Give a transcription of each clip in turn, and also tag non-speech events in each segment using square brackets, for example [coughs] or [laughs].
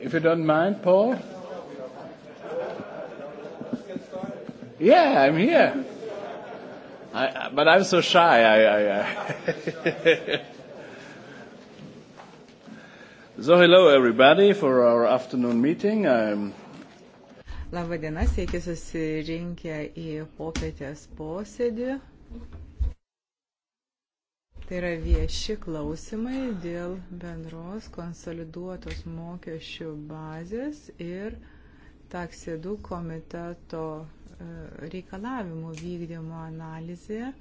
If you don't mind, Paul? Yeah, I'm here. I, uh, but I'm so shy. I, I, I [laughs] so hello everybody for our afternoon meeting. I'm Labadiena, sveiki susirinkę į popietės posėdį. Tai yra vieši klausimai dėl bendros konsoliduotos mokesčių bazės ir taksėdų komiteto e, reikalavimų vykdymo analizė.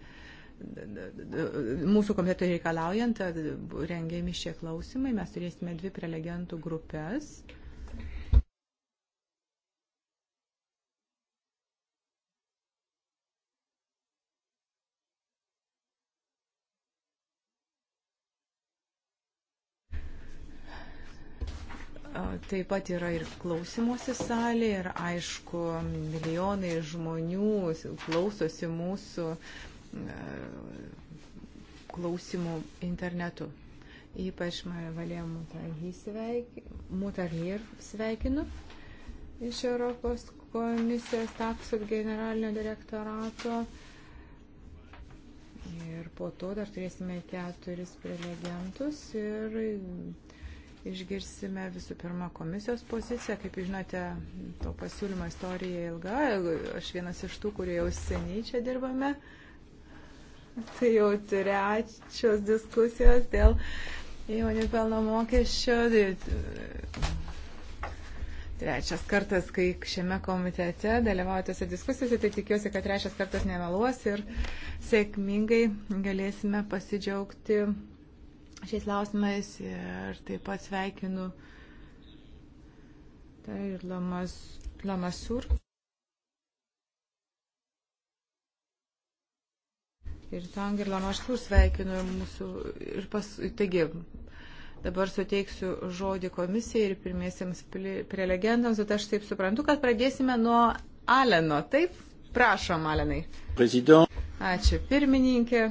Mūsų komiteto reikalaujant e, rengiami šie klausimai, mes turėsime dvi prelegentų grupės. Taip pat yra ir klausimosi salė ir aišku, milijonai žmonių klausosi mūsų e, klausimų internetu. Ypač man valė Mutarhir sveikinu iš Europos komisijos taksų generalinio direktorato. Ir po to dar turėsime keturis prelegentus ir Išgirsime visų pirma komisijos poziciją. Kaip žinote, to pasiūlymo istorija ilga. Aš vienas iš tų, kurie jau seniai čia dirbame. Tai jau trečios diskusijos dėl įmonių pelno mokesčio. Trečias kartas, kai šiame komitete dalyvaujatėse diskusijose, tai tikiuosi, kad trečias kartas nemeluos ir sėkmingai galėsime pasidžiaugti šiais klausimais ir taip pat sveikinu tai ir Lamas, Lamasur. Ir Tang ir Lamaškur sveikinu ir mūsų. Ir pas, taigi, dabar suteiksiu žodį komisijai ir pirmiesiems prelegentams, bet aš taip suprantu, kad pradėsime nuo Aleno. Taip, prašom, Alenai. President. Ačiū, pirmininkė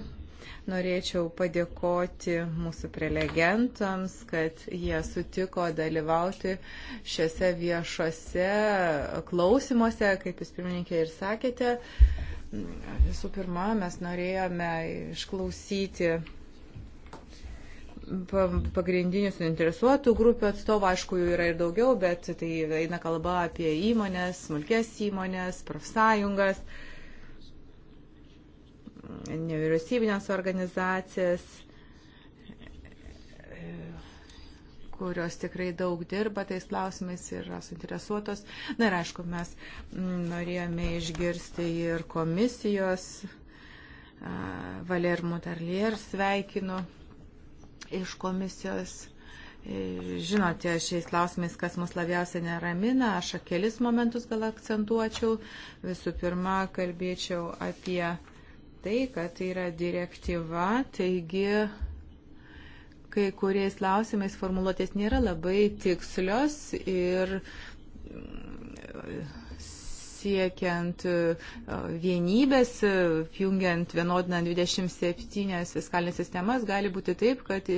norėčiau padėkoti mūsų prelegentams, kad jie sutiko dalyvauti šiuose viešuose klausimuose, kaip jūs pirmininkė ir sakėte. Visų pirma, mes norėjome išklausyti pagrindinių suinteresuotų grupių atstovų, aišku, jų yra ir daugiau, bet tai eina kalba apie įmonės, smulkės įmonės, profsąjungas. Uh, nevyriausybinės organizacijas, kurios tikrai daug dirba tais klausimais ir yra suinteresuotos. Na ir aišku, mes norėjome išgirsti ir komisijos Valer Mutarlier sveikinu iš komisijos. E, žinote, šiais klausimais, kas mus labiausiai neramina, aš kelis momentus gal akcentuočiau. Visų pirma, kalbėčiau apie tai, kad tai yra direktyva, taigi kai kuriais klausimais formuluotės nėra labai tikslios ir siekiant e, vienybės, jungiant vienodiną 27 fiskalinės sistemas, gali būti taip, kad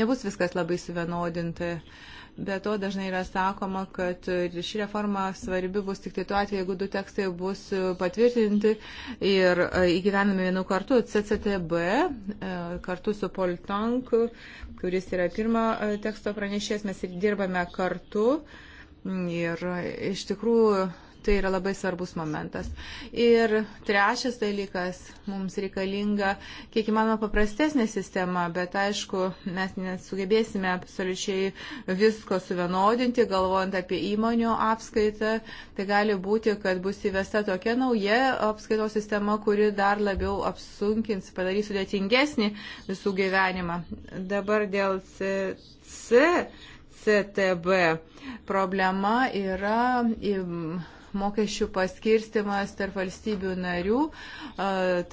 nebus viskas labai suvienodinta. Be to dažnai yra sakoma, kad ši reforma svarbi bus tik tai tuo atveju, jeigu du tekstai bus patvirtinti ir e, įgyvenami vienu kartu. CCTB e, kartu su Poltank, kuris yra pirmo e, teksto pranešės, mes ir dirbame kartu. Ir iš tikrųjų tai yra labai svarbus momentas. Ir trečias dalykas, mums reikalinga, kiek įmanoma, paprastesnė sistema, bet aišku, mes nesugebėsime absoliučiai visko suvienodinti, galvojant apie įmonių apskaitą, tai gali būti, kad bus įvesta tokia nauja apskaitos sistema, kuri dar labiau apsunkins, padarys sudėtingesnį visų gyvenimą. Dabar dėl CC. CTB problema yra mokesčių paskirstimas tarp valstybių narių,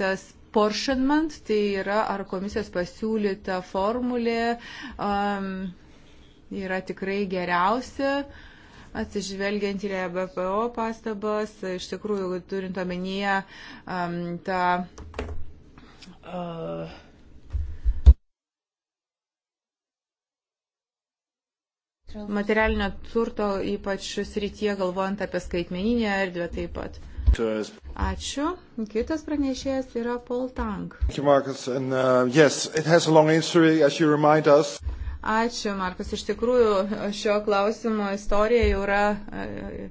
tas portionment, tai yra ar komisijos pasiūlyta formulė yra tikrai geriausia. Atsižvelgiant į BPO pastabas, iš tikrųjų turint omenyje um, tą uh, materialinio turto, ypač srityje galvojant apie skaitmeninę erdvę taip pat. Ačiū. Kitas pranešėjas yra Paul Tank. Ačiū, Markus. And, uh, yes, history, Ačiū, Markus. Iš tikrųjų, šio klausimo istorija jau yra e,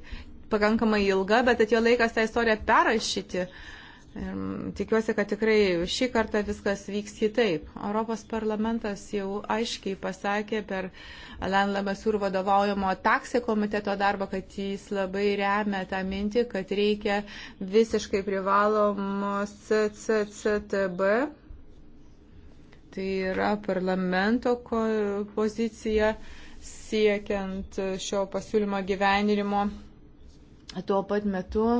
pakankamai ilga, bet atėjo laikas tą istoriją perrašyti. Uh, Ir tikiuosi, kad tikrai šį kartą viskas vyks kitaip. Europos parlamentas jau aiškiai pasakė per Alan Lamasur vadovaujamo taksė komiteto darbą, kad jis labai remia tą mintį, kad reikia visiškai privalomos CCCTB. Tai yra parlamento pozicija siekiant šio pasiūlymo gyvenimo. Tuo pat metu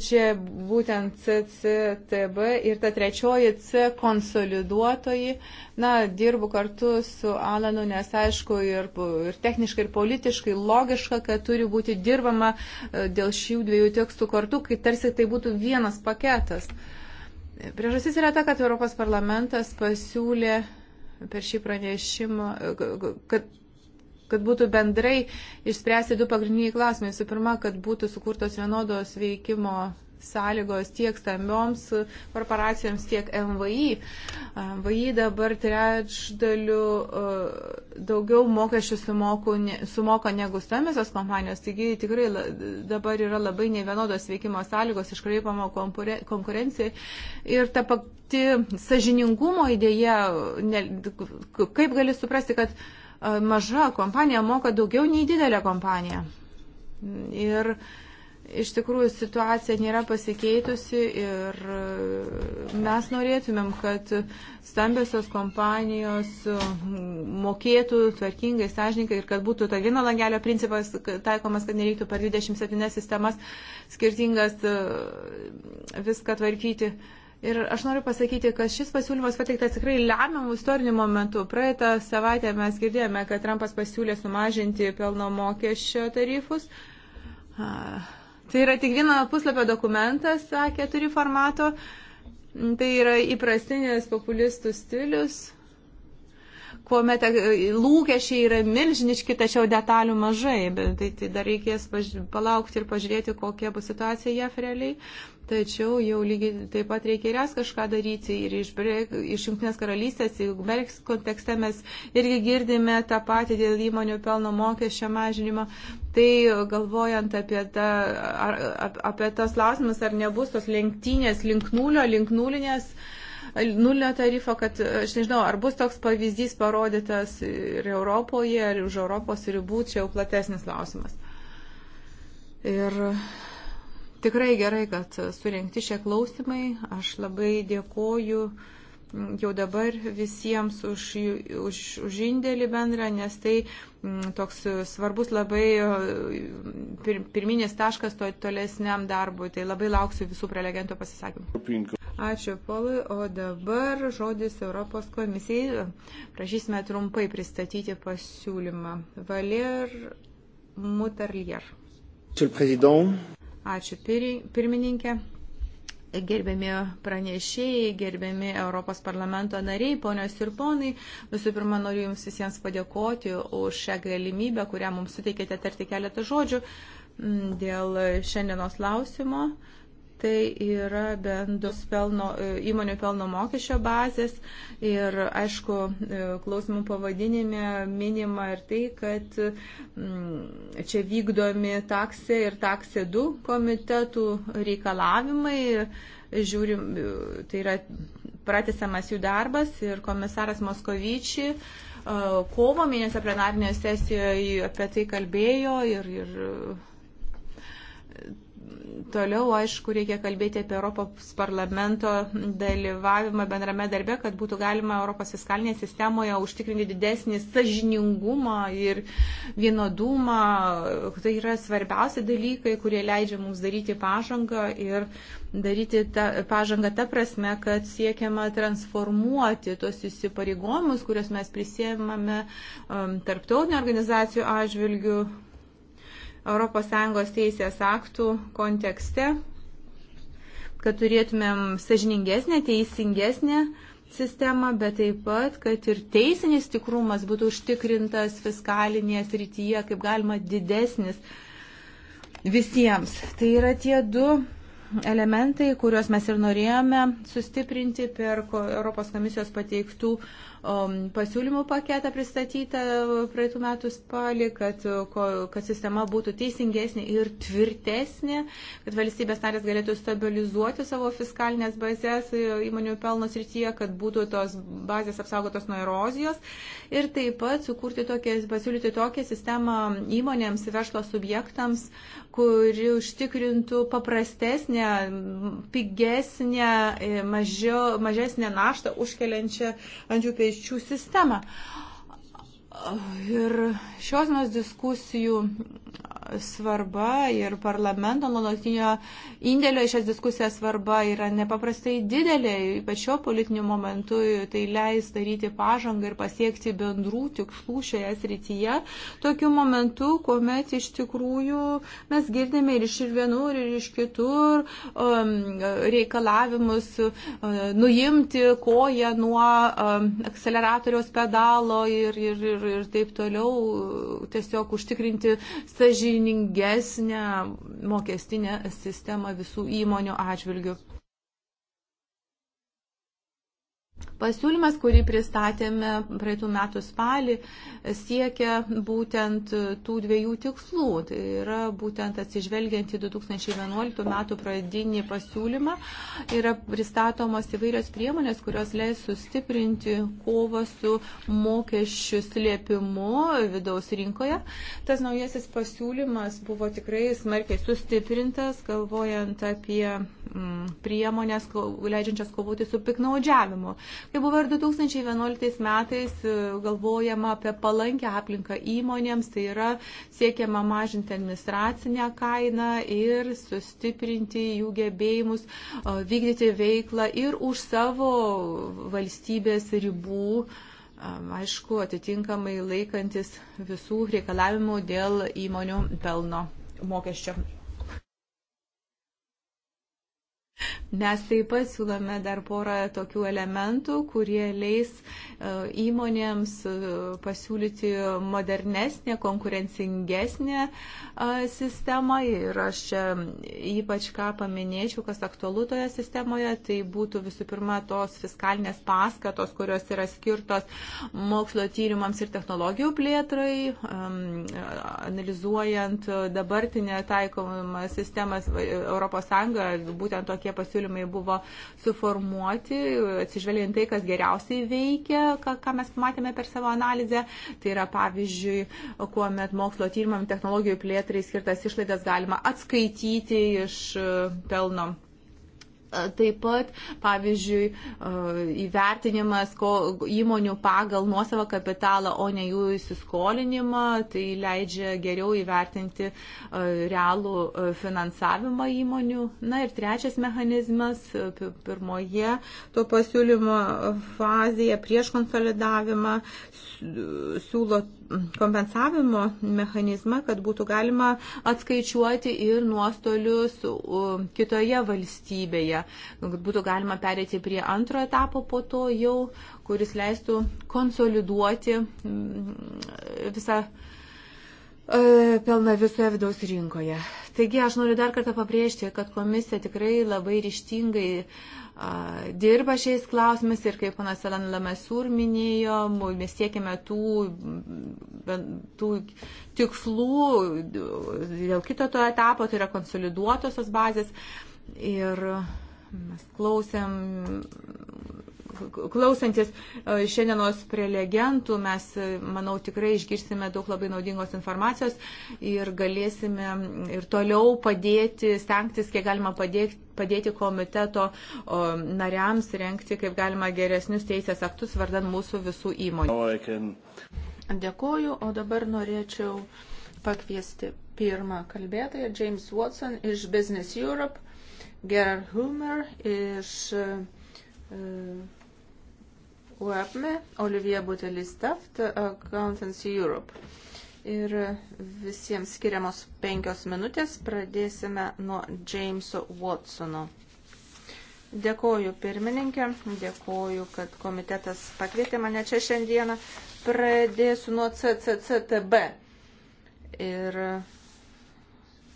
čia būtent CCTB ir ta trečioji C konsoliduotoji. Na, dirbu kartu su Alanu, nes aišku ir, ir techniškai, ir politiškai logiška, kad turi būti dirbama e, dėl šių dviejų tekstų kartu, kai tarsi tai būtų vienas paketas. Priežastis yra ta, kad Europos parlamentas pasiūlė per šį pranešimą, e, kad kad būtų bendrai išspręsti du pagrindiniai klausimai. Visų pirma, kad būtų sukurtos vienodos veikimo sąlygos tiek stambioms korporacijoms, tiek MVI. MVI dabar trečdaliu e, daugiau mokesčių sumoku, sumoka negu stambiosios kompanijos, taigi tikrai dabar yra labai nevienodos veikimo sąlygos, iškraipama konkurencija. Ir ta pati sažiningumo idėja, kaip gali suprasti, kad maža kompanija moka daugiau nei didelė kompanija. Ir iš tikrųjų situacija nėra pasikeitusi ir e, mes norėtumėm, kad stambiosios kompanijos e, mokėtų tvarkingai, sąžininkai ir kad būtų ta vieno langelio principas taikomas, kad nereiktų per 27 sistemas skirtingas e, viską tvarkyti. Ir aš noriu pasakyti, kad šis pasiūlymas pateiktas tikrai lemiamų istorinių momentų. Praeitą savaitę mes girdėjome, kad Trumpas pasiūlė sumažinti pelno mokesčio tarifus. Tai yra tik vieno puslapio dokumentas, keturi formato. Tai yra įprastinis populistų stilius, kuomet e, lūkesčiai yra milžiniški, tačiau detalių mažai. Bet tai, tai dar reikės palaukti ir pažiūrėti, kokia bus situacija JAF realiai. Tačiau jau lygiai taip pat reikia ir jas kažką daryti. Ir iš, iš Junktinės karalystės, jeigu Berks kontekste mes irgi girdime tą patį dėl įmonių pelno mokesčio mažinimo, tai galvojant apie, ta, ar, apie tas lausimus, ar nebus tos lenktynės link nulio, link nulinės nulio tarifo, kad aš nežinau, ar bus toks pavyzdys parodytas ir Europoje, ir už Europos ribų, čia jau platesnis klausimas. Ir Tikrai gerai, kad surinkti šie klausimai. Aš labai dėkoju mm, jau dabar visiems už, už, už indėlį bendrą, nes tai m, mm, toks svarbus labai mm, pir, pirminis taškas to, tolesniam darbui. Tai labai lauksiu visų prelegento pasisakymų. Ačiū, Polai. O dabar žodis Europos komisijai. Prašysime trumpai pristatyti pasiūlymą. Valer Mutarlier. Monsieur le Président, Ačiū pirmininkė. Gerbiami pranešėjai, gerbiami Europos parlamento nariai, ponios ir ponai, visų pirma, noriu Jums visiems padėkoti už šią galimybę, kurią mums suteikėte tarti keletą žodžių mm, dėl šiandienos klausimo. Uh, tai yra bendros pelno, e, įmonių pelno mokesčio bazės ir, aišku, e, klausimų pavadinime minima ir tai, kad mm, čia vykdomi taksė ir taksė 2 komitetų reikalavimai, žiūrim, e, tai yra pratesamas jų darbas ir komisaras Moskovyčiai kovo mėnesio plenarinėje sesijoje apie tai kalbėjo ir, ir Toliau, aišku, reikia kalbėti apie Europos parlamento dalyvavimą bendrame darbe, kad būtų galima Europos fiskalinėje sistemoje užtikrinti didesnį sažiningumą ir vienodumą. Tai yra svarbiausi dalykai, kurie leidžia mums daryti pažangą ir daryti tą pažangą tą prasme, kad siekiama transformuoti tos įsipareigojimus, kuriuos mes prisėmame um, tarptautinio organizacijų atžvilgių ES teisės aktų kontekste, kad turėtumėm sažiningesnę, teisingesnę sistemą, bet taip pat, kad ir teisinis tikrumas būtų užtikrintas fiskalinėje srityje kaip galima didesnis visiems. Tai yra tie du elementai, kuriuos mes ir norėjome sustiprinti per Europos komisijos pateiktų um, pasiūlymų paketą pristatytą praeitų metų spalį, kad, kad sistema būtų teisingesnė ir tvirtesnė, kad valstybės narės galėtų stabilizuoti savo fiskalinės bazės įmonių pelno srityje, kad būtų tos bazės apsaugotos nuo erozijos ir taip pat sukurti tokią, pasiūlyti tokią sistemą įmonėms, verslo subjektams, kuri užtikrintų paprastesnę, pigesnę, e, mažio, mažesnę naštą užkeliančią ant jų pečių sistemą. Ir šios dienos diskusijų svarba ir parlamento nuolatinio indėlio į šias diskusijas svarba yra nepaprastai didelė, ypač šio politiniu momentu, tai leis daryti pažangą ir pasiekti bendrų tikslų šioje srityje. Tokiu momentu, kuomet iš tikrųjų mes girdime ir iš vienur, ir iš kitur um, reikalavimus um, nuimti koją nuo um, akceleratoriaus pedalo ir, ir, ir, ir taip toliau tiesiog užtikrinti sažinį sažiningesnę mokestinę sistemą visų įmonių atžvilgių. Pasiūlymas, kurį pristatėme praeitų metų spalį, siekia būtent tų dviejų tikslų. Tai yra būtent atsižvelgiant į 2011 metų pradinį pasiūlymą yra pristatomos įvairios priemonės, kurios leis sustiprinti kovą su mokesčių slėpimu vidaus rinkoje. Tas naujasis pasiūlymas buvo tikrai smarkiai sustiprintas, galvojant apie mm, priemonės leidžiančias kovoti su piknaudžiavimu Kaip buvo ir 2011 metais e, galvojama apie palankę aplinką įmonėms, tai yra siekiama mažinti administracinę kainą ir sustiprinti jų gebėjimus e, vykdyti veiklą ir už savo valstybės ribų e, aišku, atitinkamai laikantis visų reikalavimų dėl įmonių pelno mokesčio. Mes taip pat siūlome dar porą tokių elementų, kurie leis e, įmonėms e, pasiūlyti modernesnę, konkurencingesnę e, sistemą. Ir aš čia ypač ką paminėčiau, kas aktualu toje sistemoje, tai būtų visų pirma tos fiskalinės paskatos, kurios yra skirtos mokslo tyrimams ir technologijų plėtrai, analizuojant dabartinę taikomą sistemą Europos Sąjungoje, būtent tokie tie pasiūlymai buvo suformuoti, atsižvelgiant tai, kas geriausiai veikia, ką, ką mes matėme per savo analizę. Tai yra pavyzdžiui, kuomet mokslo tyrimam technologijų plėtrai skirtas išlaidas galima atskaityti iš e, pelno Taip pat, pavyzdžiui, įvertinimas įmonių pagal nuosavą kapitalą, o ne jų įsiskolinimą, tai leidžia geriau įvertinti realų finansavimą įmonių. Na ir trečias mechanizmas, pirmoje to pasiūlymo fazėje prieš konsolidavimą siūlo kompensavimo mechanizmą, kad būtų galima atskaičiuoti ir nuostolius kitoje valstybėje, kad būtų galima perėti prie antro etapo po to jau, kuris leistų konsoliduoti mm, visą e, pelną visoje vidaus rinkoje. Taigi aš noriu dar kartą pabrėžti, kad komisija tikrai labai ryštingai uh, dirba šiais klausimais ir kaip panas Elan Lamesur minėjo, mes siekime tų, tų tikslų dėl kito to etapo, tai yra konsoliduotosios bazės. Ir mes klausėm klausantis e, šiandienos prelegentų, mes, e, manau, tikrai išgirsime daug labai naudingos informacijos ir galėsime ir toliau padėti, stengtis, kiek galima padėti padėti komiteto nariams renkti kaip galima geresnius teisės aktus vardan mūsų visų įmonių. Dėkoju, o dabar norėčiau pakviesti pirmą kalbėtoją, James Watson iš Business Europe, Gerard Humer iš uh, UEPME, Olivija Butelis Taft, uh, Accountants Europe. Ir visiems skiriamos penkios minutės pradėsime nuo Jameso Watsono. Dėkoju pirmininkė, dėkoju, kad komitetas pakvietė mane čia šiandieną. Pradėsiu nuo CCCTB. Ir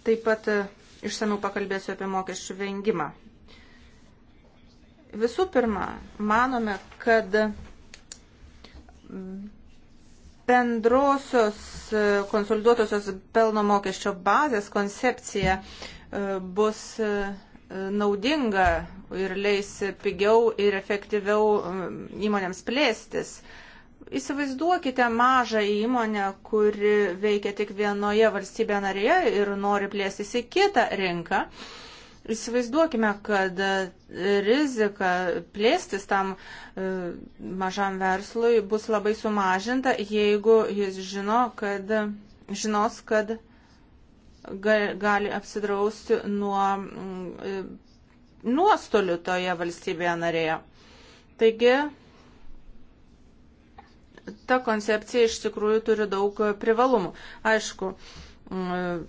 taip pat uh, išsamiau pakalbėsiu apie mokesčių vengimą Visų pirma, manome, kad bendrosios e, konsoliduotosios pelno mokesčio bazės koncepcija e, bus e, naudinga ir leis pigiau ir efektyviau įmonėms plėstis. Įsivaizduokite mažą įmonę, kuri veikia tik vienoje valstybėje narėje ir nori plėstis į kitą rinką. Uh, Įsivaizduokime, kad e, rizika plėstis tam e, mažam verslui bus labai sumažinta, jeigu jis žino, kad, žinos, kad gali apsidrausti nuo e, nuostolių toje valstybėje narėje. Taigi, ta koncepcija iš tikrųjų turi daug privalumų. Aišku, Mm,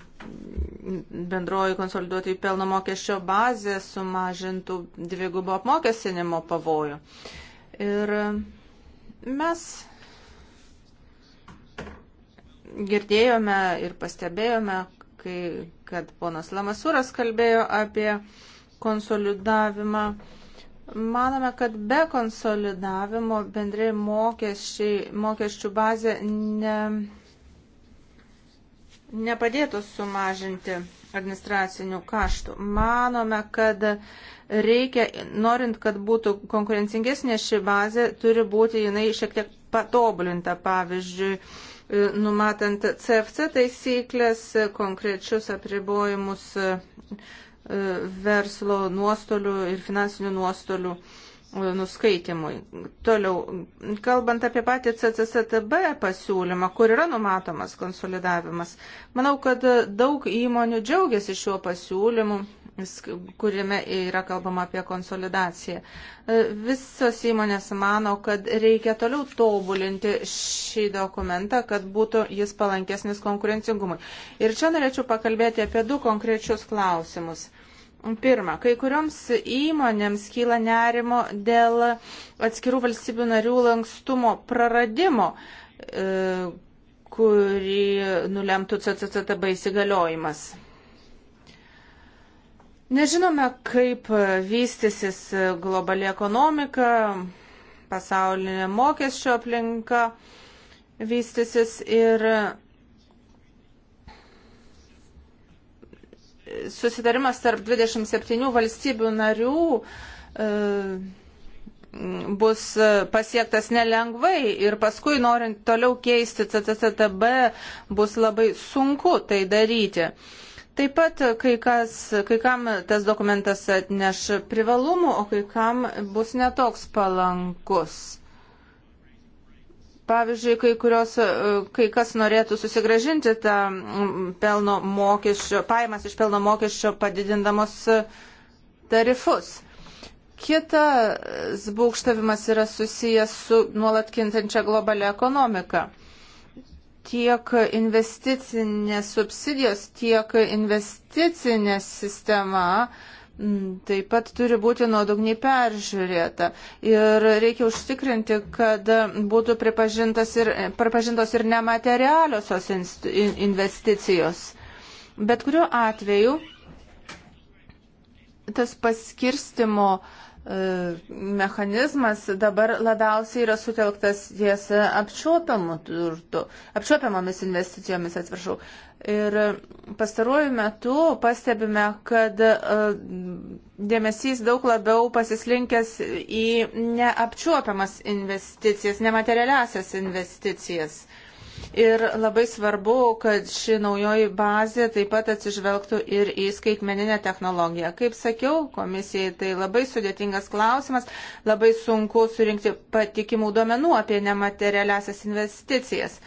bendroji konsoliduotojų pelno mokesčio bazė sumažintų dvigubo apmokestinimo pavojų. Ir mes girdėjome ir pastebėjome, kai, kad ponas Lamasūras kalbėjo apie konsolidavimą. Manome, kad be konsolidavimo bendrai mokesčių bazė ne nepadėtų sumažinti administracinių kaštų. Manome, kad reikia, norint, kad būtų konkurencingesnė ši bazė, turi būti jinai šiek tiek patobulinta, pavyzdžiui, numatant CFC taisyklės, konkrečius apribojimus e, verslo nuostolių ir finansinių nuostolių nuskaitimui. Toliau, kalbant apie patį CCCTB pasiūlymą, kur yra numatomas konsolidavimas, manau, kad daug įmonių džiaugiasi šiuo pasiūlymu kuriame yra kalbama apie konsolidaciją. E, visos įmonės mano, kad reikia toliau tobulinti šį dokumentą, kad būtų jis palankesnis konkurencingumui. Ir čia norėčiau pakalbėti apie du konkrečius klausimus. Pirma, kai kurioms įmonėms kyla nerimo dėl atskirų valstybių narių lankstumo praradimo, e, kurį nulemtų CCCTB įsigaliojimas. Nežinome, kaip vystysis globali ekonomika, pasaulinė mokesčio aplinka vystysis ir susitarimas tarp 27 valstybių narių e, bus pasiektas nelengvai ir paskui norint toliau keisti CCCTB bus labai sunku tai daryti. Taip pat kai, kas, kai kam tas dokumentas atneš privalumų, o kai kam bus netoks palankus. Pavyzdžiui, kai, kurios, e, kai kas norėtų susigražinti tą pelno mokesčio, pajamas iš pelno mokesčio padidindamos e, tarifus. Kitas būkštavimas yra susijęs su nuolat kintančia globalia ekonomika. Tiek investicinės subsidijos, tiek investicinė sistema uh, Mm, taip pat turi būti nuodugniai peržiūrėta. Ir reikia užtikrinti, kad būtų ir, pripažintos ir nematerialiosios investicijos. Bet kuriuo atveju tas paskirstimo uh, E, mechanizmas dabar labiausiai yra sutelktas ties apčiuopiamu turtu, apčiuopiamomis investicijomis, atsiprašau. Ir pastaruoju metu pastebime, kad e, dėmesys daug labiau pasislinkęs į neapčiuopiamas investicijas, nematerialiasias investicijas. Ir labai svarbu, kad ši naujoji bazė taip pat atsižvelgtų ir į skaitmeninę technologiją. Kaip sakiau, komisijai tai labai sudėtingas klausimas, labai sunku surinkti patikimų duomenų apie nematerialiasias investicijas.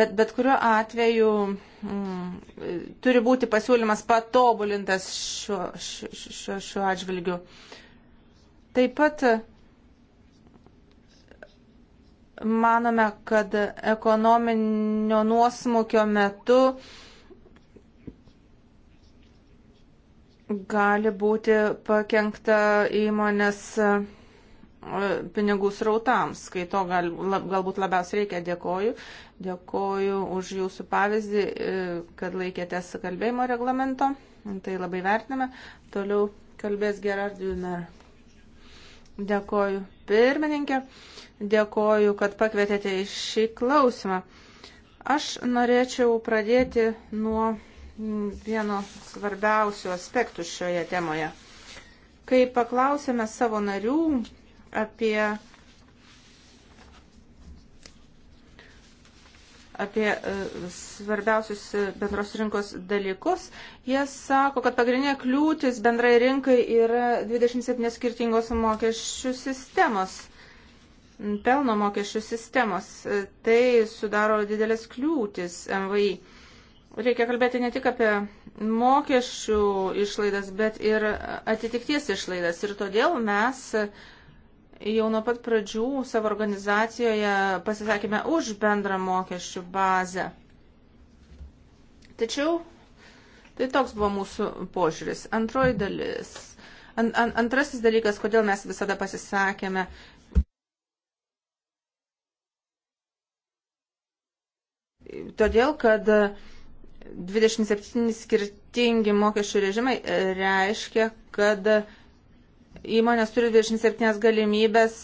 Bet bet kuriuo atveju mm, turi būti pasiūlymas patobulintas šiuo, šiuo, šiuo atžvilgiu. Taip pat manome, kad ekonominio nuosmukio metu gali būti pakengta įmonės e, pinigų srautams, kai to gal, lab, galbūt labiausiai reikia. Dėkoju. Dėkoju už jūsų pavyzdį, e, kad laikėtės kalbėjimo reglamento. Tai labai vertiname. Toliau kalbės Gerard Juner. Dėkoju pirmininkė. Dėkoju, kad pakvietėte į šį klausimą. Aš norėčiau pradėti nuo vieno svarbiausių aspektų šioje temoje. Kai paklausėme savo narių apie, apie e, svarbiausius bendros rinkos dalykus, jie sako, kad pagrindinė kliūtis bendrai rinkai yra 27 skirtingos mokesčių sistemos pelno mokesčių sistemos. E, tai sudaro didelės kliūtis MVI. Reikia kalbėti ne tik apie mokesčių išlaidas, bet ir atitikties išlaidas. Ir todėl mes jau nuo pat pradžių savo organizacijoje pasisakėme už bendrą mokesčių bazę. Tačiau tai toks buvo mūsų požiūris. Antroji dalis. An, an, antrasis dalykas, kodėl mes visada pasisakėme Todėl, kad 27 skirtingi mokesčių režimai e, reiškia, kad įmonės turi 27 galimybės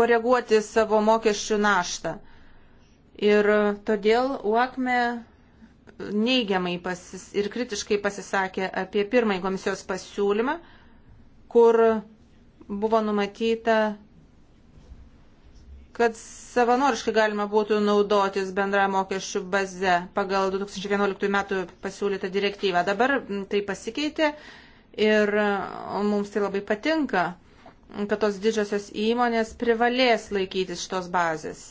koreguoti savo mokesčių naštą. Ir todėl UAKME neigiamai pasis, ir kritiškai pasisakė apie pirmąjį komisijos pasiūlymą, kur buvo numatyta, kad savanoriškai galima būtų naudotis bendra mokesčių baze pagal 2011 metų pasiūlytą direktyvą. Dabar tai pasikeitė ir mums tai labai patinka, kad tos didžiosios įmonės privalės laikytis šitos bazės.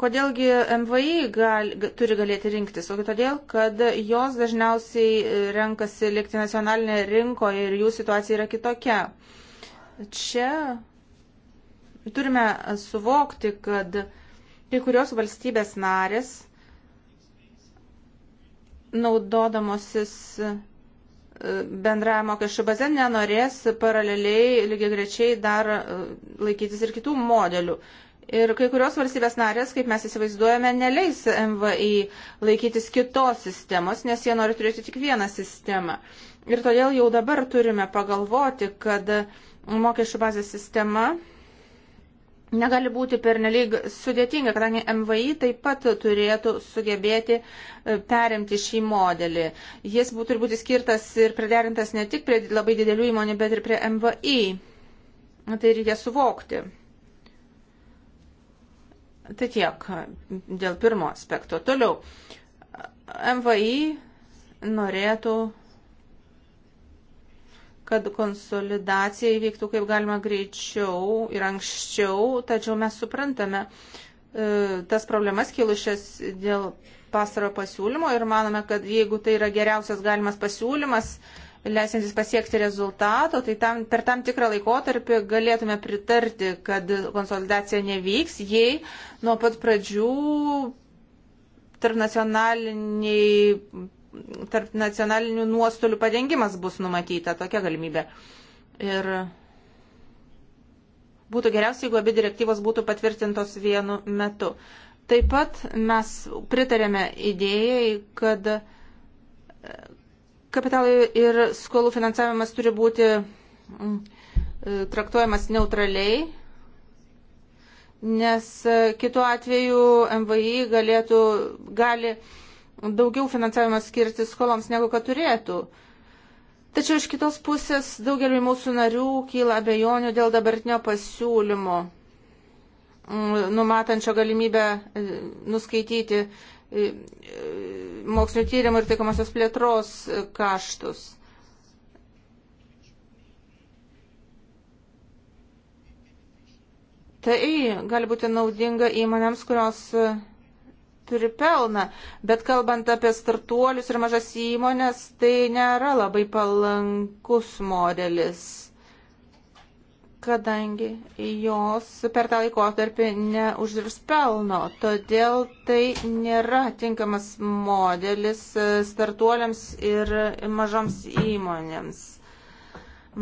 Kodėlgi MVI gal, turi galėti rinktis? Ogi todėl, kad jos dažniausiai e, renkasi likti nacionalinėje rinkoje ir jų situacija yra kitokia. Čia turime suvokti, kad kai kurios valstybės narės, naudodamosis e, bendrąją mokesčių bazę, nenorės paraleliai lygiai grečiai dar e, laikytis ir kitų modelių. Ir kai kurios valstybės narės, kaip mes įsivaizduojame, neleis MVI laikytis kitos sistemos, nes jie nori turėti tik vieną sistemą. Ir todėl jau dabar turime pagalvoti, kad mokesčių bazės sistema negali būti pernelyg sudėtinga, kadangi MVI taip pat turėtų sugebėti e, perimti šį modelį. Jis būtų turi būti skirtas ir priderintas ne tik prie labai didelių įmonių, bet ir prie MVI. Tai reikia suvokti. Tai tiek dėl pirmo aspekto. Toliau, MVI norėtų, kad konsolidacija įvyktų kaip galima greičiau ir anksčiau, tačiau mes suprantame e, tas problemas kilušias dėl pasaro pasiūlymo ir manome, kad jeigu tai yra geriausias galimas pasiūlymas, leisantis pasiekti rezultato, tai tam, per tam tikrą laikotarpį galėtume pritarti, kad konsolidacija nevyks, jei nuo pat pradžių tarp nacionalinių nuostolių padengimas bus numatyta, tokia galimybė. Ir būtų geriausia, jeigu abi direktyvos būtų patvirtintos vienu metu. Taip pat mes pritarėme idėjai, kad Kapitalai ir skolų finansavimas turi būti mm, e, traktuojamas neutraliai, nes e, kitu atveju MVI galėtų, gali daugiau finansavimo skirti skoloms negu kad turėtų. Tačiau iš kitos pusės daugeliu mūsų narių kyla abejonių dėl dabartinio pasiūlymo, mm, numatančio galimybę e, nuskaityti E, e, mokslinio tyrimo ir taikomosios plėtros e, kaštus. Tai gali būti naudinga įmonėms, kurios turi pelną, bet kalbant apie startuolius ir mažas įmonės, tai nėra labai palankus modelis kadangi jos per tą laikotarpį neuždirbs pelno. Todėl tai nėra tinkamas modelis e, startuoliams ir mažoms įmonėms.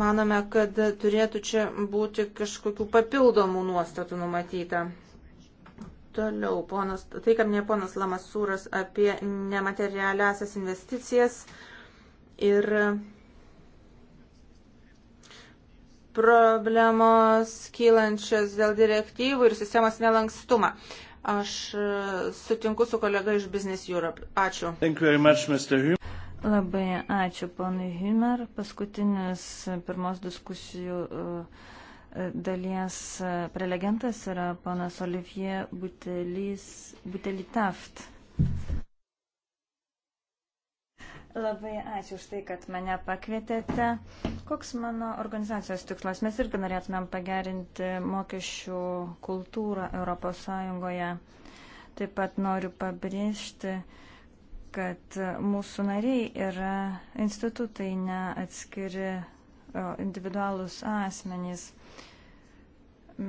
Manome, kad turėtų čia būti kažkokių papildomų nuostatų numatyta. Toliau, ponas, tai, kam ne ponas Lamasūras apie nematerialiasias investicijas ir problemos kylančias dėl direktyvų ir sistemos nelankstumą. Aš e, sutinku su kolega iš Business Europe. Ačiū. Much, Labai ačiū, ponai Hümer. Paskutinis pirmos diskusijų e, dalies e, prelegentas yra ponas Olivier Butelis, Butelitaft. Taft. Labai ačiū už tai, kad mane pakvietėte. Koks mano organizacijos tikslas? Mes irgi norėtumėm pagerinti mokesčių kultūrą ES. Taip pat noriu pabrėžti, kad mūsų nariai yra institutai, ne atskiri individualus asmenys.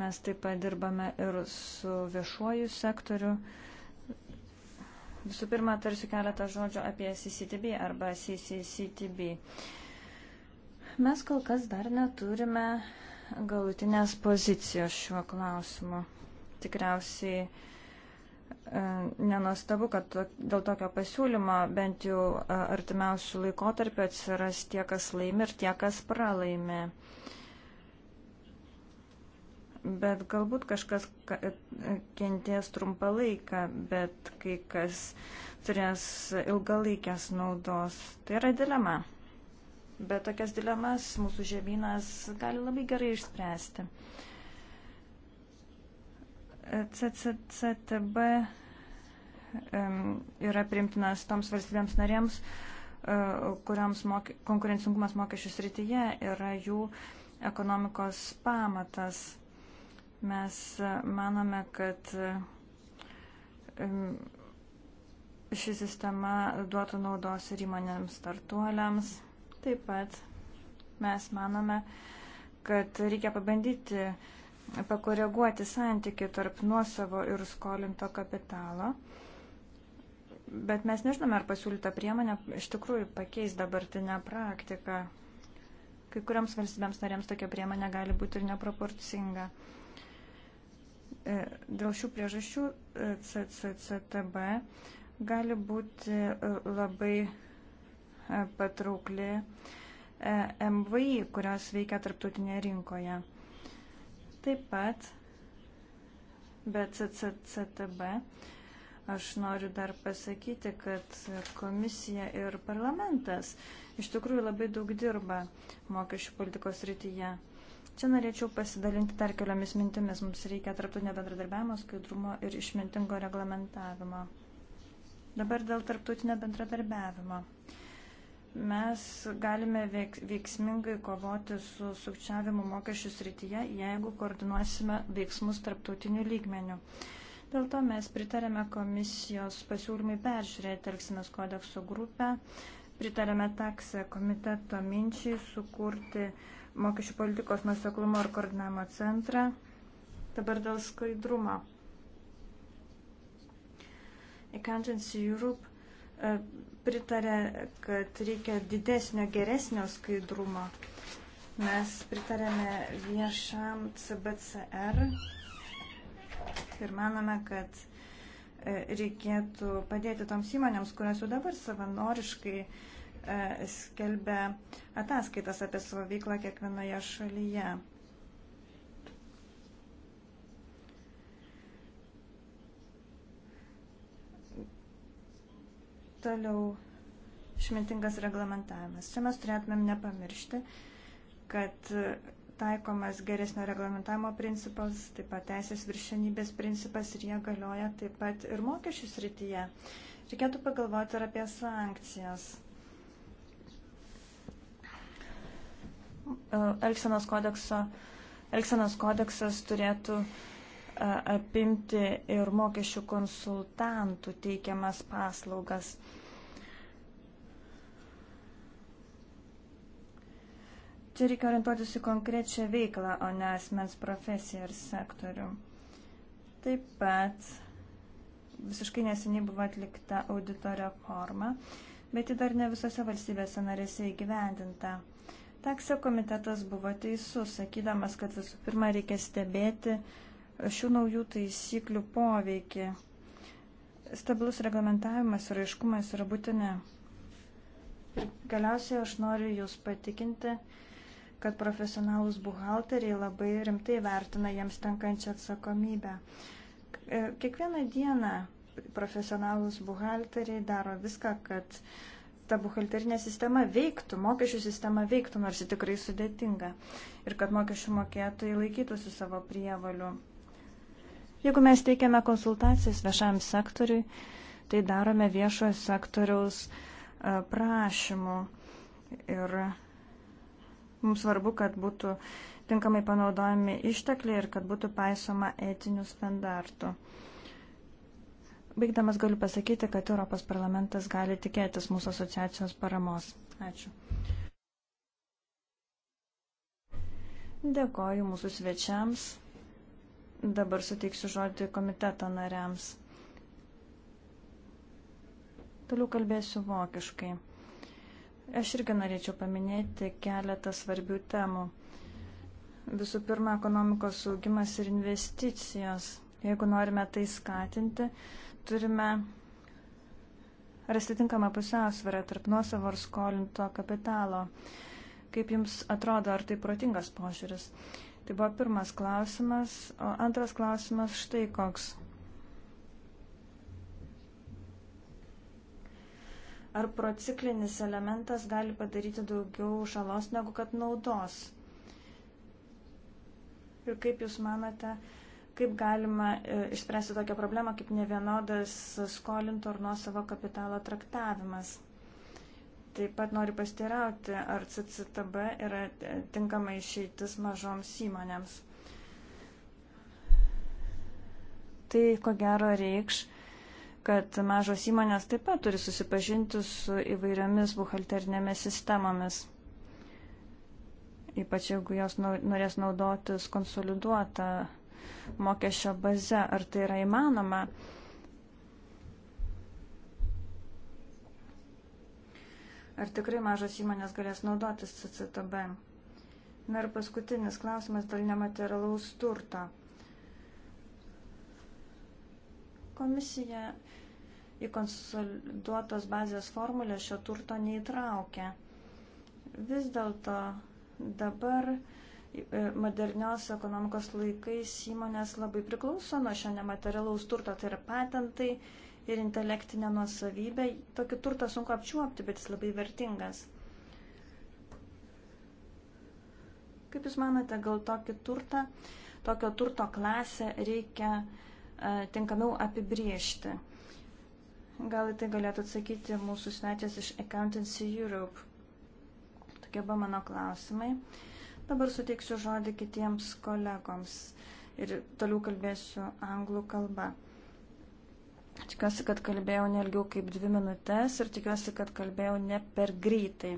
Mes taip pat dirbame ir su viešuoju sektoriu. Visų pirma, tarsiu keletą žodžių apie CCTB arba CCCTB. Mes kol kas dar neturime galutinės pozicijos šiuo klausimu. Tikriausiai e, Nenostabu, kad dėl tokio pasiūlymo bent jau e, artimiausių laikotarpių atsiras tie, kas laimi ir tie, kas pralaimi bet galbūt kažkas e, kenties trumpą laiką, bet kai kas turės ilgalaikės naudos. Tai yra dilema. Bet tokias dilemas mūsų žemynas gali labai gerai išspręsti. E, CCCTB yra primtinas toms valstybėms narėms, e, kuriams mok konkurencingumas mokesčių srityje yra jų ekonomikos pamatas Mes e, manome, kad e, ši sistema duotų naudos ir įmonėms startuoliams. Taip pat mes manome, kad reikia pabandyti pakoreguoti santyki tarp nuosavo ir skolinto kapitalo. Bet mes nežinome, ar pasiūlyta priemonė iš tikrųjų pakeis dabartinę praktiką. Kai kuriams valstybėms narėms tokia priemonė gali būti ir neproporcinga. E, dėl šių priežasčių e, CCCTB gali būti e, labai patraukli MVI, kurios veikia tarptautinėje rinkoje. Taip pat be CCCTB aš noriu dar pasakyti, kad komisija ir parlamentas iš tikrųjų labai daug dirba mokesčių politikos rytyje. Čia norėčiau pasidalinti dar keliomis mintimis. Mums reikia tarptautinio bendradarbiavimo, skaidrumo ir išmintingo reglamentavimo. Dabar dėl tarptautinio bendradarbiavimo. Mes galime veiksmingai kovoti su sukčiavimu mokesčių srityje, jeigu koordinuosime veiksmus tarptautiniu lygmeniu. Dėl to mes pritarėme komisijos pasiūlymui peržiūrėti Elksinas kodekso grupę, pritarėme taksą komiteto minčiai sukurti uh, mokesčių politikos nuseklumo ir koordinavimo centrą. Dabar dėl skaidrumo. Accountants Europe e, pritarė, kad reikia didesnio, geresnio skaidrumo. Mes pritarėme viešam CBCR ir manome, kad e, reikėtų padėti toms įmonėms, kurios jau dabar savanoriškai uh, E, skelbia ataskaitas apie savo veiklą kiekvienoje šalyje. Toliau išmintingas reglamentavimas. Čia mes turėtumėm nepamiršti, kad taikomas geresnio reglamentavimo principas, taip pat teisės viršenybės principas ir jie galioja taip pat ir mokesčių srityje. Reikėtų pagalvoti ir apie sankcijas. E, Elksenos, kodekso, Elksenos kodeksas turėtų e, apimti ir mokesčių konsultantų teikiamas paslaugas. Čia reikia orientuotis į konkrečią veiklą, o ne asmens profesiją ir sektorių. Taip pat visiškai neseniai buvo atlikta audito reforma, bet ji dar ne visose valstybėse narėse įgyvendinta. Taksio komitetas buvo teisus, sakydamas, kad visų pirma reikia stebėti šių naujų taisyklių poveikį. Stabilus reglamentavimas ir aiškumas yra būtini. Ir galiausiai aš noriu Jūs patikinti, kad profesionalus buhalteriai labai rimtai vertina jiems tenkančią atsakomybę. Kiekvieną dieną profesionalus buhalteriai daro viską, kad uh, ta buhalterinė sistema veiktų, mokesčių sistema veiktų, nors ji tikrai sudėtinga. Ir kad mokesčių mokėtojai laikytųsi savo prievalių. Jeigu mes teikiame konsultacijas viešam sektoriui, tai darome viešojo sektoriaus e, prašymų. Ir mums svarbu, kad būtų tinkamai panaudojami ištekliai ir kad būtų paisoma etinių standartų. Baigdamas galiu pasakyti, kad Europos parlamentas gali tikėtis mūsų asociacijos paramos. Ačiū. Dėkoju mūsų svečiams. Dabar suteiksiu žodį komiteto nariams. Toliau kalbėsiu vokiškai. Aš irgi norėčiau paminėti keletą svarbių temų. Visų pirma, ekonomikos augimas ir investicijos. Jeigu norime tai skatinti, Turime rasti tinkamą pusiausvyrą tarp nuosavo ir skolinto kapitalo. Kaip Jums atrodo, ar tai protingas požiūris? Tai buvo pirmas klausimas, o antras klausimas štai koks. Ar prociklinis elementas gali padaryti daugiau žalos negu kad naudos? Ir kaip Jūs manote, kaip galima e, išspręsti tokią problemą kaip nevienodas skolinto ar nuosavo kapitalo traktavimas. Taip pat noriu pastirauti, ar CCTB yra e, tinkama išeitis mažoms įmonėms. Tai ko gero reikš, kad mažos įmonės taip pat turi susipažinti su įvairiomis buhalterinėmis sistemomis, ypač jeigu jos norės naudotis konsoliduotą mokesčio baze. Ar tai yra įmanoma? Ar tikrai mažos įmonės galės naudotis CCTB? Na ir paskutinis klausimas dėl nematerialaus turto. Komisija į konsoliduotos bazės formulę šio turto neįtraukia. Vis dėlto dabar uh, E, modernios ekonomikos laikais įmonės labai priklauso nuo šio nematerialaus turto, tai yra patentai ir intelektinė nuosavybė. Tokį turtą sunku apčiuopti, bet jis labai vertingas. Kaip Jūs manote, gal tokį turtą, tokio turto klasę reikia e, tinkamiau apibriežti? Gal į tai galėtų atsakyti mūsų svečias iš Accountancy Europe. Tokie buvo mano klausimai. E, Dabar suteiksiu žodį kitiems kolegoms ir toliau kalbėsiu anglų kalba. Tikiuosi, kad kalbėjau nelgiau kaip dvi minutės ir tikiuosi, kad kalbėjau ne per greitai.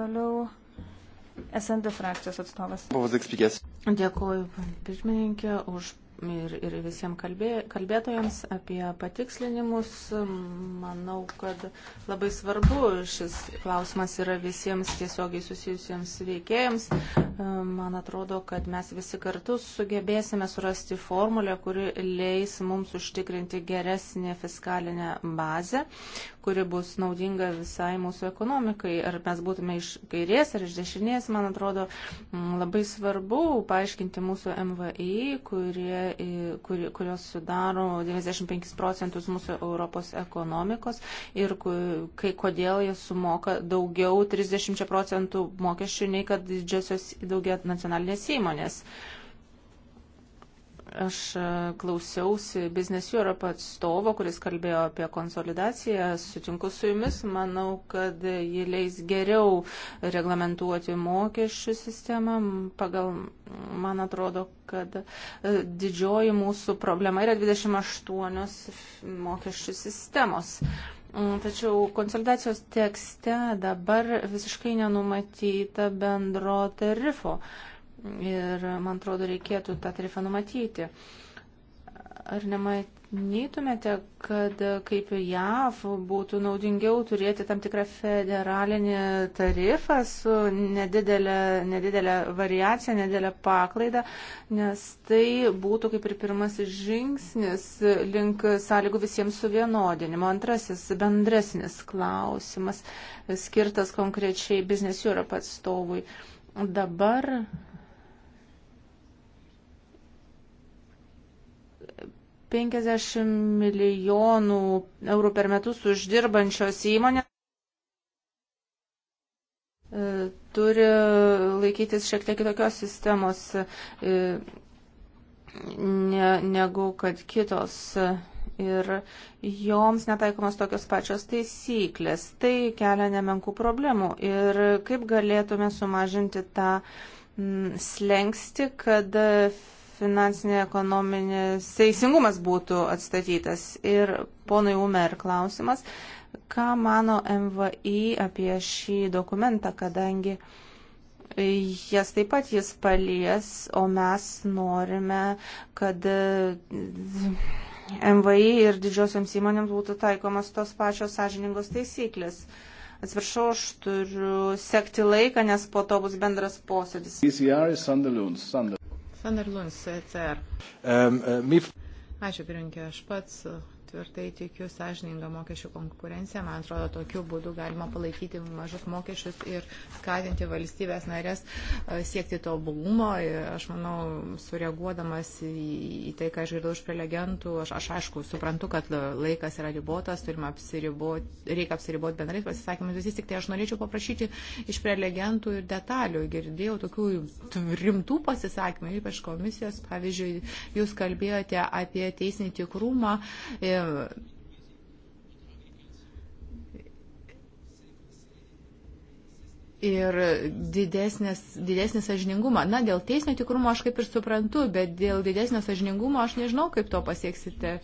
Toliau SND frakcijos atstovas. Buvo eksplikės. Dėkuoju, pirmininkė, už ir, ir visiems kalbė, kalbėtojams apie patikslinimus. Manau, kad labai svarbu šis klausimas yra visiems tiesiogiai susijusiems veikėjams. Man atrodo, kad mes visi kartu sugebėsime surasti formulę, kuri leis mums užtikrinti geresnį fiskalinę bazę, kuri bus naudinga visai mūsų ekonomikai. Ar mes būtume iš kairės ar iš dešinės, man atrodo, mm, labai svarbu paaiškinti mūsų MVI, kurie, kur, kurios sudaro 95 procentus mūsų Europos ekonomikos ir kai, kodėl jie sumoka daugiau 30 procentų mokesčių nei kad didžiosios daugia nacionalinės įmonės. Uh, Aš e, klausiausi Business Europe atstovo, kuris kalbėjo apie konsolidaciją. Sutinku su jumis, manau, kad ji leis geriau reglamentuoti mokesčių sistemą. Pagal, man atrodo, kad e, didžioji mūsų problema yra 28 mokesčių sistemos. Mm, tačiau konsolidacijos tekste dabar visiškai nenumatyta bendro tarifo. Uh, Ir man atrodo, reikėtų tą tarifą numatyti. Ar nemanytumėte, kad kaip JAV būtų naudingiau turėti tam tikrą federalinį tarifą su nedidelė, nedidelė variacija, nedidelė paklaida, nes tai būtų kaip ir pirmasis žingsnis link sąlygų visiems suvienodinimo. Antrasis bendresnis klausimas skirtas konkrečiai Business Europe atstovui. Dabar 50 milijonų eurų per metus uždirbančios įmonės e, turi laikytis šiek tiek kitokios sistemos e, ne, negu kad kitos e, ir joms netaikomos tokios pačios taisyklės. Tai kelia nemenkų problemų. Ir kaip galėtume sumažinti tą slengsti, kad finansinė ekonominis teisingumas būtų atstatytas. Ir ponui Umer klausimas, ką mano MVI apie šį dokumentą, kadangi jas taip pat jis palies, o mes norime, kad e, MVI ir didžiosioms įmonėms būtų taikomas tos pačios sąžiningos taisyklės. Atsiprašau, aš turiu sekti laiką, nes po to bus bendras posėdis. E Sander Luns, CR. Um, uh, Ačiū, pirinkė, aš pats tvirtai tikiu sąžiningą mokesčių konkurenciją. Man atrodo, tokiu būdu galima palaikyti mažus mokesčius ir skatinti valstybės narės e, siekti tobulumo. Aš manau, sureaguodamas į tai, ką aš girdau iš prelegentų, aš, aš aišku suprantu, kad laikas yra ribotas, turime apsiriboti, reikia apsiriboti bendrais pasisakymais. Vis tik tai aš norėčiau paprašyti iš prelegentų ir detalių. Girdėjau tokių rimtų pasisakymų, ypač komisijos. Pavyzdžiui, jūs kalbėjote apie teisinį tikrumą, e, ir didesnis, didesnį sažiningumą. Na, dėl teisinio tikrumo aš kaip ir suprantu, bet dėl didesnio sažiningumo aš nežinau, kaip to pasieksite.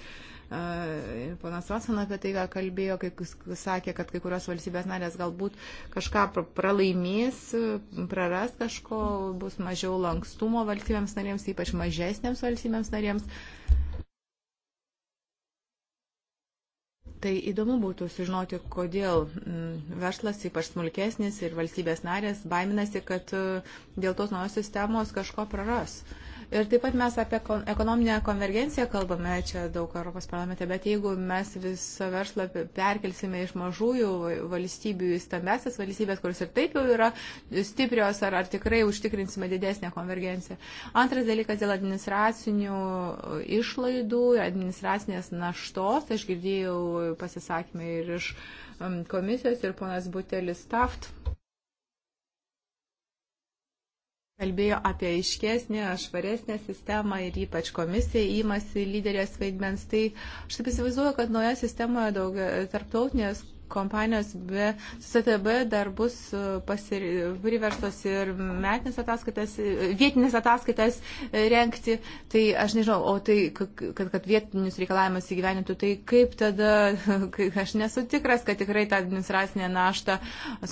E, ir ponas Vasana apie tai kalbėjo, kai sakė, kad kai kurios valstybės narės galbūt kažką pralaimės, praras kažko, bus mažiau lankstumo valstybėms narėms, ypač mažesnėms valstybėms narėms. Uh, Tai įdomu būtų sužinoti, kodėl mm, verslas, ypač smulkesnis ir valstybės narės, baiminasi, kad e, dėl tos naujos sistemos kažko praras. Uh, Ir taip pat mes apie ekonominę konvergenciją kalbame čia daug Europos parlamente, bet jeigu mes visą verslą perkelsime iš mažųjų valstybių į stambesias valstybės, kuris ir taip jau yra stiprios, ar, ar tikrai užtikrinsime didesnę konvergenciją. Antras dalykas dėl administracinių išlaidų, administracinės naštos. Aš girdėjau pasisakymą ir iš um, komisijos, ir ponas Butelis Taft Kalbėjo apie aiškesnį, švaresnę sistemą ir ypač komisija įmasi lyderės vaidmens. Tai aš taip įsivaizduoju, kad nauja sistemoje daug tarptautinės kompanijos be STB dar bus e, pasir, priverstos ir metinės ataskaitas, e, vietinės ataskaitas e, renkti. Tai aš nežinau, o tai, kad, kad vietinius reikalavimus įgyvenintų, tai kaip tada, [laughs] aš nesu tikras, kad tikrai tą administracinę naštą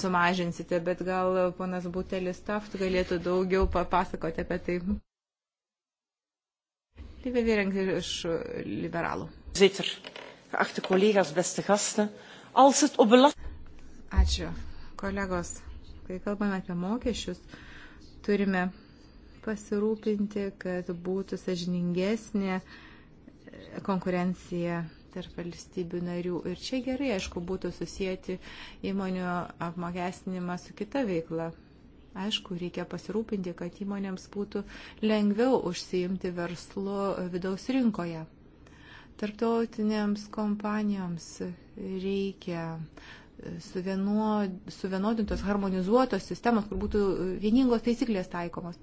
sumažinsite, bet gal ponas Butelis Taft galėtų daugiau papasakoti apie tai. Lieve Wierink iš liberalų. Zeker, geachte collega's, beste gasten als het op belasting. Ačiū, kolegos. Kai kalbame apie mokesčius, turime pasirūpinti, kad būtų sažiningesnė e, konkurencija tarp valstybių narių. Ir čia gerai, aišku, būtų susijęti įmonių apmokestinimą su kita veikla. Aišku, reikia pasirūpinti, kad įmonėms būtų lengviau užsiimti verslu vidaus rinkoje. Tarptautinėms kompanijoms reikia suvienodintos, harmonizuotos sistemos, kur būtų vieningos taisyklės taikomos.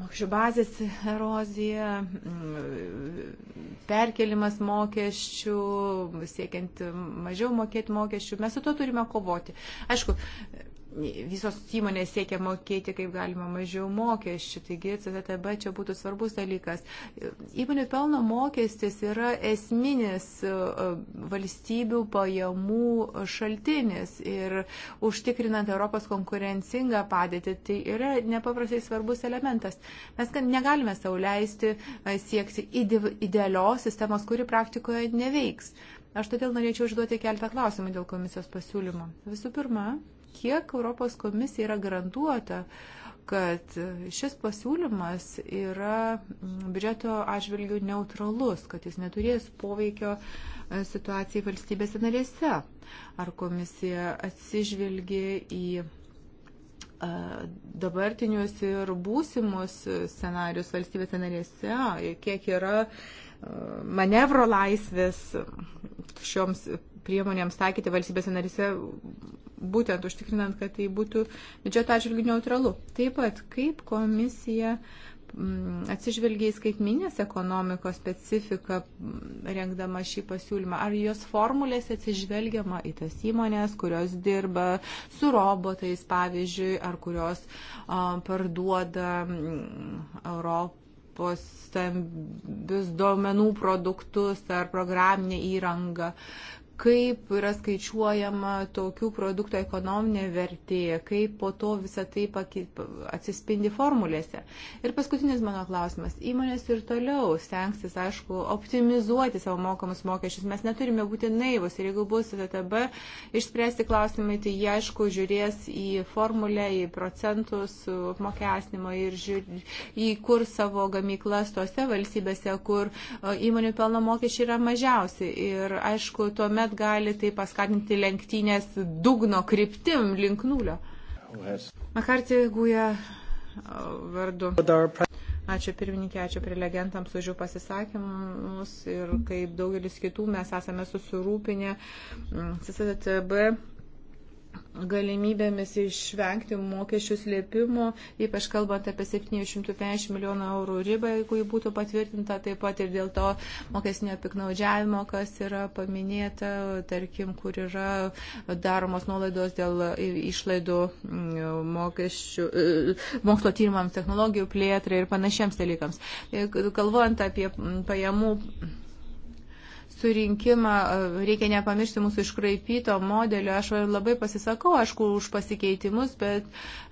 Mokesčių bazės erozija, perkelimas mokesčių, siekiant mažiau mokėti mokesčių, mes su to turime kovoti. Aišku, visos įmonės siekia mokėti kaip galima mažiau mokesčių, taigi CZTB čia būtų svarbus dalykas. Įmonių pelno mokestis yra esminis e, valstybių pajamų šaltinis ir užtikrinant Europos konkurencingą padėtį, tai yra nepaprastai svarbus elementas. Mes negalime sauliaisti e, siekti idealios sistemos, kuri praktikoje neveiks. Aš todėl norėčiau užduoti keltą klausimą dėl komisijos pasiūlymo. Visų pirma, kiek Europos komisija yra garantuota, kad šis pasiūlymas yra mm, biudžeto atžvilgių neutralus, kad jis neturės poveikio e, situacijai valstybėse narėse. Ar komisija atsižvelgia į e, dabartinius ir būsimus scenarius valstybėse narėse, kiek yra e, manevro laisvės šioms priemonėms taikyti valstybėse narise, būtent užtikrinant, kad tai būtų biudžeto atžvilgių neutralu. Taip pat, kaip komisija mm, atsižvelgia į skaitminės ekonomikos specifiką, mm, rengdama šį pasiūlymą, ar jos formulės atsižvelgiama į tas įmonės, kurios dirba su robotais, pavyzdžiui, ar kurios um, parduoda mm, Europą tuos stambius duomenų produktus ar programinę įrangą, kaip yra skaičiuojama tokių produktų ekonominė vertė, kaip po to visą tai atsispindi formulėse. Ir paskutinis mano klausimas. Įmonės ir toliau stengsis, aišku, optimizuoti savo mokamus mokesčius. Mes neturime būti naivus ir jeigu bus VTB išspręsti klausimai, tai jie, aišku, žiūrės į formulę, į procentus apmokesnimo ir žiūr, į kur savo gamyklas tose valstybėse, kur e, įmonių pelno mokesčiai yra mažiausi. Ir, aišku, tuomet net gali tai paskatinti lenktynės dugno kryptim link nulio. Makartį guja vardu. Ačiū pirmininkė, ačiū prelegentams už jų pasisakymus ir kaip daugelis kitų mes esame susirūpinę CCTB galimybėmis išvengti mokesčių slėpimo, ypač kalbant apie 750 milijonų eurų ribą, jeigu jį būtų patvirtinta, taip pat ir dėl to mokesnio piknaudžiavimo, kas yra paminėta, tarkim, kur yra daromos nuolaidos dėl išlaidų mm, mokesčių, e, mokslo tyrimams, technologijų plėtrai ir panašiems dalykams. E, Kalvojant apie pajamų surinkimą, e, reikia nepamiršti mūsų iškraipyto modelio. Aš labai pasisakau, aišku, už pasikeitimus, bet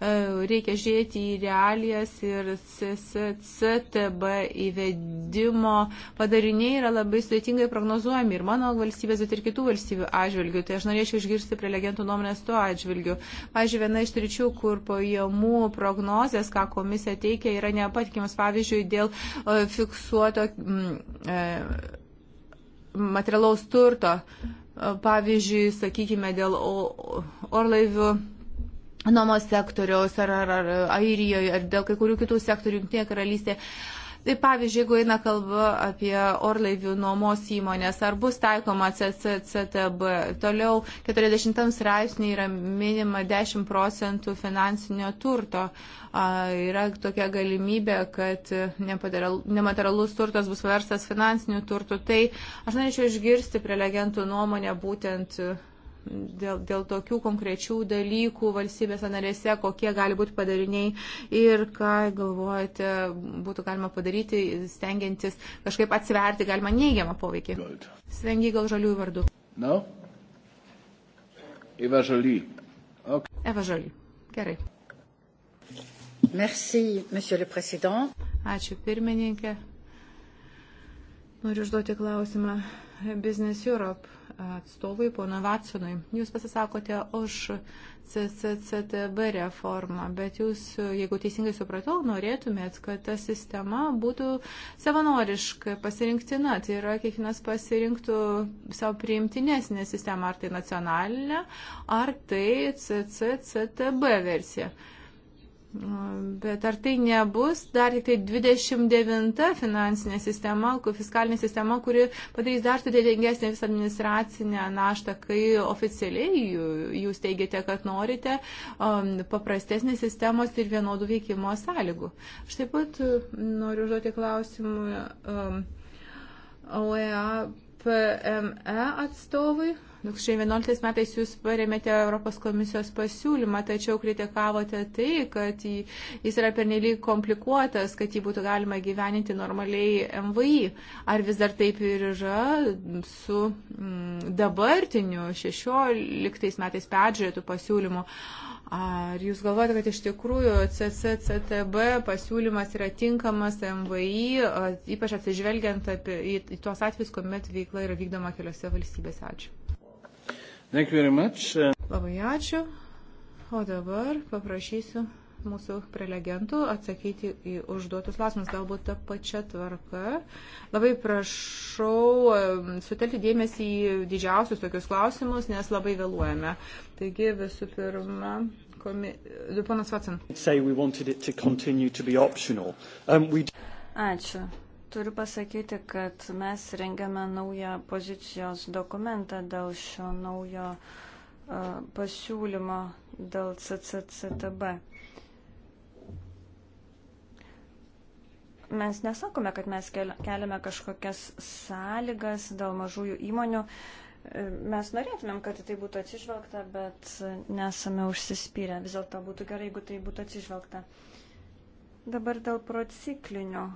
e, reikia žiūrėti į realijas ir CCTB įvedimo padariniai yra labai sudėtingai prognozuojami ir mano valstybės, bet ir kitų valstybių atžvilgių. Tai aš norėčiau išgirsti prelegentų nuomonės tuo atžvilgiu. Pavyzdžiui, viena iš tričių, kur pajamų prognozės, ką komisija teikia, yra nepatikimas. Pavyzdžiui, dėl e, fiksuoto. Mm, e, materialaus turto, pavyzdžiui, sakykime, dėl orlaivių nuomos sektoriaus ar, ar, ar Airijoje ar dėl kai kurių kitų sektorių Junktinėje karalystėje. Tai pavyzdžiui, jeigu eina kalba apie orlaivių nuomos įmonės, ar bus taikoma CCCTB, toliau 40 straipsnį yra minima 10 procentų finansinio turto. Yra tokia galimybė, kad nematerialus turtas bus verstas finansiniu turtu. Tai aš norėčiau išgirsti prelegentų nuomonę būtent dėl, dėl tokių konkrečių dalykų valstybėse narėse, kokie gali būti padariniai ir ką galvojate būtų galima padaryti, stengiantis kažkaip atsverti galima neigiamą poveikį. Svengi gal žaliųjų vardu. No? Eva Žaly. Okay. Eva Žaly. Gerai. Merci, monsieur le président. Ačiū pirmininkė. Noriu užduoti klausimą Business Europe atstovui, pono Vatsonui. Jūs pasisakote už CCCTB reformą, bet jūs, jeigu teisingai supratau, norėtumėt, kad ta sistema būtų savanoriška, pasirinktina. Tai yra, kiekvienas pasirinktų savo priimtinesnę sistemą, ar tai nacionalinę, ar tai CCCTB versiją. Bet ar tai nebus dar tik tai 29 finansinė sistema, fiskalinė sistema, kuri padarys dar sudėtingesnę visą administracinę naštą, kai oficialiai jūs teigiate, kad norite um, paprastesnės sistemos ir vienodų veikimo sąlygų. Aš taip pat noriu užduoti klausimų um, OEA PME atstovui. 2011 metais jūs paremėte Europos komisijos pasiūlymą, tačiau kritikavote tai, kad jis yra pernelyg komplikuotas, kad jį būtų galima gyveninti normaliai MVI. Ar vis dar taip ir yra su mm, dabartiniu 16 metais peržiūrėtų pasiūlymu? Ar jūs galvojate, kad iš tikrųjų CCCTB pasiūlymas yra tinkamas MVI, ypač atsižvelgiant apie, į, į tuos atvejus, kuomet veikla yra vykdoma keliose valstybėse? Ačiū. Uh, labai ačiū. O dabar paprašysiu mūsų prelegentų atsakyti į užduotus klausimus, galbūt tą pačią tvarką. Labai prašau um, sutelkti dėmesį į didžiausius tokius klausimus, nes labai vėluojame. Taigi visų pirma. Komi... Ponas Vatsan. Um, ačiū. Turiu pasakyti, kad mes rengiame naują pozicijos dokumentą dėl šio naujo uh, pasiūlymo dėl CCCTB. Mes nesakome, kad mes keliame kažkokias sąlygas dėl mažųjų įmonių. E, mes norėtumėm, kad tai būtų atsižvelgta, bet nesame užsispyrę. Vis dėlto būtų gerai, jeigu tai būtų atsižvelgta. Dabar dėl prociklinio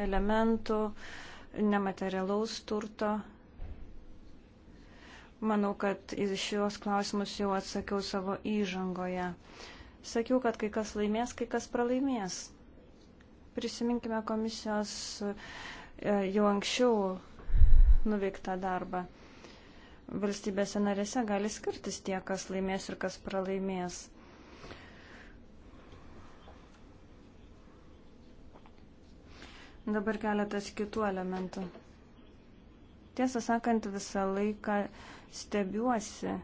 elementų, nematerialaus turto. Manau, kad į šios klausimus jau atsakiau savo įžangoje. Sakiau, kad kai kas laimės, kai kas pralaimės. Prisiminkime komisijos e, jau anksčiau nuveiktą darbą. Valstybėse narėse gali skirtis tie, kas laimės ir kas pralaimės. Dabar keletas kitų elementų. Tiesą sakant, visą laiką stebiuosi,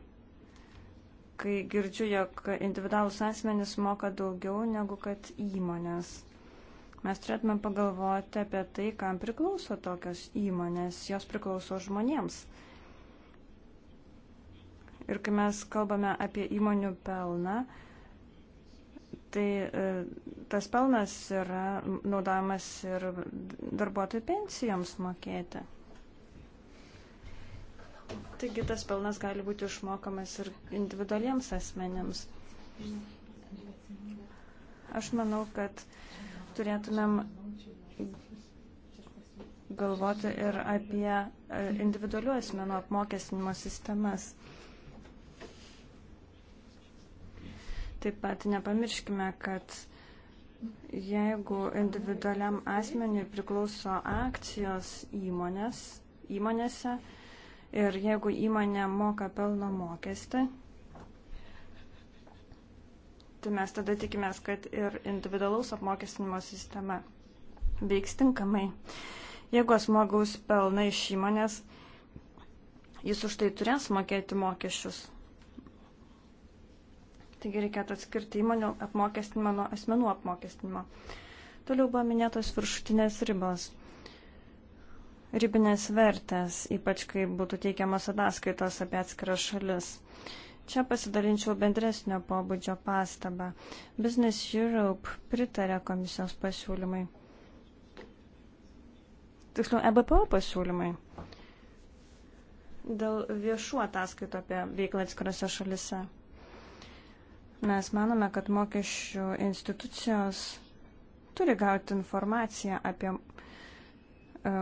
kai girdžiu, jog individualus asmenys moka daugiau negu kad įmonės. Mes turėtume pagalvoti apie tai, kam priklauso tokios įmonės. Jos priklauso žmonėms. Ir kai mes kalbame apie įmonių pelną, tai e, tas pelnas yra naudojamas ir darbuotojų pensijoms mokėti. Taigi tas pelnas gali būti išmokamas ir individualiems asmenėms. Aš manau, kad turėtumėm galvoti ir apie e, individualių asmenų apmokestinimo sistemas. Taip pat nepamirškime, kad jeigu individualiam asmeniui priklauso akcijos įmonės, įmonėse ir jeigu įmonė moka pelno mokestį, tai mes tada tikimės, kad ir individualaus apmokestinimo sistema veiks tinkamai. Jeigu asmo gaus pelną iš įmonės, jis už tai turės mokėti mokesčius. Taigi reikėtų atskirti įmonių apmokestinimą nuo asmenų apmokestinimo. Toliau buvo minėtos viršutinės ribos. Ribinės vertės, ypač kai būtų teikiamas ataskaitos apie atskiras šalis. Čia pasidalinčiau bendresnio pobūdžio pastabą. Business Europe pritarė komisijos pasiūlymai. Tiksliau, EBPO pasiūlymai dėl viešų ataskaitų apie veiklą atskirose šalise. Mes manome, kad mokesčių institucijos turi gauti informaciją apie e,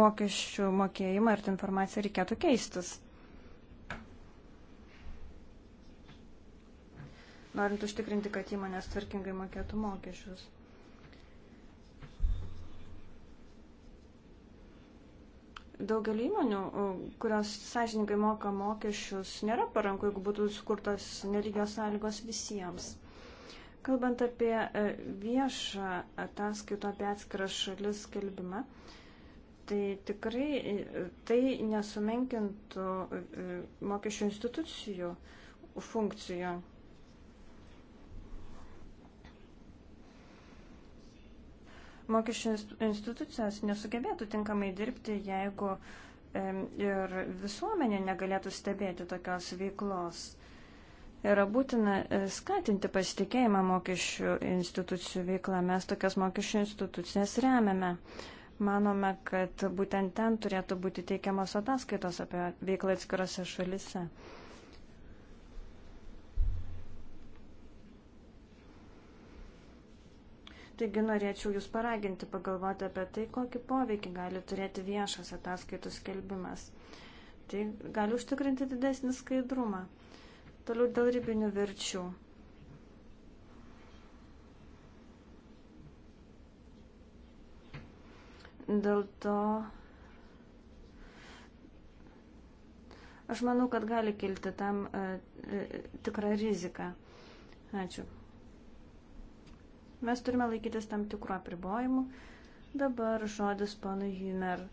mokesčių mokėjimą ir tą informaciją reikėtų keistis. Norint užtikrinti, kad įmonės tvarkingai mokėtų mokesčius. Daugelį įmonių, kurios sąžininkai moka mokesčius, nėra paranku, jeigu būtų skurtas nelygios sąlygos visiems. Kalbant apie e, viešą ataskaitą apie atskiras šalis skelbimą, tai tikrai e, tai nesumenkintų e, mokesčių institucijų funkcijų. mokesčių institucijos nesugebėtų tinkamai dirbti, jeigu ir visuomenė negalėtų stebėti tokios veiklos. Yra būtina e, skatinti pasitikėjimą mokesčių institucijų veiklą. Mes tokias mokesčių institucijas remiame. Manome, kad būtent ten turėtų būti teikiamos ataskaitos apie veiklą atskirose šalise. Taigi norėčiau Jūs paraginti pagalvoti apie tai, kokį poveikį gali turėti viešas ataskaitų skelbimas. Tai gali užtikrinti didesnį skaidrumą. Toliau dėl ribinių verčių. Dėl to aš manau, kad gali kilti tam e, e, tikrą riziką. Ačiū. Mes turime laikytis tam tikrų apribojimų. Dabar žodis ponui Hümer.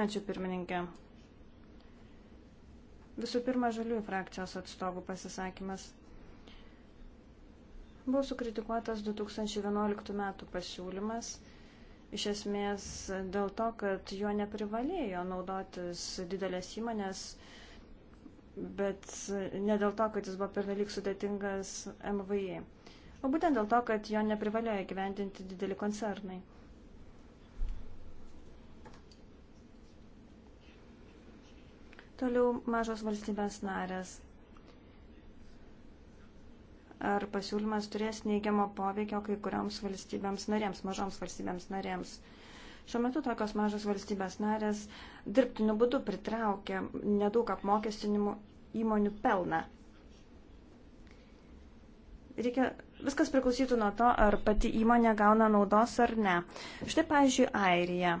Ačiū pirmininkė. Visų pirma, žaliųjų frakcijos atstovų pasisakymas. Buvo sukritikuotas 2011 metų pasiūlymas, iš esmės dėl to, kad juo neprivalėjo naudotis didelės įmonės, uh, bet ne dėl to, kad jis buvo pernelyg sudėtingas MVI, o būtent dėl to, kad jo neprivalėjo gyvendinti dideli koncernai. Toliau mažos valstybės narės. Ar pasiūlymas turės neigiamo poveikio kai kuriams valstybėms narėms, mažoms valstybėms narėms? Šiuo metu tokios mažos valstybės narės dirbtiniu būdu pritraukia nedaug apmokestinimų įmonių pelną. Reikia, viskas priklausytų nuo to, ar pati įmonė gauna naudos ar ne. Štai, pavyzdžiui, Airija.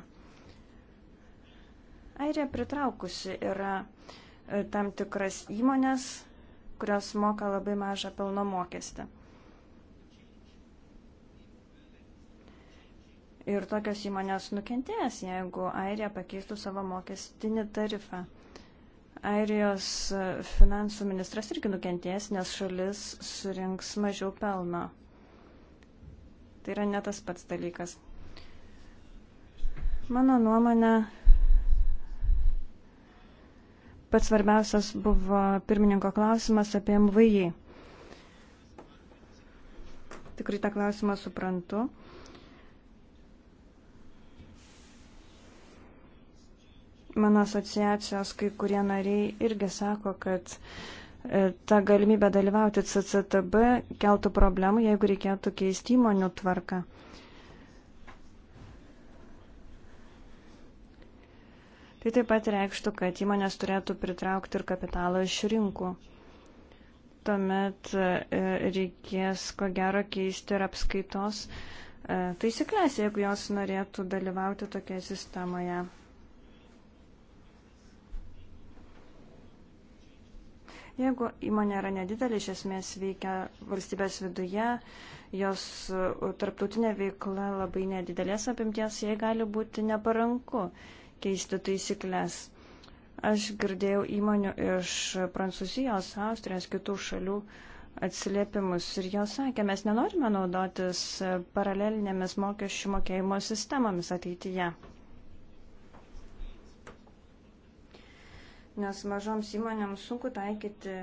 Airija pritraukusi yra e, tam tikras įmonės, kurios moka labai mažą pelno mokestį. ir tokios įmonės nukentės, jeigu Airija pakeistų savo mokestinį tarifą. Airijos finansų ministras irgi nukentės, nes šalis surinks mažiau pelno. Tai yra ne tas pats dalykas. Mano nuomonė, pats svarbiausias buvo pirmininko klausimas apie MVI. Tikrai tą klausimą suprantu. Mano asociacijos kai kurie nariai irgi sako, kad e, ta galimybė dalyvauti CCTB keltų problemų, jeigu reikėtų keisti įmonių tvarką. Tai taip pat reikštų, kad įmonės turėtų pritraukti ir kapitalą iš rinkų. Tuomet e, reikės, ko gero, keisti ir apskaitos e, taisyklės, jeigu jos norėtų dalyvauti tokioje sistemoje. Jeigu įmonė yra nedidelė, iš esmės veikia valstybės viduje, jos uh, tarptautinė veikla labai nedidelės apimties, jai gali būti neparanku keisti taisyklės. Aš girdėjau įmonių iš Prancūzijos, Austrijos, kitų šalių atsiliepimus ir jos sakė, mes nenorime naudotis uh, paralelinėmis mokesčių mokėjimo sistemomis ateityje. nes mažoms įmonėms sunku taikyti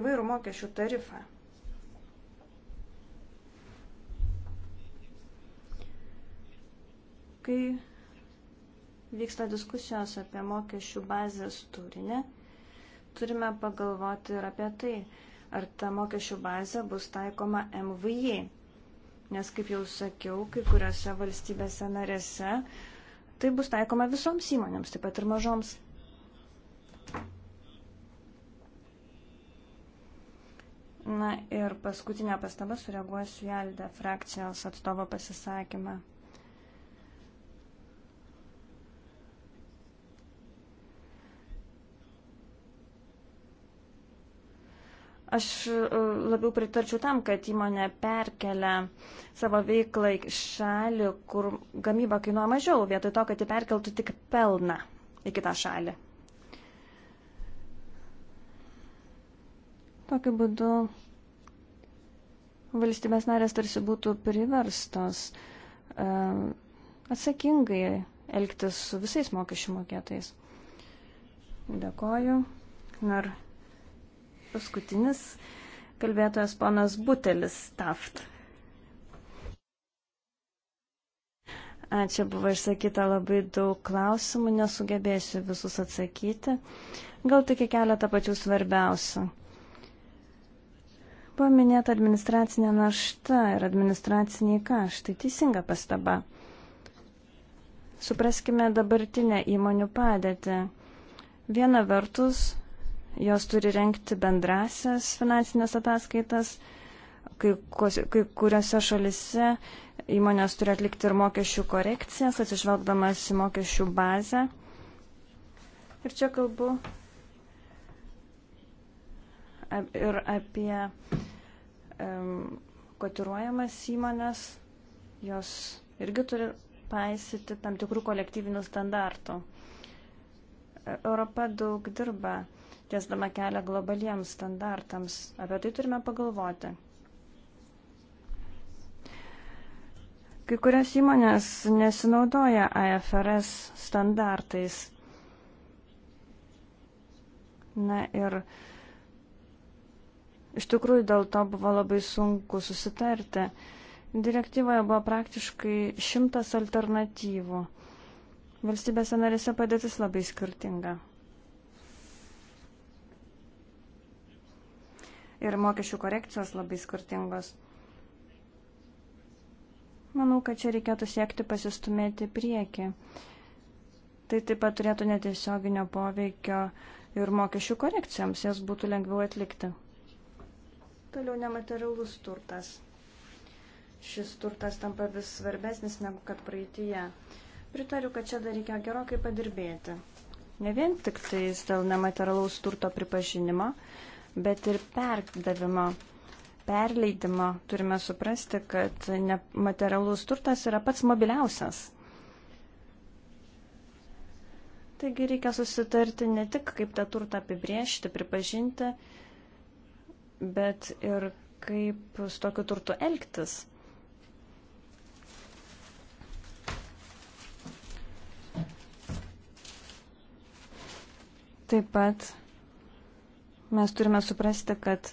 įvairių mokesčių tarifą. Kai vyksta diskusijos apie mokesčių bazės turinį, turime pagalvoti ir apie tai, ar ta mokesčių bazė bus taikoma MVI. Nes, kaip jau sakiau, kai kuriuose valstybėse narėse tai bus taikoma visoms įmonėms, taip pat ir mažoms. Na ir paskutinė pastaba sureaguosiu į Aldę frakcijos atstovo pasisakymą. Aš e, labiau pritarčiau tam, kad įmonė perkelia savo veiklą į šalį, kur gamyba kainuoja mažiau, vietoj to, kad jį perkeltų tik pelną į kitą šalį. Tokiu būdu valstybės narės tarsi būtų priverstos e, atsakingai elgtis su visais mokesčių mokėtais. Dėkoju. Ir paskutinis kalbėtojas ponas Butelis Taft. Ačiū, buvo išsakyta labai daug klausimų, nesugebėsiu visus atsakyti. Gal tik keletą pačių svarbiausių. Paminėta administracinė našta ir administraciniai kaštai. Teisinga pastaba. Supraskime dabartinę įmonių padėtį. Viena vertus, jos turi renkti bendrasias finansinės ataskaitas, kai, kai kuriuose šalise įmonės turi atlikti ir mokesčių korekcijas, atsižvelgdamas į mokesčių bazę. Ir čia kalbu ir apie um, kotiruojamas įmonės. Jos irgi turi paisyti tam tikrų kolektyvinių standartų. Europa daug dirba, tiesdama kelią globaliems standartams. Apie tai turime pagalvoti. Kai kurios įmonės nesinaudoja AFRS standartais. Na ir uh, Iš tikrųjų, dėl to buvo labai sunku susitarti. Direktyvoje buvo praktiškai šimtas alternatyvų. Valstybėse narėse padėtis labai skirtinga. Ir mokesčių korekcijos labai skirtingos. Manau, kad čia reikėtų siekti pasistumėti prieki. Tai taip pat turėtų netiesioginio poveikio ir mokesčių korekcijoms, jas būtų lengviau atlikti. Toliau nematerialus turtas. Šis turtas tampa vis svarbesnis negu kad praeityje. Pritariu, kad čia dar reikia gerokai padirbėti. Ne vien tik tais dėl nematerialaus turto pripažinimo, bet ir perdavimo, perleidimo turime suprasti, kad nematerialus turtas yra pats mobiliausias. Taigi reikia susitarti ne tik kaip tą turtą apibriežti, pripažinti, bet ir kaip su tokiu turtu elgtis. Taip pat mes turime suprasti, kad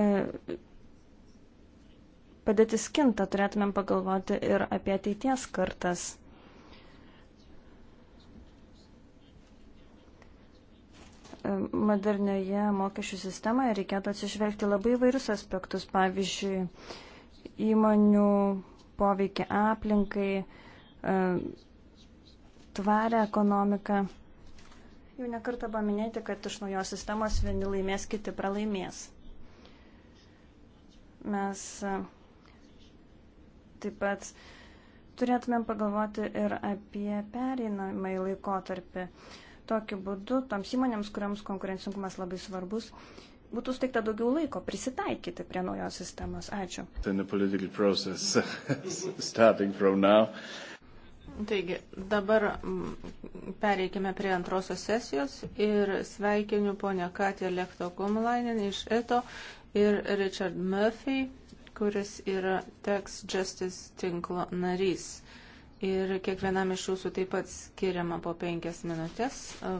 e, padėtis kinta, turėtumėm pagalvoti ir apie ateities kartas. modernioje mokesčių sistemoje reikėtų atsižvelgti labai vairius aspektus, pavyzdžiui, įmonių poveikį aplinkai, e, tvarę ekonomiką. Jau nekartą paminėti, kad iš naujos sistemos vieni laimės, kiti pralaimės. Mes e, taip pat turėtumėm pagalvoti ir apie pereinamąjį laikotarpį. Uh, Tokiu būdu toms įmonėms, kuriams konkurencingumas labai svarbus, būtų steigta daugiau laiko prisitaikyti prie naujos sistemos. Ačiū. [laughs] Taigi, dabar mm, pereikime prie antrosios sesijos ir sveikiniu ponę Katiją Lekto Kumlainen iš ETO ir Richard Murphy, kuris yra Tax Justice tinklo narys. Ir kiekvienam iš jūsų taip pat skiriama po penkias minutės. E,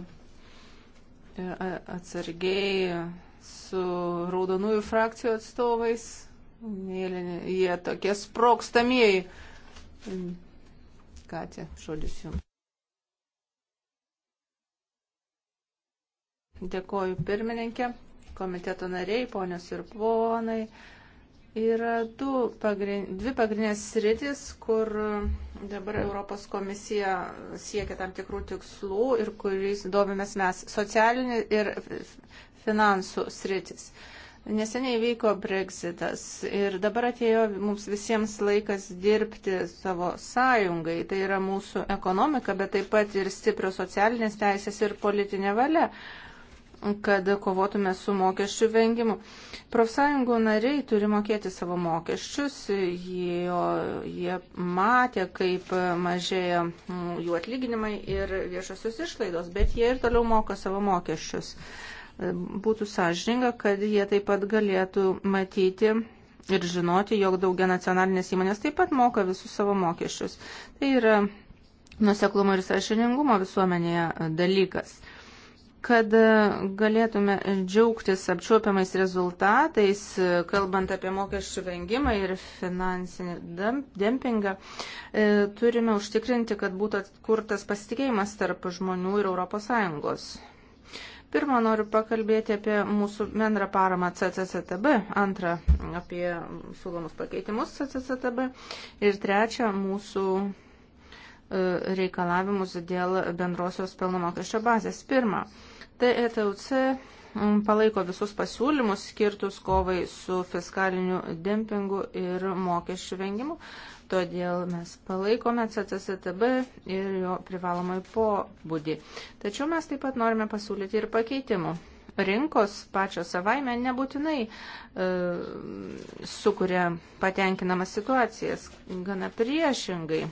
e, atsargiai su raudonųjų frakcijų atstovais. Jie tokie sprokstamieji. Ką čia, žodis jums. Dėkoju pirmininkė, komiteto nariai, ponios ir ponai. Yra du pagrind, dvi pagrindinės sritis, kur dabar Europos komisija siekia tam tikrų tikslų ir kuriais domimės mes - socialinį ir finansų sritis. Neseniai vyko Brexitas ir dabar atėjo mums visiems laikas dirbti savo sąjungai. Tai yra mūsų ekonomika, bet taip pat ir stiprios socialinės teisės ir politinė valia kad kovotume su mokesčių vengimu. Profsąjungų nariai turi mokėti savo mokesčius, jie, jie matė, kaip mažėjo jų atlyginimai ir viešosios išlaidos, bet jie ir toliau moka savo mokesčius. Būtų sąžininga, kad jie taip pat galėtų matyti ir žinoti, jog daugia nacionalinės įmonės taip pat moka visus savo mokesčius. Tai yra nuseklumo ir sąžiningumo visuomenėje dalykas kad e, galėtume džiaugtis apčiuopiamais rezultatais, e, kalbant apie mokesčių vengimą ir finansinį dempingą, e, turime užtikrinti, kad būtų atkurtas pasitikėjimas tarp žmonių ir ES. Pirmą noriu pakalbėti apie mūsų bendrą paramą CCCTB, antrą apie siūlomus pakeitimus CCCTB ir trečią mūsų reikalavimus dėl bendrosios pelno mokesčio bazės. Pirma, TETUC mm, palaiko visus pasiūlymus skirtus kovai su fiskaliniu dempingu ir mokesčių vengimu, todėl mes palaikome CCCTB ir jo privalomai pobūdį. Tačiau mes taip pat norime pasiūlyti ir pakeitimų. Rinkos pačios savaime nebūtinai e, sukuria patenkinamas situacijas, gana priešingai.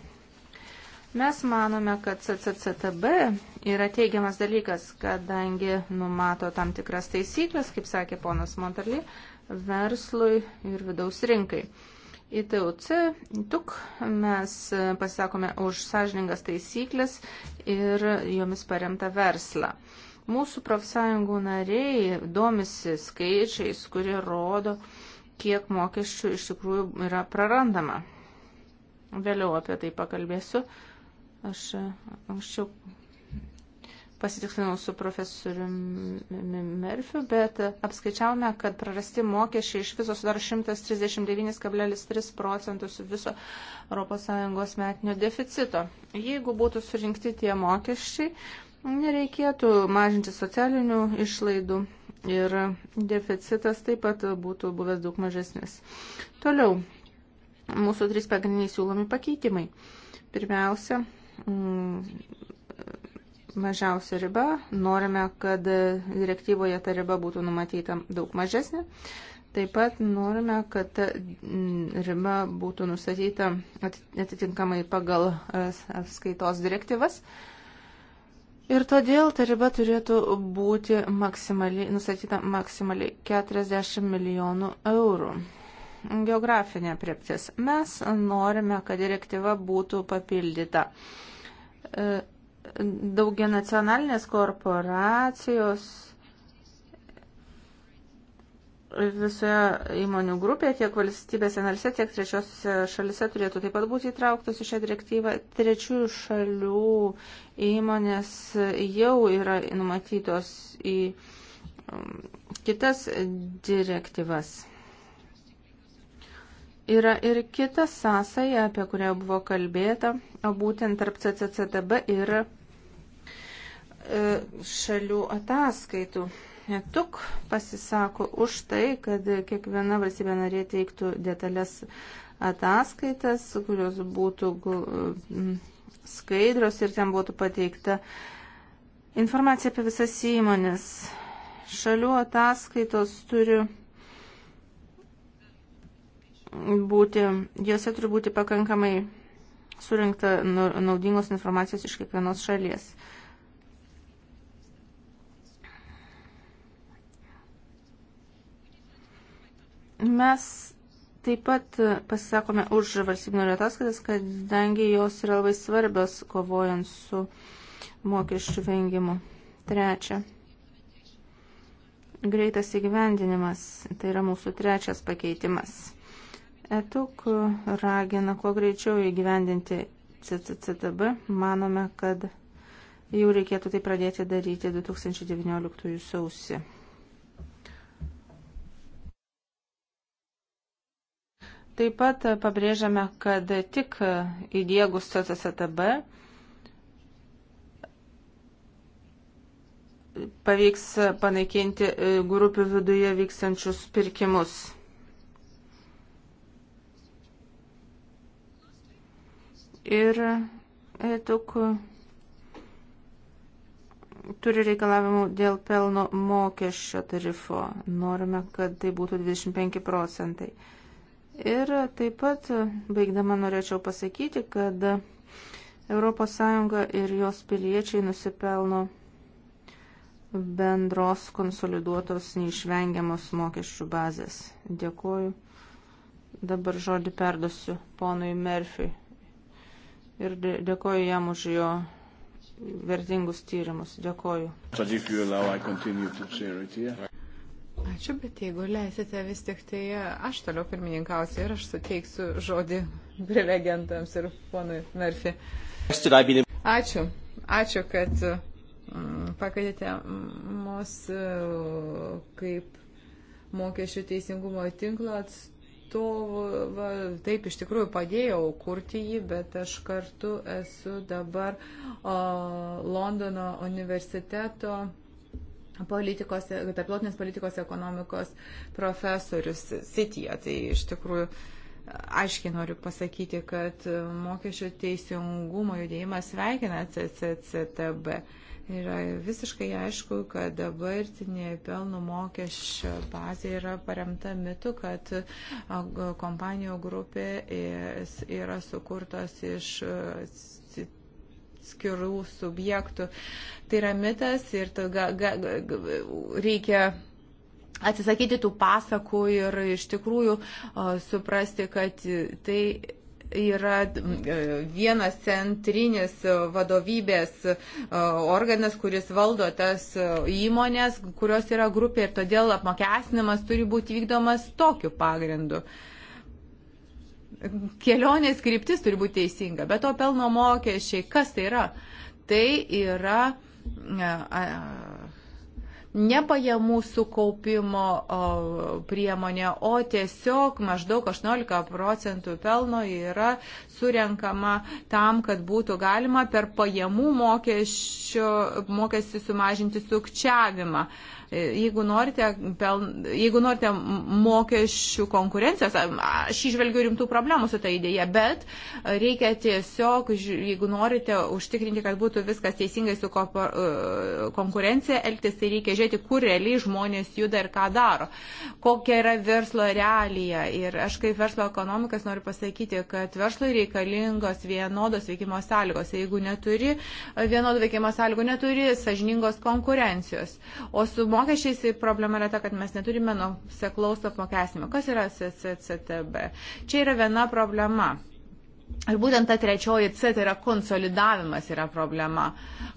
Mes manome, kad CCCTB yra teigiamas dalykas, kadangi numato tam tikras taisyklės, kaip sakė ponas Montarly, verslui ir vidaus rinkai. Į TUC, tuk mes pasakome už sąžiningas taisyklės ir jomis paremta verslą. Mūsų profsąjungų nariai domisi skaičiais, kurie rodo, kiek mokesčių iš tikrųjų yra prarandama. Vėliau apie tai pakalbėsiu. Aš e, anksčiau pasitikslinau su profesoriumi Merfiu, bet e, apskaičiavome, kad prarasti mokesčiai iš viso sudaro 139,3 procentus viso ES metinio deficito. Jeigu būtų surinkti tie mokesčiai, nereikėtų mažinti socialinių išlaidų ir deficitas taip pat būtų buvęs daug mažesnis. Toliau, mūsų trys pagrindiniai siūlomi pakeitimai. Pirmiausia, Mm, mažiausia riba. Norime, kad direktyvoje ta riba būtų numatyta daug mažesnė. Taip pat norime, kad ta mm, riba būtų nustatyta atitinkamai pagal e, apskaitos direktyvas. Ir todėl ta riba turėtų būti maksimaliai, nustatyta maksimaliai 40 milijonų eurų geografinė prieptis. Mes norime, kad direktyva būtų papildyta. E, daugia nacionalinės korporacijos visoje įmonių grupėje, tiek valstybėse narse, tiek trečiosiuose šalise turėtų taip pat būti įtrauktos į šią direktyvą. Trečiųjų šalių įmonės jau yra numatytos į um, kitas direktyvas. Yra ir kita sąsaja, apie kurią buvo kalbėta, o būtent tarp CCCTB ir e, šalių ataskaitų. Tuk pasisako už tai, kad kiekviena valstybė narė teiktų detalės ataskaitas, kurios būtų skaidrios ir ten būtų pateikta informacija apie visas įmonės. Šalių ataskaitos turi būti, jose turi būti pakankamai surinkta nu, naudingos informacijos iš kiekvienos šalies. Mes taip pat pasisakome už valstybinio ataskaitas, kadangi jos yra labai svarbios kovojant su mokesčių vengimu. Trečia. Greitas įgyvendinimas. Tai yra mūsų trečias pakeitimas. ETUK ragina kuo greičiau įgyvendinti CCCTB. Manome, kad jau reikėtų tai pradėti daryti 2019 sausį. Taip pat pabrėžiame, kad tik įdėgus CCCTB pavyks panaikinti grupių viduje vykstančius pirkimus. ir daug e, turi reikalavimų dėl pelno mokesčio tarifo. Norime, kad tai būtų 25 procentai. Ir taip pat, baigdama, norėčiau pasakyti, kad ES ir jos piliečiai nusipelno bendros konsoliduotos neišvengiamos mokesčių bazės. Dėkuoju. Dabar žodį perdosiu ponui Merfiui ir dėkoju jam už jo vertingus tyrimus. Dėkoju. Ačiū, bet jeigu leisite vis tik tai e, aš toliau pirmininkausiu ir aš suteiksiu žodį prelegentams ir ponui Murphy. Ačiū. Ačiū, kad e, pakvietėte mus e, kaip mokesčių teisingumo tinklo atstovų atstovą. Taip, iš tikrųjų padėjau kurti jį, bet aš kartu esu dabar o, Londono universiteto politikos, tarptautinės politikos ekonomikos profesorius Cityje. Tai iš tikrųjų aiškiai noriu pasakyti, kad mokesčio teisingumo judėjimas sveikina CCCTB. Yra visiškai aišku, kad dabartinė pelno mokesčio bazė yra paremta mitu, kad kompanijų grupė yra sukurtos iš skirų subjektų. Tai yra mitas ir ga, ga, ga, reikia atsisakyti tų pasakų ir iš tikrųjų suprasti, kad tai yra e, vienas centrinis vadovybės organas, kuris valdo tas įmonės, kurios yra grupė ir todėl apmokesnimas turi būti vykdomas tokiu pagrindu. Kelionės kryptis turi būti teisinga, bet to pelno mokesčiai, kas tai yra? Tai yra ne pajamų sukaupimo priemonė, o tiesiog maždaug 18 procentų pelno yra surenkama tam, kad būtų galima per pajamų mokesčio, mokestį sumažinti sukčiavimą. Uh, Jeigu norite, peln, jeigu norite mokesčių konkurencijos, aš išvelgiu rimtų problemų su ta idėja, bet reikia tiesiog, jeigu norite užtikrinti, kad būtų viskas teisingai su konkurencija elgtis, tai reikia žiūrėti, kur realiai žmonės juda ir ką daro, kokia yra verslo realija. Ir aš kaip verslo ekonomikas noriu pasakyti, kad verslui reikalingos vienodos veikimo sąlygos. Jeigu neturi vienodų veikimo sąlygų, neturi sažiningos konkurencijos. O su mokesčiais tai problema yra ta, kad mes neturime nuoseklaus apmokestinimo. Kas yra CCCTB? Čia yra viena problema. Ir būtent ta trečioji C, tai yra konsolidavimas yra problema.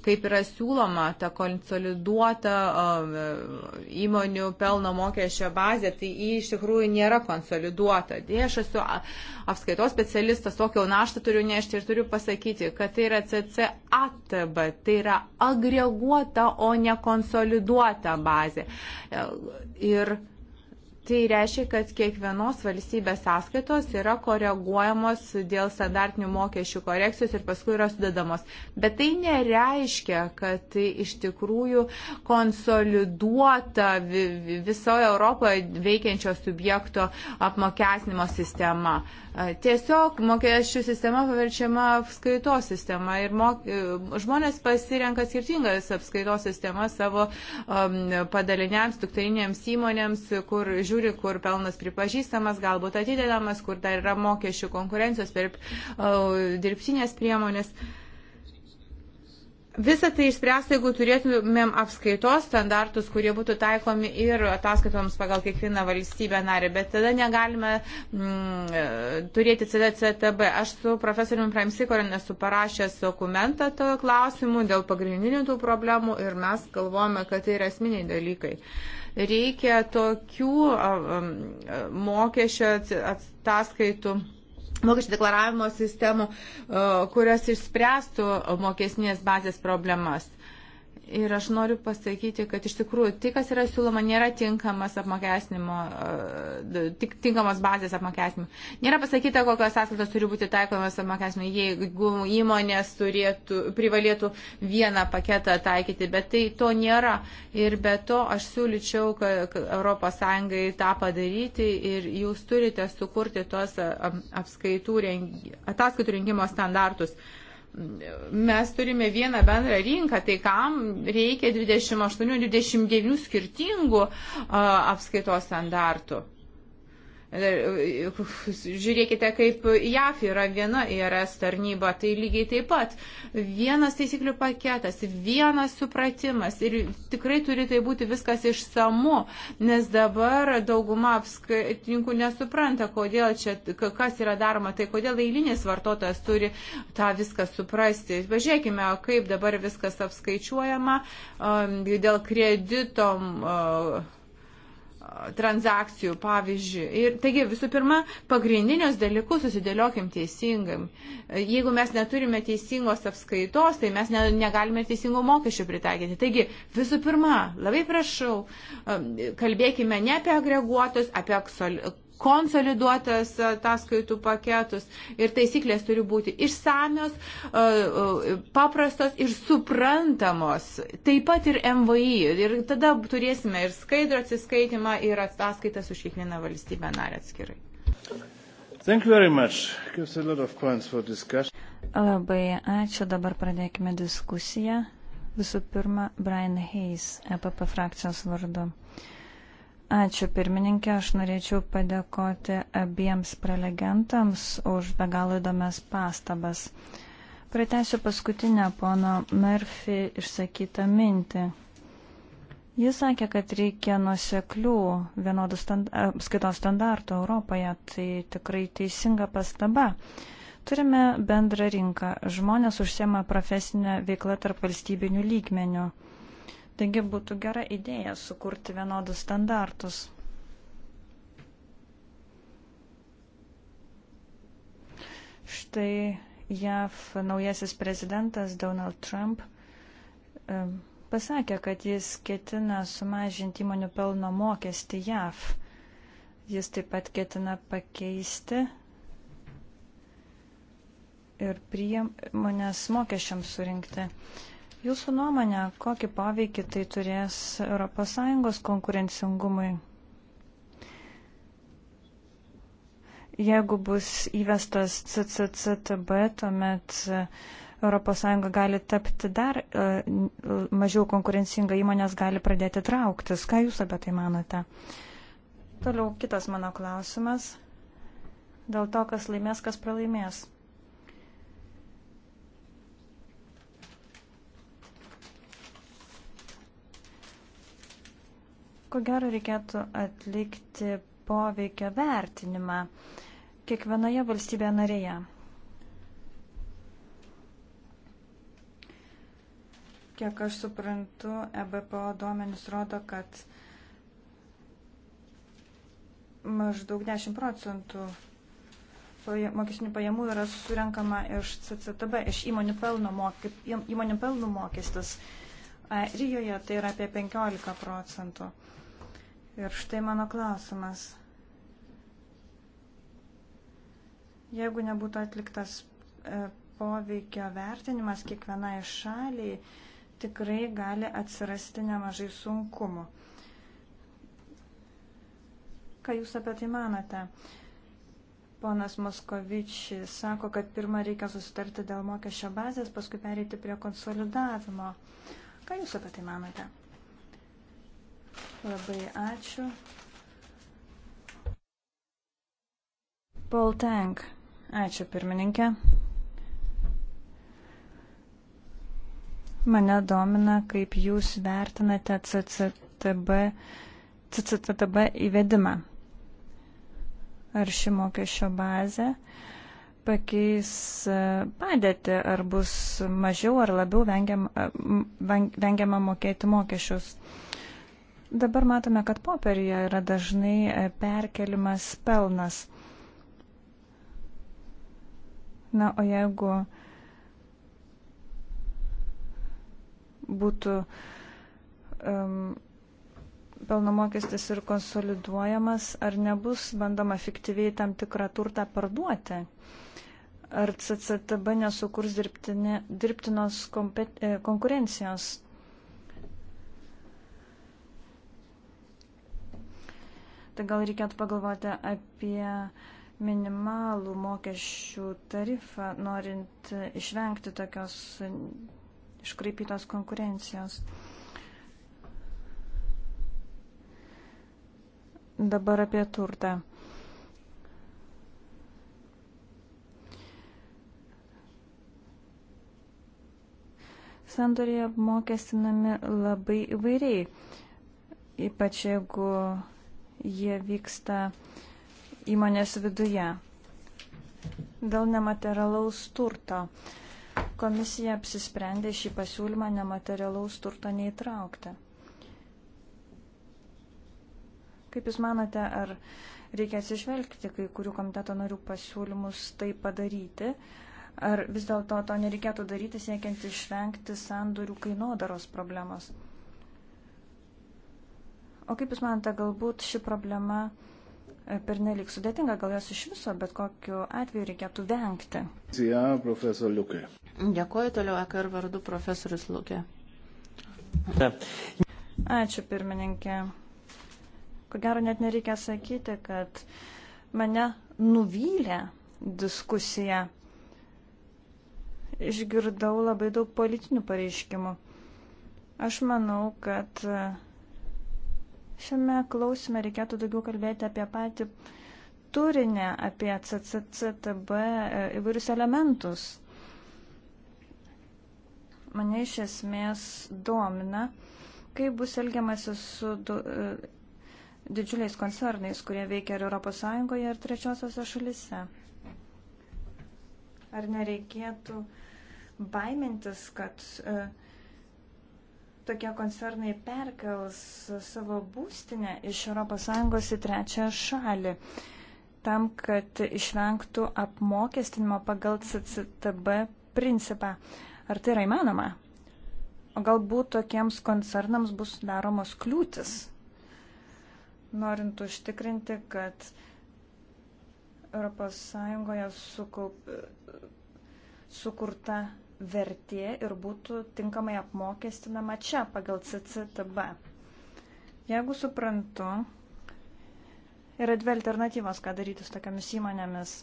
Kaip yra siūloma ta konsoliduota um, įmonių pelno mokesčio bazė, tai jį iš tikrųjų nėra konsoliduota. Dėja, tai aš esu apskaitos specialistas, tokio naštą turiu nešti ir turiu pasakyti, kad tai yra CCATB, tai yra agreguota, o ne konsoliduota bazė. E, ir Tai reiškia, kad kiekvienos valstybės sąskaitos yra koreguojamos dėl standartinių mokesčių korekcijos ir paskui yra sudedamos. Bet tai nereiškia, kad tai iš tikrųjų konsoliduota visoje Europoje veikiančio subjekto apmokesnimo sistema. Tiesiog mokesčių sistema paverčiama apskaitos sistema ir mok... E, žmonės pasirenka skirtingas apskaitos sistemas savo um, padaliniams, dukteriniams įmonėms, kur žiūri žiūri, kur pelnas pripažįstamas, galbūt atidedamas, kur dar yra mokesčių konkurencijos per dirbtinės priemonės. Visą tai išspręsti, jeigu turėtumėm apskaitos standartus, kurie būtų taikomi ir ataskaitoms pagal kiekvieną valstybę narį, bet tada negalime mm, turėti CDCTB. Aš su profesoriumi Pramsikorinu esu parašęs dokumentą to klausimu dėl pagrindinių tų problemų ir mes galvojame, kad tai yra esminiai dalykai. Uh, Reikia tokių mokesčio ataskaitų mokesčių deklaravimo sistemų, kurios išspręstų mokesnės bazės problemas. Ir aš noriu pasakyti, kad iš tikrųjų tai, kas yra siūloma, nėra tinkamas apmokesnimo, e, tik tinkamas bazės apmokesnimo. Nėra pasakyta, kokios sąskaitos turi būti taikomas apmokesnimo, jeigu įmonės turėtų, privalėtų vieną paketą taikyti, bet tai to nėra. Ir be to aš siūlyčiau ES tą padaryti ir jūs turite sukurti tos apskaitų, ataskaitų rengimo standartus mes turime vieną bendrą rinką, tai kam reikia 28-29 skirtingų apskaitos standartų? Žiūrėkite, kaip JAF yra viena IRS tarnyba, tai lygiai taip pat. Vienas taisyklių paketas, vienas supratimas ir tikrai turi tai būti viskas išsamu, nes dabar dauguma apskaitininkų nesupranta, kodėl čia, kas yra daroma, tai kodėl eilinis vartotojas turi tą viską suprasti. Pažiūrėkime, kaip dabar viskas apskaičiuojama um, dėl kreditom um, transakcijų, pavyzdžiui. Ir taigi visų pirma, pagrindinius dalykus susidėliokim teisingai. Jeigu mes neturime teisingos apskaitos, tai mes ne, negalime teisingų mokesčių pritaikyti. Taigi visų pirma, labai prašau, um, kalbėkime ne apie agreguotus, apie konsoliduotas ataskaitų paketus ir taisyklės turi būti išsamios, e, e, paprastos ir suprantamos, taip pat ir MVI. Ir tada turėsime ir skaidrų atsiskaitimą, ir ataskaitas už kiekvieną valstybę narę atskirai. Thank you very much. Gives a lot of points for discussion. Labai ačiū. Dabar pradėkime diskusiją. Visų pirma, Brian Hayes, EPP frakcijos vardu. Ačiū pirmininkė, aš norėčiau padėkoti abiems prelegentams už be galo įdomias pastabas. Pratesiu paskutinę pono Murphy išsakytą mintį. Jis sakė, kad reikia nuseklių vienodų stand, apskaitos standartų Europoje, tai tikrai teisinga pastaba. Turime bendrą rinką, žmonės užsiema profesinę veiklą tarp valstybinių lygmenių. Taigi būtų gera idėja sukurti vienodus standartus. Štai JAV naujasis prezidentas Donald Trump pasakė, kad jis ketina sumažinti įmonių pelno mokestį JAV. Jis taip pat ketina pakeisti ir priemonės mokesčiams surinkti. Jūsų nuomonė, kokį poveikį tai turės ES konkurencingumui? Jeigu bus įvestas CCCTB, tuomet ES gali tapti dar e, mažiau konkurencinga, įmonės gali pradėti trauktis. Ką Jūs apie tai manote? Toliau kitas mano klausimas. Dėl to, kas laimės, kas pralaimės. Ko gero reikėtų atlikti poveikio vertinimą kiekvienoje valstybėje narėje. Kiek aš suprantu, EBPO duomenys rodo, kad maždaug 10 procentų mokesnių pajamų yra surenkama iš CCTB, iš įmonių pelno, moky, įmonių pelno mokestis. Rijoje tai yra apie 15 procentų. Ir štai mano klausimas. Jeigu nebūtų atliktas e, poveikio vertinimas kiekvienai šaliai, tikrai gali atsirasti nemažai sunkumų. Ką Jūs apie tai manote? Ponas Moskovičiai sako, kad pirmą reikia susitarti dėl mokesčio bazės, paskui pereiti prie konsolidavimo. Ką Jūs apie tai manote? Labai ačiū. Paul Tank. Ačiū pirmininkė. Mane domina, kaip jūs vertinate CCTB, CCTB įvedimą. Ar ši mokesčio bazė pakeis e, padėti, ar bus mažiau ar labiau vengiama, vengiama mokėti mokesčius. Dabar matome, kad popierioje yra dažnai e, perkelimas pelnas. Na, o jeigu būtų um, pelno mokestis ir konsoliduojamas, ar nebus bandoma fiktyviai tam tikrą turtą parduoti? Ar CCTB nesukurs dirbtine, dirbtinos kompet, e, konkurencijos? tai gal reikėtų pagalvoti apie minimalų mokesčių tarifą, norint išvengti tokios iškraipytos konkurencijos. Dabar apie turtą. Sandoriai apmokestinami labai įvairiai, ypač jeigu jie vyksta įmonės viduje. Dėl nematerialaus turto. Komisija apsisprendė šį pasiūlymą nematerialaus turto neįtraukti. Kaip Jūs manote, ar reikia atsižvelgti kai kurių komiteto narių pasiūlymus tai padaryti, ar vis dėlto to nereikėtų daryti siekiant išvengti sandorių kainodaros problemos? O kaip Jūs manate, galbūt ši problema e, per nelik sudėtinga, gal jas iš viso, bet kokiu atveju reikėtų vengti? Ja, profesor Liukė. Dėkuoju toliau EKR vardu profesorius Liukė. Ačiū pirmininkė. Ko gero net nereikia sakyti, kad mane nuvylė diskusija. Išgirdau labai daug politinių pareiškimų. Aš manau, kad e, Šiame klausime reikėtų daugiau kalbėti apie patį turinį, apie CCCTB e, įvairius elementus. Mane iš esmės domina, kaip bus elgiamasi su du, e, didžiuliais koncernais, kurie veikia ir ES ir trečiosiose šalise. Ar nereikėtų baimintis, kad uh, tokie koncernai perkels savo būstinę iš ES į trečią šalį, tam, kad išvengtų apmokestinimo pagal CCTB principą. Ar tai yra įmanoma? O galbūt tokiems koncernams bus daromos kliūtis, norint užtikrinti, kad ES sukaup, sukurta vertė ir būtų tinkamai apmokestinama čia pagal CCTB. Jeigu suprantu, yra dvi alternatyvos, ką daryti su tokiamis įmonėmis.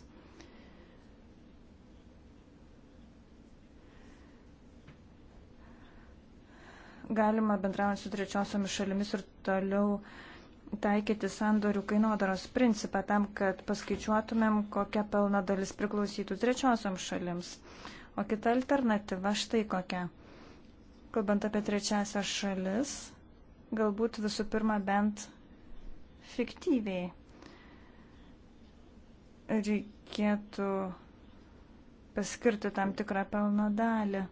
Galima bendraujant su trečiosiomis šalimis ir toliau taikyti sandorių kainodaros principą tam, kad paskaičiuotumėm, kokia pelno dalis priklausytų trečiosiom šalims. O kita alternatyva štai kokia. Kalbant apie trečiasias šalis, galbūt visų pirma bent fiktyviai reikėtų paskirti tam tikrą pelno dalį.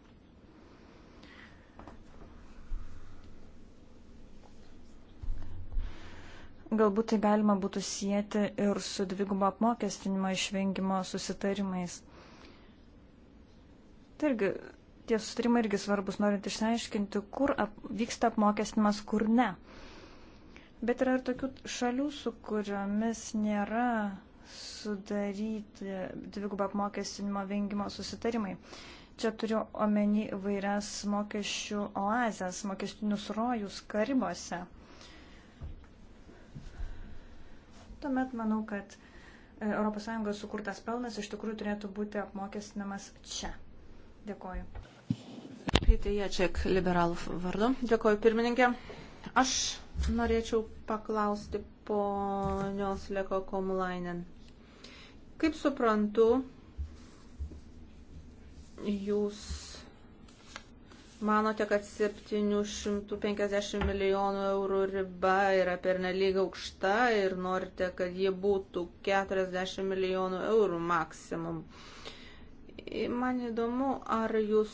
Galbūt tai galima būtų sieti ir su dvigubo apmokestinimo išvengimo susitarimais. Tai irgi tie sustarimai irgi svarbus, norint išsiaiškinti, kur ap, vyksta apmokestinimas, kur ne. Bet yra ir tokių šalių, su kuriomis nėra sudaryti dvigubą apmokestinimo vengimo susitarimai. Čia turiu omeny vairias mokesčių oazės, mokestinius rojus karibose. Tuomet manau, kad ES sukurtas pelnas iš tikrųjų turėtų būti apmokestinamas čia. Dėkoju. Peitė Jačiak, liberalų vardu. Dėkoju, pirmininkė. Aš norėčiau paklausti ponios Leko Komulainen. Kaip suprantu, jūs manote, kad 750 milijonų eurų riba yra pernelyg aukšta ir norite, kad ji būtų 40 milijonų eurų maksimum. Uh, man įdomu, ar jūs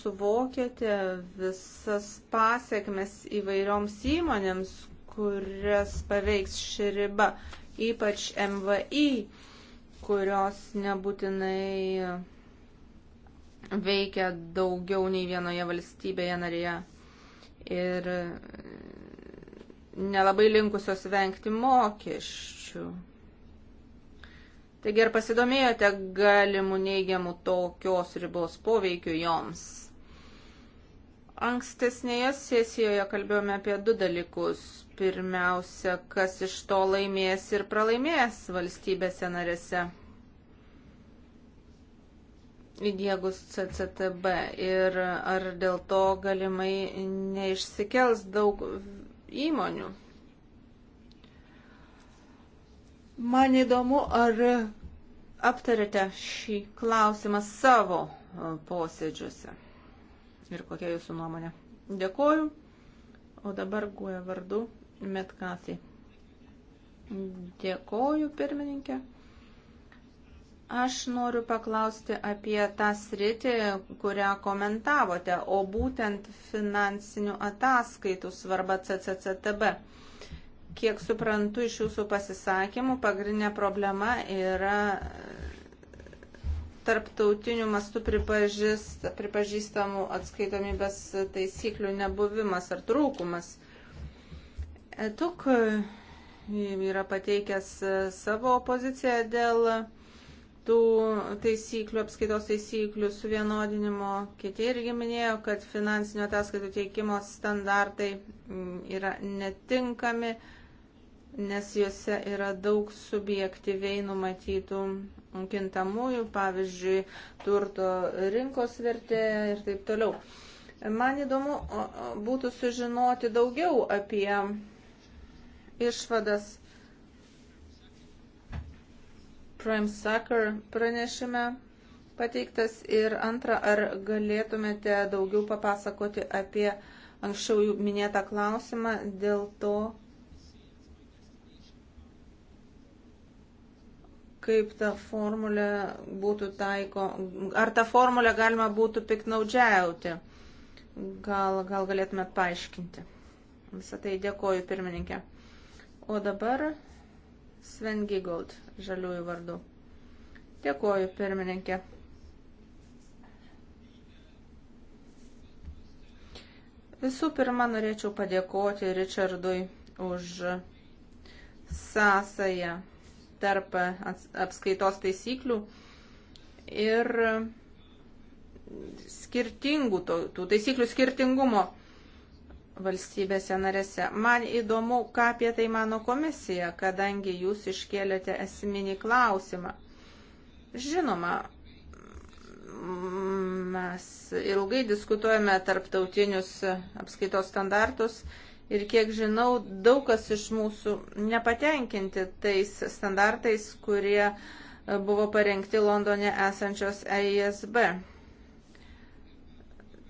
suvokėte visas pasiekmes įvairioms įmonėms, kurias paveiks ši riba, ypač MVI, kurios nebūtinai veikia daugiau nei vienoje valstybėje narėje ir nelabai linkusios vengti mokesčių. Taigi ar pasidomėjote galimų neigiamų tokios ribos poveikių joms? Ankstesnėje sesijoje kalbėjome apie du dalykus. Pirmiausia, kas iš to laimės ir pralaimės valstybėse narėse. Įdiegus CCTB ir ar dėl to galimai neišsikels daug įmonių. Man įdomu, ar aptarėte šį klausimą savo e, posėdžiuose ir kokia jūsų nuomonė. Dėkoju. O dabar guoja vardu Metkasi. Dėkoju, pirmininkė. Aš noriu paklausti apie tą sritį, kurią komentavote, o būtent finansinių ataskaitų svarba CCCTB. Kiek suprantu iš jūsų pasisakymų, pagrindinė problema yra e, tarptautiniu mastu pripažįst, pripažįstamų atskaitomybės taisyklių nebuvimas ar trūkumas. Etuk e, yra pateikęs e, savo poziciją dėl tų taisyklių, apskaitos taisyklių suvienodinimo. Kiti irgi minėjo, kad finansinio ataskaitų teikimo standartai yra netinkami nes juose yra daug subjektyviai numatytų kintamųjų, pavyzdžiui, turto rinkos vertė ir taip toliau. Man įdomu būtų sužinoti daugiau apie išvadas Prime Sucker pranešime pateiktas ir antra, ar galėtumėte daugiau papasakoti apie anksčiau minėtą klausimą dėl to, kaip ta formulė būtų taiko, ar tą formulę galima būtų piknaudžiauti. Gal, gal galėtumėt paaiškinti. Visą tai dėkoju pirmininkė. O dabar Sven Gigold, žaliųjų vardu. Dėkoju pirmininkė. Visų pirma, norėčiau padėkoti Richardui už sąsają tarp apskaitos taisyklių ir skirtingų, tų taisyklių skirtingumo valstybėse narėse. Man įdomu, ką apie tai mano komisija, kadangi jūs iškėlėte esminį klausimą. Žinoma, mes ilgai diskutuojame tarptautinius apskaitos standartus ir kiek žinau, daug kas iš mūsų nepatenkinti tais standartais, kurie e, buvo parengti Londone esančios EISB.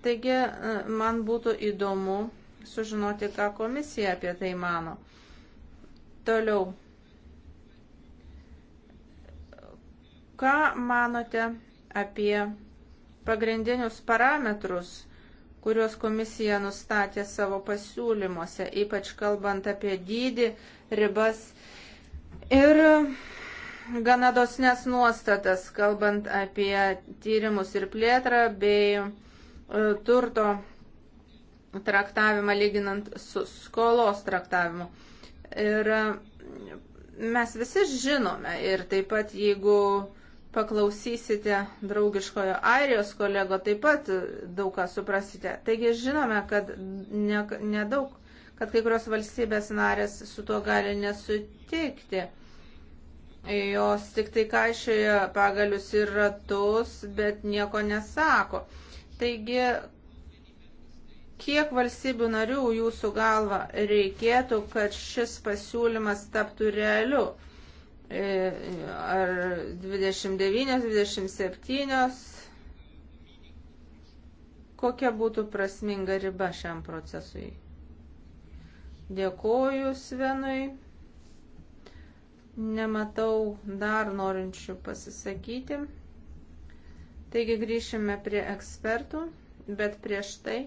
Taigi, e, man būtų įdomu sužinoti, ką komisija apie tai mano. Toliau. Ką manote apie pagrindinius parametrus, kuriuos komisija nustatė savo pasiūlymuose, ypač kalbant apie dydį, ribas ir gana dosnes nuostatas, kalbant apie tyrimus ir plėtrą bei e, turto traktavimą lyginant su skolos traktavimu. Ir e, mes visi žinome ir taip pat jeigu paklausysite draugiškojo Airijos kolego, taip pat daug ką suprasite. Taigi žinome, kad nedaug, ne, ne kad kai kurios valstybės narės su tuo gali nesutikti. Jos tik tai kaišioja pagalius ir ratus, bet nieko nesako. Taigi, kiek valstybių narių jūsų galva reikėtų, kad šis pasiūlymas taptų realiu? E, ar 29, 27, kokia būtų prasminga riba šiam procesui. Dėkoju Svenui. Nematau dar norinčių pasisakyti. Taigi grįšime prie ekspertų, bet prieš tai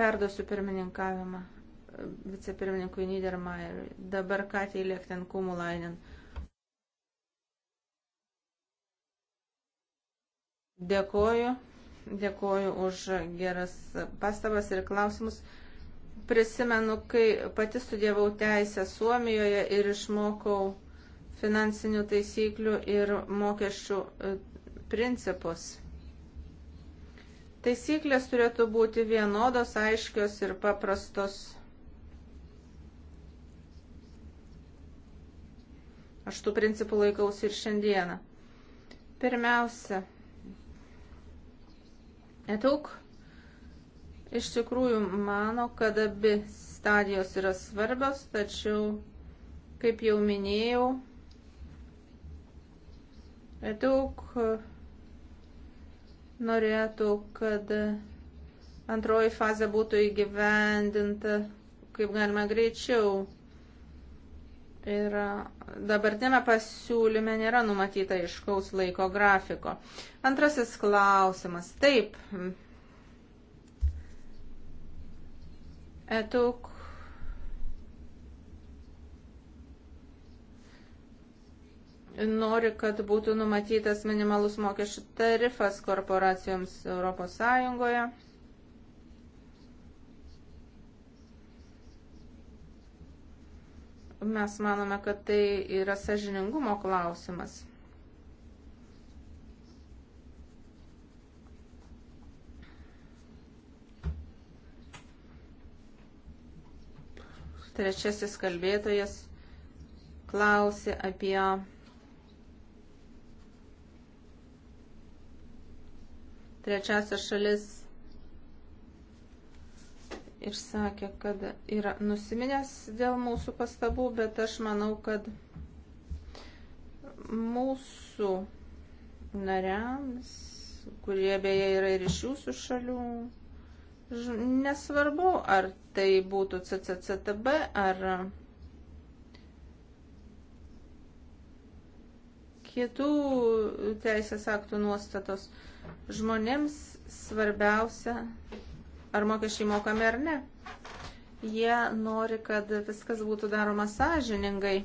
perduosiu pirmininkavimą vicepirmininkui Niedermayerui, dabar Katijai Lekten Kumulainen. Dėkoju, dėkoju už geras pastabas ir klausimus. Prisimenu, kai pati studijavau teisę Suomijoje ir išmokau finansinių taisyklių ir mokesčių e, principus. Taisyklės turėtų būti vienodos, aiškios ir paprastos. Aš tų principų laikausi ir šiandieną. Pirmiausia, nedaug iš tikrųjų mano, kad abi stadijos yra svarbios, tačiau, kaip jau minėjau, daug norėtų, kad antroji fazė būtų įgyvendinta kaip galima greičiau. Ir e, dabartinėme pasiūlyme nėra numatyta iškaus laiko grafiko. Antrasis klausimas. Taip. Etuk. Nori, kad būtų numatytas minimalus mokesčių tarifas korporacijoms Europos Sąjungoje. Mes manome, kad tai yra sažiningumo klausimas. Trečiasis kalbėtojas klausė apie trečiasias šalis ir sakė, kad yra nusiminęs dėl mūsų pastabų, bet aš manau, kad mūsų nariams, kurie beje yra ir iš jūsų šalių, nesvarbu, ar tai būtų CCCTB, ar kitų teisės aktų nuostatos, žmonėms svarbiausia ar mokesčiai mokami ar ne. Jie nori, kad viskas būtų daroma sąžiningai.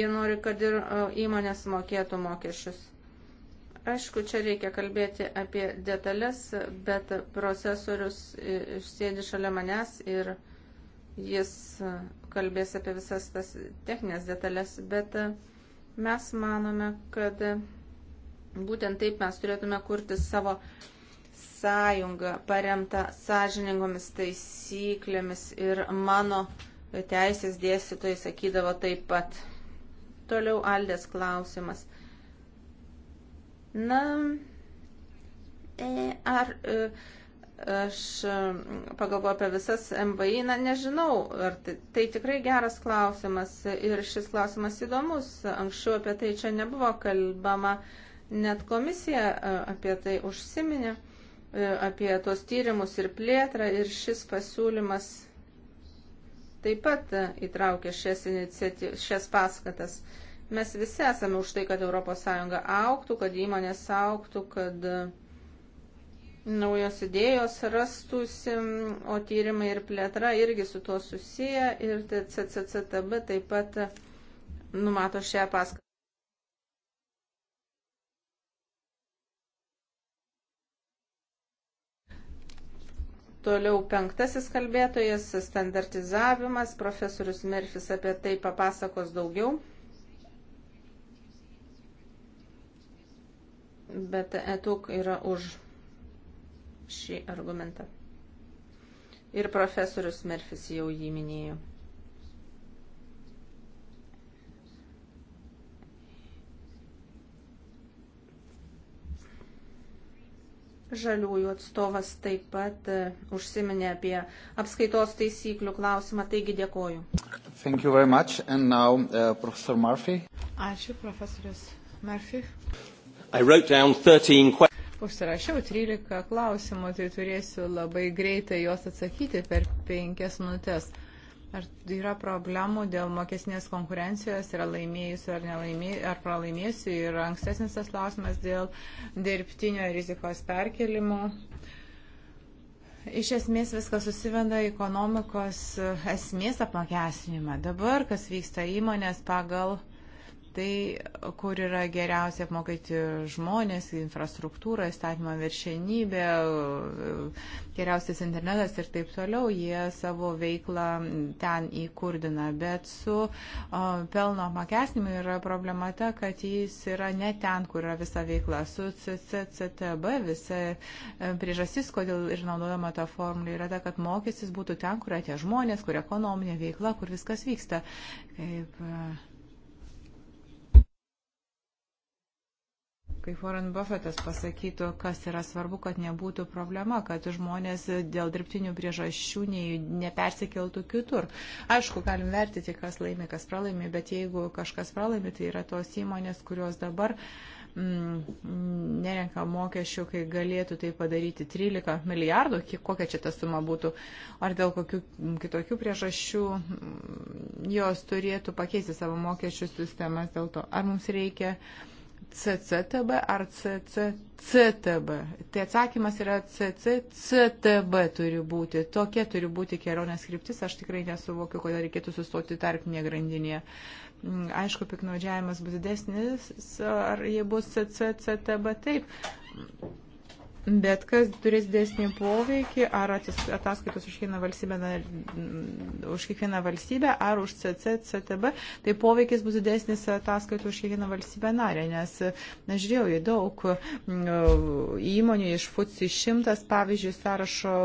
Jie nori, kad ir e, įmonės mokėtų mokesčius. Aišku, čia reikia kalbėti apie detalės, bet procesorius e, sėdi šalia manęs ir jis e, kalbės apie visas tas techninės detalės, bet uh, Mes manome, kad būtent taip mes turėtume kurti savo sąjungą paremtą sąžiningomis taisyklėmis ir mano teisės dėstytojai sakydavo taip pat. Toliau Aldės klausimas. Na, e, ar e, aš pagalvoju apie visas MVI, na nežinau, ar tai, tai tikrai geras klausimas ir šis klausimas įdomus. Anksčiau apie tai čia nebuvo kalbama, net komisija e, apie tai užsiminė, e, apie tos tyrimus ir plėtrą ir šis pasiūlymas taip pat e, įtraukė šias, iniciaty... šias paskatas. Mes visi esame už tai, kad ES auktų, kad įmonės auktų, kad uh, naujos idėjos rastųsi, o tyrimai ir plėtra irgi su tuo susiję ir CCCTB taip pat numato šią paskatą. Toliau penktasis kalbėtojas - standartizavimas. Profesorius Merfis apie tai papasakos daugiau. Bet etuk yra už šį argumentą. Ir profesorius Merfis jau jį minėjo. Žaliųjų atstovas taip pat e, užsiminė apie apskaitos taisyklių klausimą, taigi dėkoju. Now, uh, professor Ačiū, profesorius Murphy. 13 Užsirašiau 13 klausimų, tai turėsiu labai greitai juos atsakyti per 5 minutės. Ar yra problemų dėl mokesnės konkurencijos, yra laimėjusių ar, nelaimė, ar pralaimėjusių, ir ankstesnis tas klausimas dėl dirbtinio rizikos perkelimo. Iš esmės viskas susiveda į ekonomikos esmės apmokestinimą. Dabar, kas vyksta įmonės pagal uh, tai, kur yra geriausia apmokyti žmonės, infrastruktūra, įstatymo viršenybė, geriausias internetas ir taip toliau, jie savo veiklą ten įkurdina. Bet su o, pelno apmokestinimu yra problema ta, kad jis yra ne ten, kur yra visa veikla. Su CCCTB visa e, priežastis, kodėl ir naudojama ta formulė, yra ta, kad mokestis būtų ten, kur yra tie žmonės, kur ekonominė veikla, kur viskas vyksta. Kaip, e, kaip Warren Buffettas pasakytų, kas yra svarbu, kad nebūtų problema, kad žmonės dėl dirbtinių priežasčių ne, nepersikeltų kitur. Aišku, galim vertyti, kas laimi, kas pralaimi, bet jeigu kažkas pralaimi, tai yra tos įmonės, kurios dabar mm, nerenka mokesčių, kai galėtų tai padaryti 13 milijardų, kiek, kokia čia ta suma būtų, ar dėl kokių kitokių priežasčių mm, jos turėtų pakeisti savo mokesčių sistemas dėl to, ar mums reikia mm, CCTB ar CCCTB. Tai atsakymas yra CCCTB turi būti. Tokia turi būti kelionės kryptis. Aš tikrai nesuvokiu, kodėl reikėtų sustoti tarpinė grandinėje. Mm, aišku, piknaudžiavimas bus didesnis, ar jie bus CCCTB taip Bet kas turės dėsnį poveikį, ar ataskaitos už kiekvieną valstybę, už kiekvieną valstybę ar už CCCTB, tai poveikis bus didesnis ataskaitų už kiekvieną valstybę narę, nes na, žiūrėjau į daug įmonių iš FUCI 100, pavyzdžiui, sąrašo,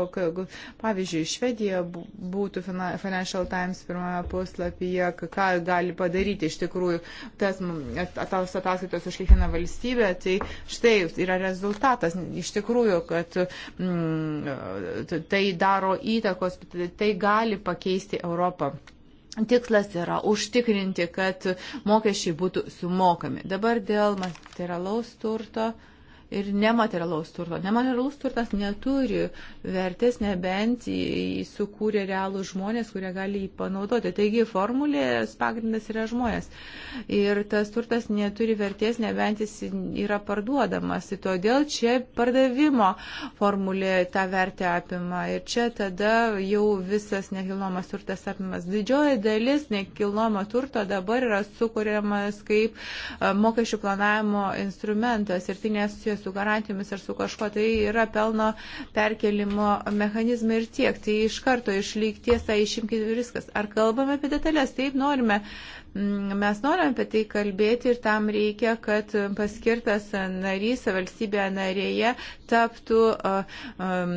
pavyzdžiui, Švedija būtų Financial Times pirmame puslapyje, ką gali padaryti iš tikrųjų tas ataskaitos už kiekvieną valstybę, tai štai yra rezultatas. Iš tikrųjų, tikrųjų, kad mm, tai daro įtakos, tai gali pakeisti Europą. Tikslas yra užtikrinti, kad mokesčiai būtų sumokami. Dabar dėl materialaus turto. Uh, ir nematerialaus turto. Nematerialus turtas neturi vertės, nebent jį sukūrė realų žmonės, kurie gali jį panaudoti. Taigi formulės pagrindas yra žmonės. Ir tas turtas neturi vertės, nebent jis yra parduodamas. Ir todėl čia pardavimo formulė tą vertę apima. Ir čia tada jau visas nekilnomas turtas apimas. Didžioji dalis nekilnojamo turto dabar yra sukūriamas kaip e, mokesčių planavimo instrumentas. Ir tai nesusijęs su garantijomis ar su kažkuo, tai yra pelno perkelimo mechanizmai ir tiek. Tai iš karto iš lygties tą tai išimkite viskas. Ar kalbame apie detalės? Taip norime Mm, mes norime apie tai kalbėti ir tam reikia, kad paskirtas narys valstybėje narėje taptų uh, um,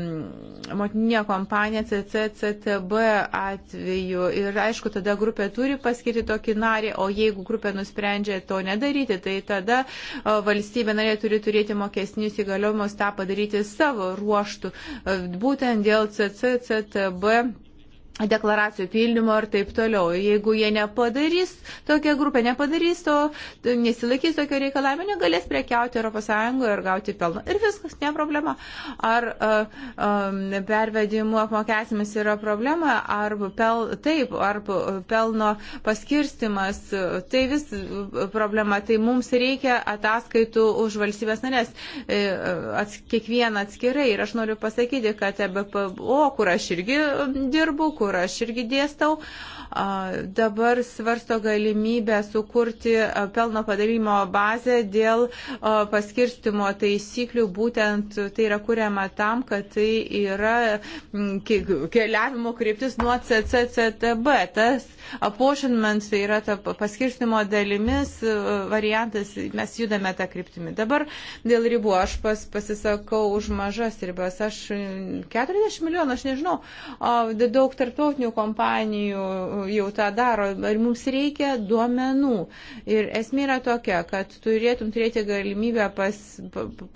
motininė kompanija CCCTB atveju. Ir aišku, tada grupė turi paskirti tokį narį, o jeigu grupė nusprendžia to nedaryti, tai tada uh, valstybė narė turi turėti mokesnius įgaliojimus tą padaryti savo ruoštų. Uh, būtent dėl CCCTB deklaracijų pildymo ir taip toliau. Jeigu jie nepadarys, tokia grupė nepadarys to, nesilaikys tokio reikalavimo, negalės prekiauti ES ir gauti pelno. Ir viskas, ne problema. Ar uh, um, pervedimų apmokesimas yra problema, ar pel, taip, ar pelno paskirstimas, tai vis problema. Tai mums reikia ataskaitų už valstybės narės, e, ats, kiekvieną atskirai. Ir aš noriu pasakyti, kad EBPO, kur aš irgi dirbu, kur kur aš irgi dėstau, dabar svarsto galimybę sukurti pelno padarymo bazę dėl paskirstimo taisyklių. Būtent tai yra kuriama tam, kad tai yra keliavimo kryptis nuo CCCTB. Tas apportionment, tai yra ta paskirstimo dalimis e, variantas, mes judame tą kryptimį. Dabar dėl ribų aš pas, pasisakau už mažas ribas, aš 40 e, milijonų, aš nežinau, daug tarptautinių kompanijų e, jau tą daro ir mums reikia duomenų. Ir esmė yra tokia, kad turėtum turėti galimybę pas,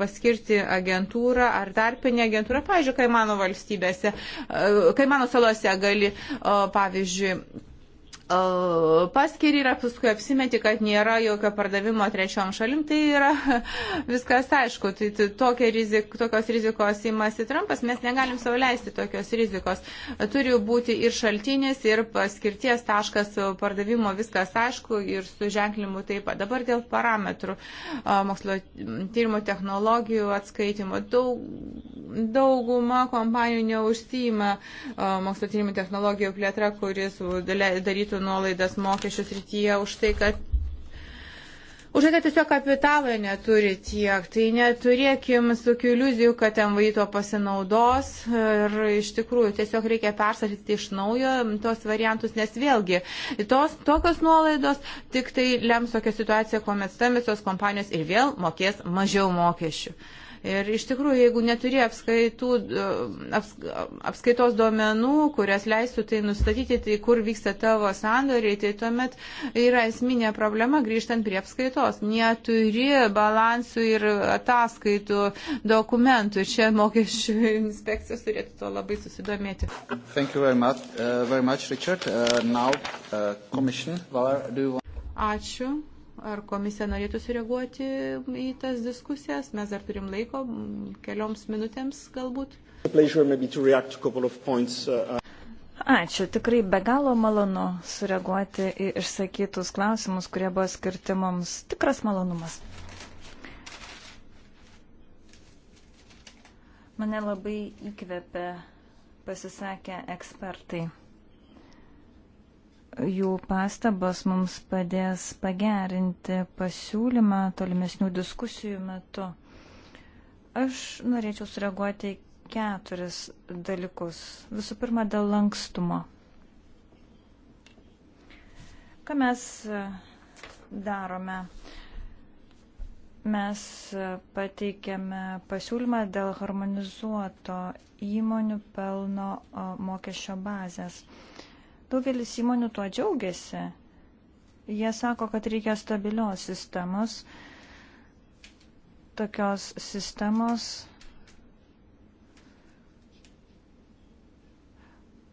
paskirti agentūrą ar tarpinę agentūrą, pavyzdžiui, Kaimano valstybėse, Kaimano salose gali, pavyzdžiui, paskiri ir paskui apsimeti, kad nėra jokio pardavimo trečiom šalim, tai yra [laughs] viskas aišku. Tai, tai tokia rizik, tokios rizikos įmasi Trumpas, mes negalim sauliaisti tokios rizikos. Turi būti ir šaltinis, ir paskirties taškas pardavimo, viskas aišku, ir su ženklimu taip pat. Dabar dėl parametrų mokslo tyrimo technologijų atskaitimo. Daug, dauguma kompanijų neužsijima mokslo tyrimo technologijų plėtra, kuris darytų nuolaidas mokesčių srityje už tai, kad Už tai, kad tiesiog kapitalo neturi tiek, tai neturėkim tokių iliuzijų, kad MVI to pasinaudos ir iš tikrųjų tiesiog reikia persaryti iš naujo tos variantus, nes vėlgi tos, tokios nuolaidos tik tai lems tokią situaciją, kuomet stambiosios kompanijos ir vėl mokės mažiau mokesčių. Ir iš tikrųjų, jeigu neturi apskaitų, e, aps, apskaitos duomenų, kurias leistų tai nustatyti, tai kur vyksta tavo sandoriai, tai tuomet yra esminė problema grįžtant prie apskaitos. Neturi balansų ir ataskaitų dokumentų. Čia mokesčių [laughs] inspekcijos turėtų to labai susidomėti. Thank you very much, uh, very much Richard. Uh, now, uh, Commission, Valer, do you want... Ačiū. Ar komisija norėtų sureaguoti į tas diskusijas? Mes dar turim laiko, kelioms minutėms galbūt. Uh, uh. Ačiū, tikrai be galo malonu sureaguoti į išsakytus klausimus, kurie buvo skirti mums. Tikras malonumas. Mane labai įkvėpė pasisakę ekspertai jų pastabos mums padės pagerinti pasiūlymą tolimesnių diskusijų metu. Aš norėčiau sureaguoti į keturis dalykus. Visų pirma, dėl lankstumo. Ką mes darome? Mes pateikėme pasiūlymą dėl harmonizuoto įmonių pelno mokesčio bazės. Daugelis įmonių tuo džiaugiasi. Jie sako, kad reikia stabilios sistemos, tokios sistemos,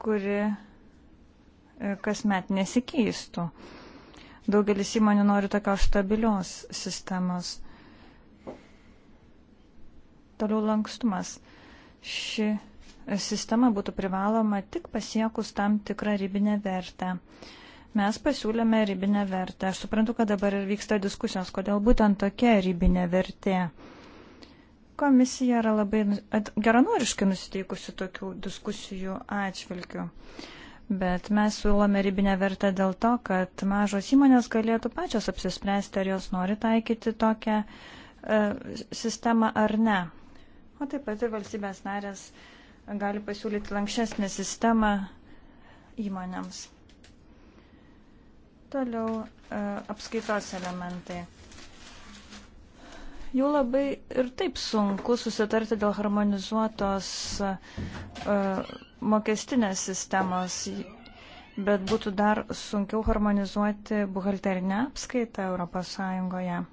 kuri e, kasmet nesikeistų. Daugelis įmonių nori tokios stabilios sistemos. Toliau lankstumas. Ši sistema būtų privaloma tik pasiekus tam tikrą ribinę vertę. Mes pasiūlėme ribinę vertę. Aš suprantu, kad dabar ir vyksta diskusijos, kodėl būtent tokia ribinė vertė. Komisija yra labai geranoriškai nusiteikusi tokių diskusijų atžvilgių. Bet mes siūlome ribinę vertę dėl to, kad mažos įmonės galėtų pačios apsispręsti, ar jos nori taikyti tokią e, sistemą ar ne. O taip pat ir valstybės narės e, gali pasiūlyti lankščesnę sistemą įmonėms. Toliau e, apskaitos elementai. Jau labai ir taip sunku susitarti dėl harmonizuotos e, mokestinės sistemos, bet būtų dar sunkiau harmonizuoti buhalterinę apskaitą ES.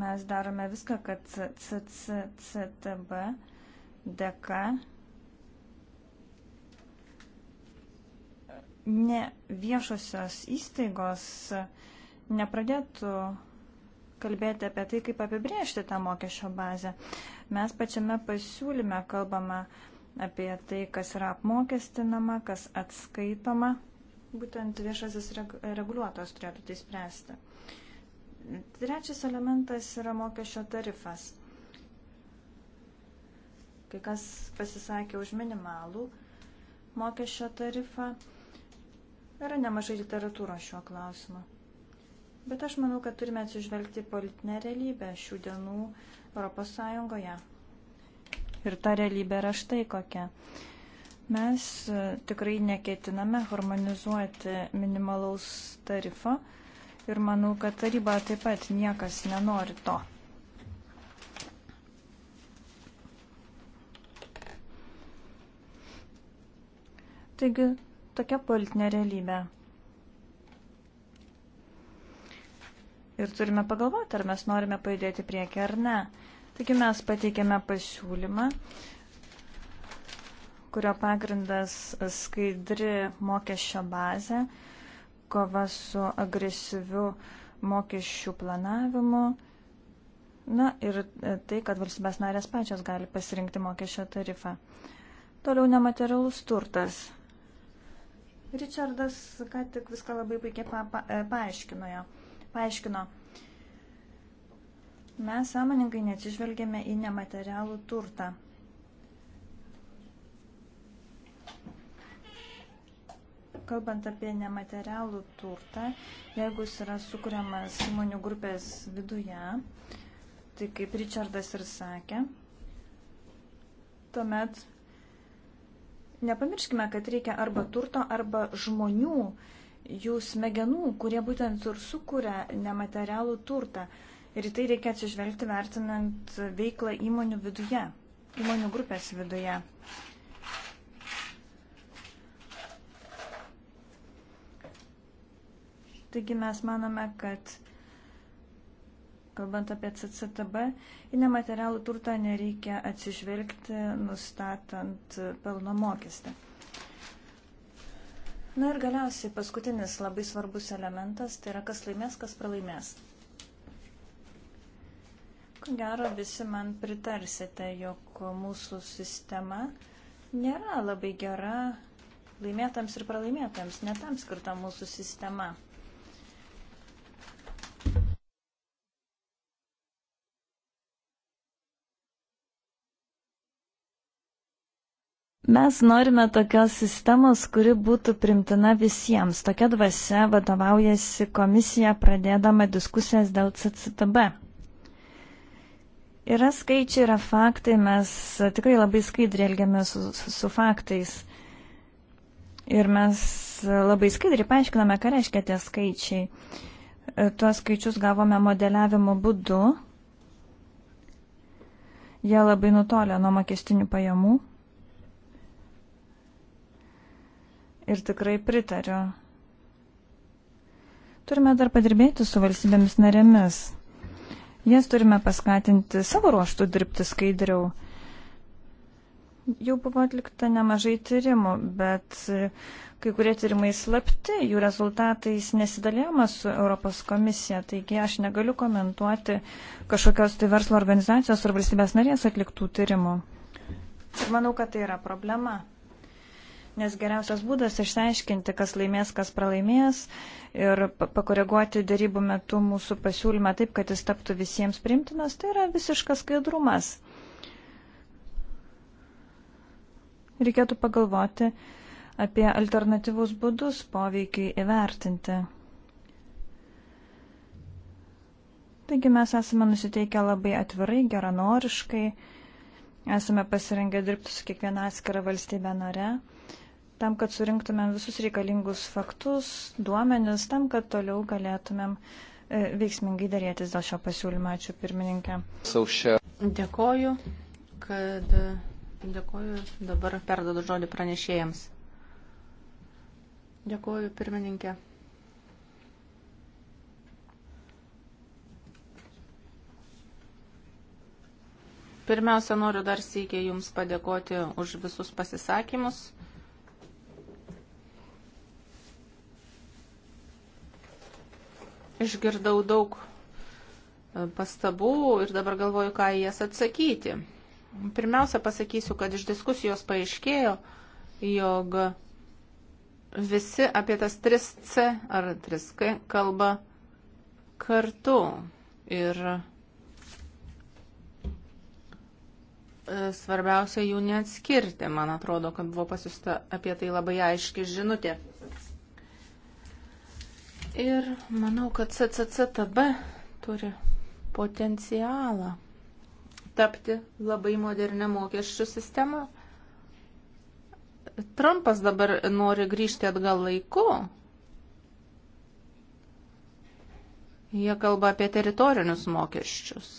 Mes darome viską, kad CCCTB dėka ne viešosios įstaigos nepradėtų kalbėti apie tai, kaip apibriežti tą mokesčio bazę. Mes pačiame pasiūlyme kalbame apie tai, kas yra apmokestinama, kas atskaitoma. Būtent viešasis reguliuotojas turėtų tai spręsti. Trečias elementas yra mokesčio tarifas. Kai kas pasisakė už minimalų mokesčio tarifą. Yra nemažai literatūros šiuo klausimu. Bet aš manau, kad turime atsižvelgti politinę realybę šių dienų Europos Sąjungoje. Ir ta realybė yra štai kokia. Mes e, tikrai neketiname harmonizuoti minimalaus tarifo ir manau, kad taryba taip pat niekas nenori to. Taigi, tokia politinė realybė. Ir turime pagalvoti, ar mes norime pajudėti priekį ar ne. Taigi mes pateikėme pasiūlymą, kurio pagrindas skaidri mokesčio bazė, kova su agresyviu mokesčių planavimu. Na ir e, tai, kad valstybės narės pačios gali pasirinkti mokesčio tarifą. Toliau nematerialus turtas. Richardas ką tik viską labai puikiai pa, pa, e, paaiškino. Jo. paaiškino. Mes sąmoningai neatsižvelgėme į nematerialų turtą. kalbant apie nematerialų turtą, jeigu jis yra sukūriamas įmonių grupės viduje, tai kaip Richardas ir sakė, tuomet nepamirškime, kad reikia arba turto, arba žmonių, jų smegenų, kurie būtent ir sukuria nematerialų turtą. Ir į tai reikia atsižvelgti vertinant veiklą įmonių viduje, įmonių grupės viduje. Taigi mes manome, kad kalbant apie CCTB, į nematerialų turtą nereikia atsižvelgti, nustatant pelno mokestį. Na ir galiausiai paskutinis labai svarbus elementas, tai yra kas laimės, kas pralaimės. Ko gero visi man pritarsite, jog mūsų sistema nėra labai gera laimėtams ir pralaimėtams, netam skirta mūsų sistema. Mes norime tokios sistemos, kuri būtų primtina visiems. Tokia dvasia vadovaujasi komisija pradėdama diskusijas dėl CCTB. Yra skaičiai, yra faktai, mes tikrai labai skaidriai elgiamės su, su, su faktais. Ir mes labai skaidriai paaiškiname, ką reiškia tie skaičiai. E, tuos skaičius gavome modeliavimo būdu. Jie labai nutolė nuo mokestinių pajamų. ir tikrai pritariu. Turime dar padirbėti su valstybėmis narėmis. Jas turime paskatinti savo ruoštų dirbti skaidriau. Jau buvo atlikta nemažai tyrimų, bet kai kurie tyrimai slapti, jų rezultatais nesidalėjama su Europos komisija, taigi aš negaliu komentuoti kažkokios tai verslo organizacijos ar valstybės narės atliktų tyrimų. Ir manau, kad tai yra problema nes geriausias būdas išsiaiškinti, kas laimės, kas pralaimės ir pakoreguoti darybų metu mūsų pasiūlymą taip, kad jis taptų visiems primtinas, tai yra visiškas skaidrumas. Reikėtų pagalvoti apie alternatyvus būdus poveikiai įvertinti. Taigi mes esame nusiteikę labai atvirai, geranoriškai, esame pasirengę dirbti su kiekviena atskira valstybė nare tam, kad surinktumėm visus reikalingus faktus, duomenis, tam, kad toliau galėtumėm e, veiksmingai darėtis dėl šio pasiūlymo. Ačiū pirmininkė. Dėkoju, kad dėkoju. Dabar perdodu žodį pranešėjams. Dėkoju, pirmininkė. Pirmiausia, noriu dar sėkiai Jums padėkoti už visus pasisakymus. Išgirdau daug e, pastabų ir dabar galvoju, ką į jas atsakyti. Pirmiausia, pasakysiu, kad iš diskusijos paaiškėjo, jog visi apie tas 3C ar 3K kalba kartu. Ir e, svarbiausia jų neatskirti. Man atrodo, kad buvo pasiusta apie tai labai aiški žinutė. Ir manau, kad CCCTB turi potencialą tapti labai modernę mokesčių sistemą. Trumpas dabar nori grįžti atgal laiku. Jie kalba apie teritorinius mokesčius.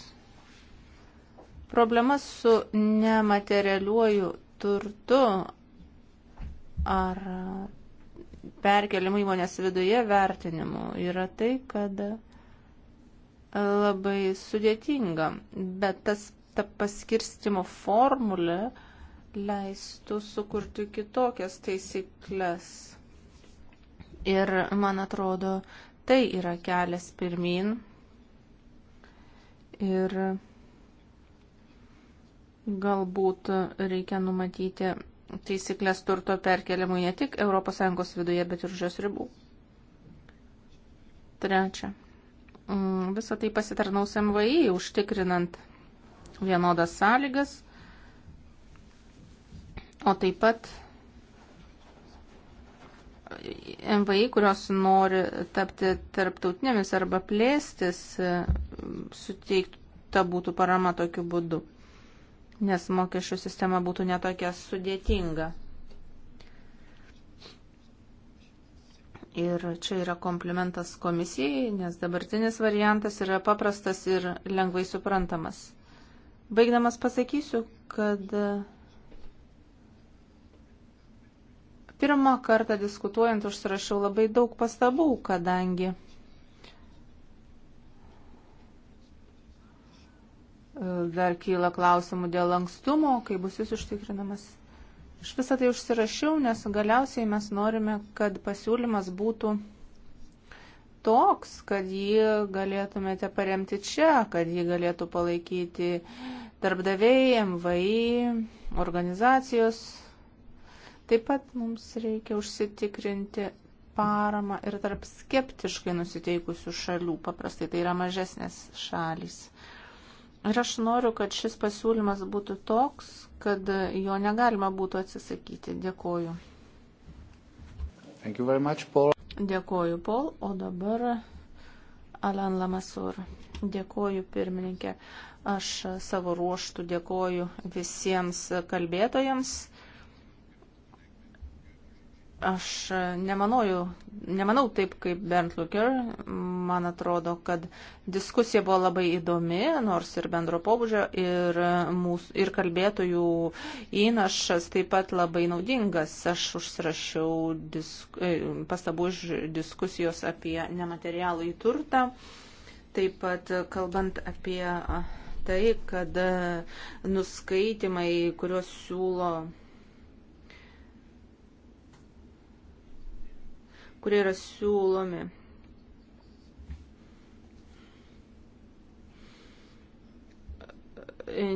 Problema su nematerialiuoju turtu ar perkelimų įmonės viduje vertinimų yra tai, kad e, labai sudėtinga, bet tas ta paskirstimo formulė leistų sukurti kitokias taisyklės. Ir man atrodo, tai yra kelias pirmin. Ir galbūt reikia numatyti taisyklės turto perkeliamui ne tik ES viduje, bet ir už jos ribų. Trečia. Mm, Visą tai pasitarnaus MVI, užtikrinant vienodas sąlygas, o taip pat MVI, kurios nori tapti tarptautinėmis arba plėstis, e, suteikta būtų parama tokiu būdu nes mokesčių sistema būtų netokia sudėtinga. Ir čia yra komplimentas komisijai, nes dabartinis variantas yra paprastas ir lengvai suprantamas. Baigdamas pasakysiu, kad pirmą kartą diskutuojant užsirašiau labai daug pastabų, kadangi E, dar kyla klausimų dėl lankstumo, kai bus jis užtikrinamas. Aš visą tai užsirašiau, nes galiausiai mes norime, kad pasiūlymas būtų toks, kad jį galėtumėte paremti čia, kad jį galėtų palaikyti darbdaviai, MVI, organizacijos. Taip pat mums reikia užsitikrinti paramą ir tarp skeptiškai nusiteikusių šalių. Paprastai tai yra mažesnės šalys. Ir aš noriu, kad šis pasiūlymas būtų toks, kad jo negalima būtų atsisakyti. Dėkoju. Much, Paul. Dėkoju, Paul. O dabar Alan Lamasur. Dėkoju, pirmininkė. Aš savo ruoštų dėkoju visiems kalbėtojams. Aš e, nemanoju, nemanau taip kaip Bernd Luker. Man atrodo, kad diskusija buvo labai įdomi, nors ir bendro pobūdžio, ir, e, mūsų, ir kalbėtojų įnašas taip pat labai naudingas. Aš užsirašiau disk, e, pastabų iš diskusijos apie nematerialų į turtą. Taip pat kalbant apie tai, kad nuskaitimai, kuriuos siūlo kurie yra siūlomi.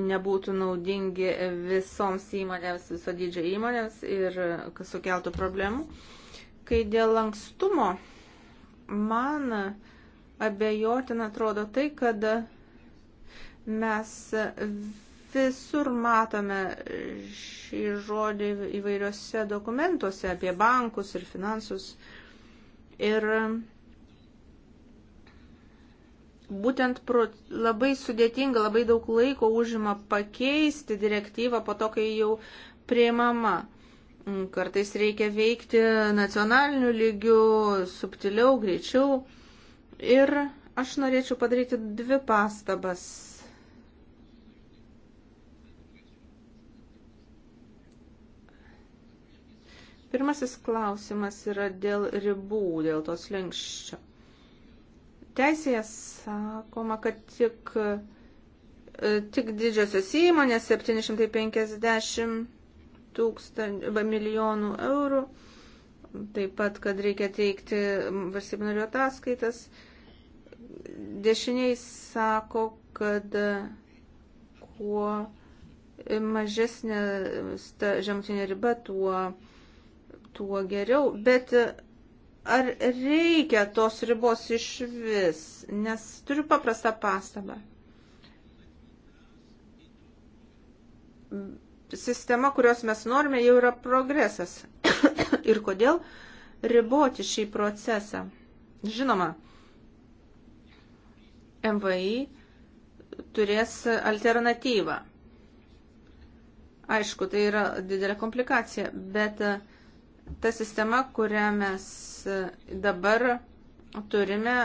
nebūtų naudingi visoms įmonėms, viso dydžio įmonėms ir kas sukeltų problemų. Kai dėl lankstumo, man abejotina atrodo tai, kad mes visur matome šį žodį įvairiuose dokumentuose apie bankus ir finansus. Uh, Ir um, būtent pro, labai sudėtinga, labai daug laiko užima pakeisti direktyvą po to, kai jau priimama. Mm, kartais reikia veikti nacionaliniu lygiu, subtiliau, greičiau. Ir aš norėčiau padaryti dvi pastabas Pirmasis klausimas yra dėl ribų, dėl tos lenkščio. Teisėje sakoma, kad tik, e, tik didžiosios įmonės 750 tūkstančių milijonų eurų, taip pat, kad reikia teikti valstybinarių ataskaitas. Dešiniai sako, kad e, kuo mažesnė žemutinė riba, tuo tuo geriau, bet e, ar reikia tos ribos iš vis? Nes turiu paprastą pastabą. Sistema, kurios mes norime, jau yra progresas. [coughs] Ir kodėl riboti šį procesą? Žinoma, MVI turės alternatyvą. Aišku, tai yra didelė komplikacija, bet uh, ta sistema, kurią mes dabar turime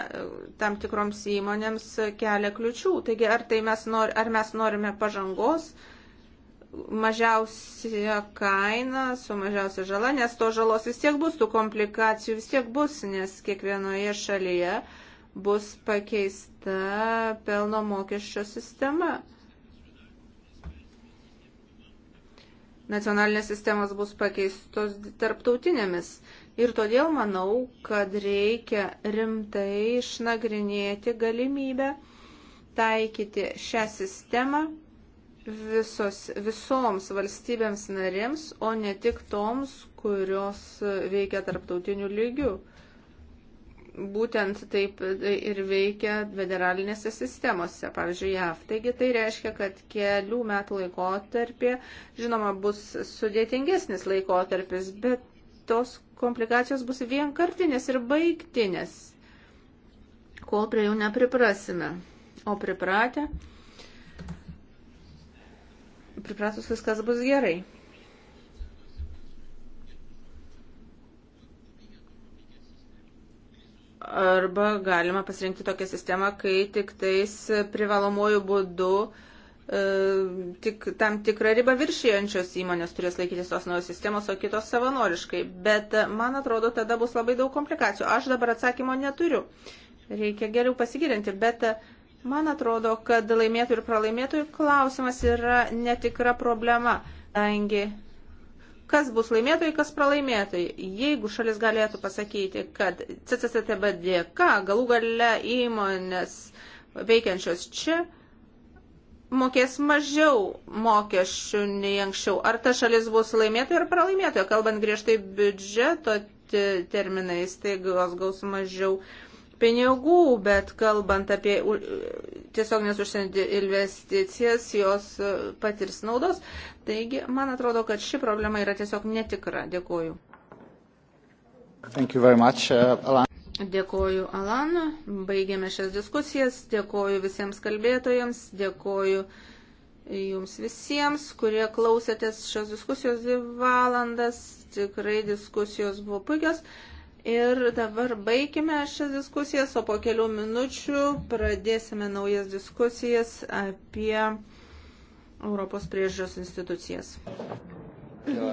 tam tikroms įmonėms kelia kliučių. Taigi, ar, tai mes, nor, ar mes norime pažangos, mažiausia kaina, su mažiausia žala, nes to žalos vis tiek bus, tų komplikacijų vis tiek bus, nes kiekvienoje šalyje bus pakeista pelno mokesčio sistema. nacionalinės sistemos bus pakeistos tarptautinėmis. Ir todėl manau, kad reikia rimtai išnagrinėti galimybę taikyti šią sistemą visos, visoms valstybėms narėms, o ne tik toms, kurios veikia tarptautiniu lygiu būtent taip ir veikia federalinėse sistemose, pavyzdžiui, JAV. Taigi tai reiškia, kad kelių metų laikotarpė, žinoma, bus sudėtingesnis laikotarpis, bet tos komplikacijos bus vienkartinės ir baigtinės, kol prie jų nepriprasime. O pripratę, pripratus viskas bus gerai. Arba galima pasirinkti tokią sistemą, kai tik tais privalomojų būdų e, tik tam tikrą ribą viršijančios įmonės turės laikytis tos naujos sistemos, o kitos savanoriškai. Bet e, man atrodo, tada bus labai daug komplikacijų. Aš dabar atsakymo neturiu. Reikia geriau pasigirinti, bet e, man atrodo, kad laimėtų ir pralaimėtų klausimas yra netikra problema, kadangi kas bus laimėtojai, kas pralaimėtojai. Jeigu šalis galėtų pasakyti, kad CCCTB dėka galų gale įmonės veikiančios čia mokės mažiau mokesčių nei anksčiau, ar ta šalis bus laimėtoja ar pralaimėtoja, kalbant griežtai biudžeto terminais, tai jos gaus mažiau pinigų, bet kalbant apie tiesioginės užsienio investicijas, jos e, patirs naudos. Taigi, man atrodo, kad ši problema yra tiesiog netikra. Dėkuoju. Much, uh, Alan. Dėkuoju Alanu, baigėme šias diskusijas, dėkuoju visiems kalbėtojams, dėkuoju jums visiems, kurie klausėtės šios diskusijos dvi valandas, tikrai diskusijos buvo puikios. Ir dabar baigime šias diskusijas, o po kelių minučių pradėsime naujas diskusijas apie Europos priežiūros institucijas. Ja,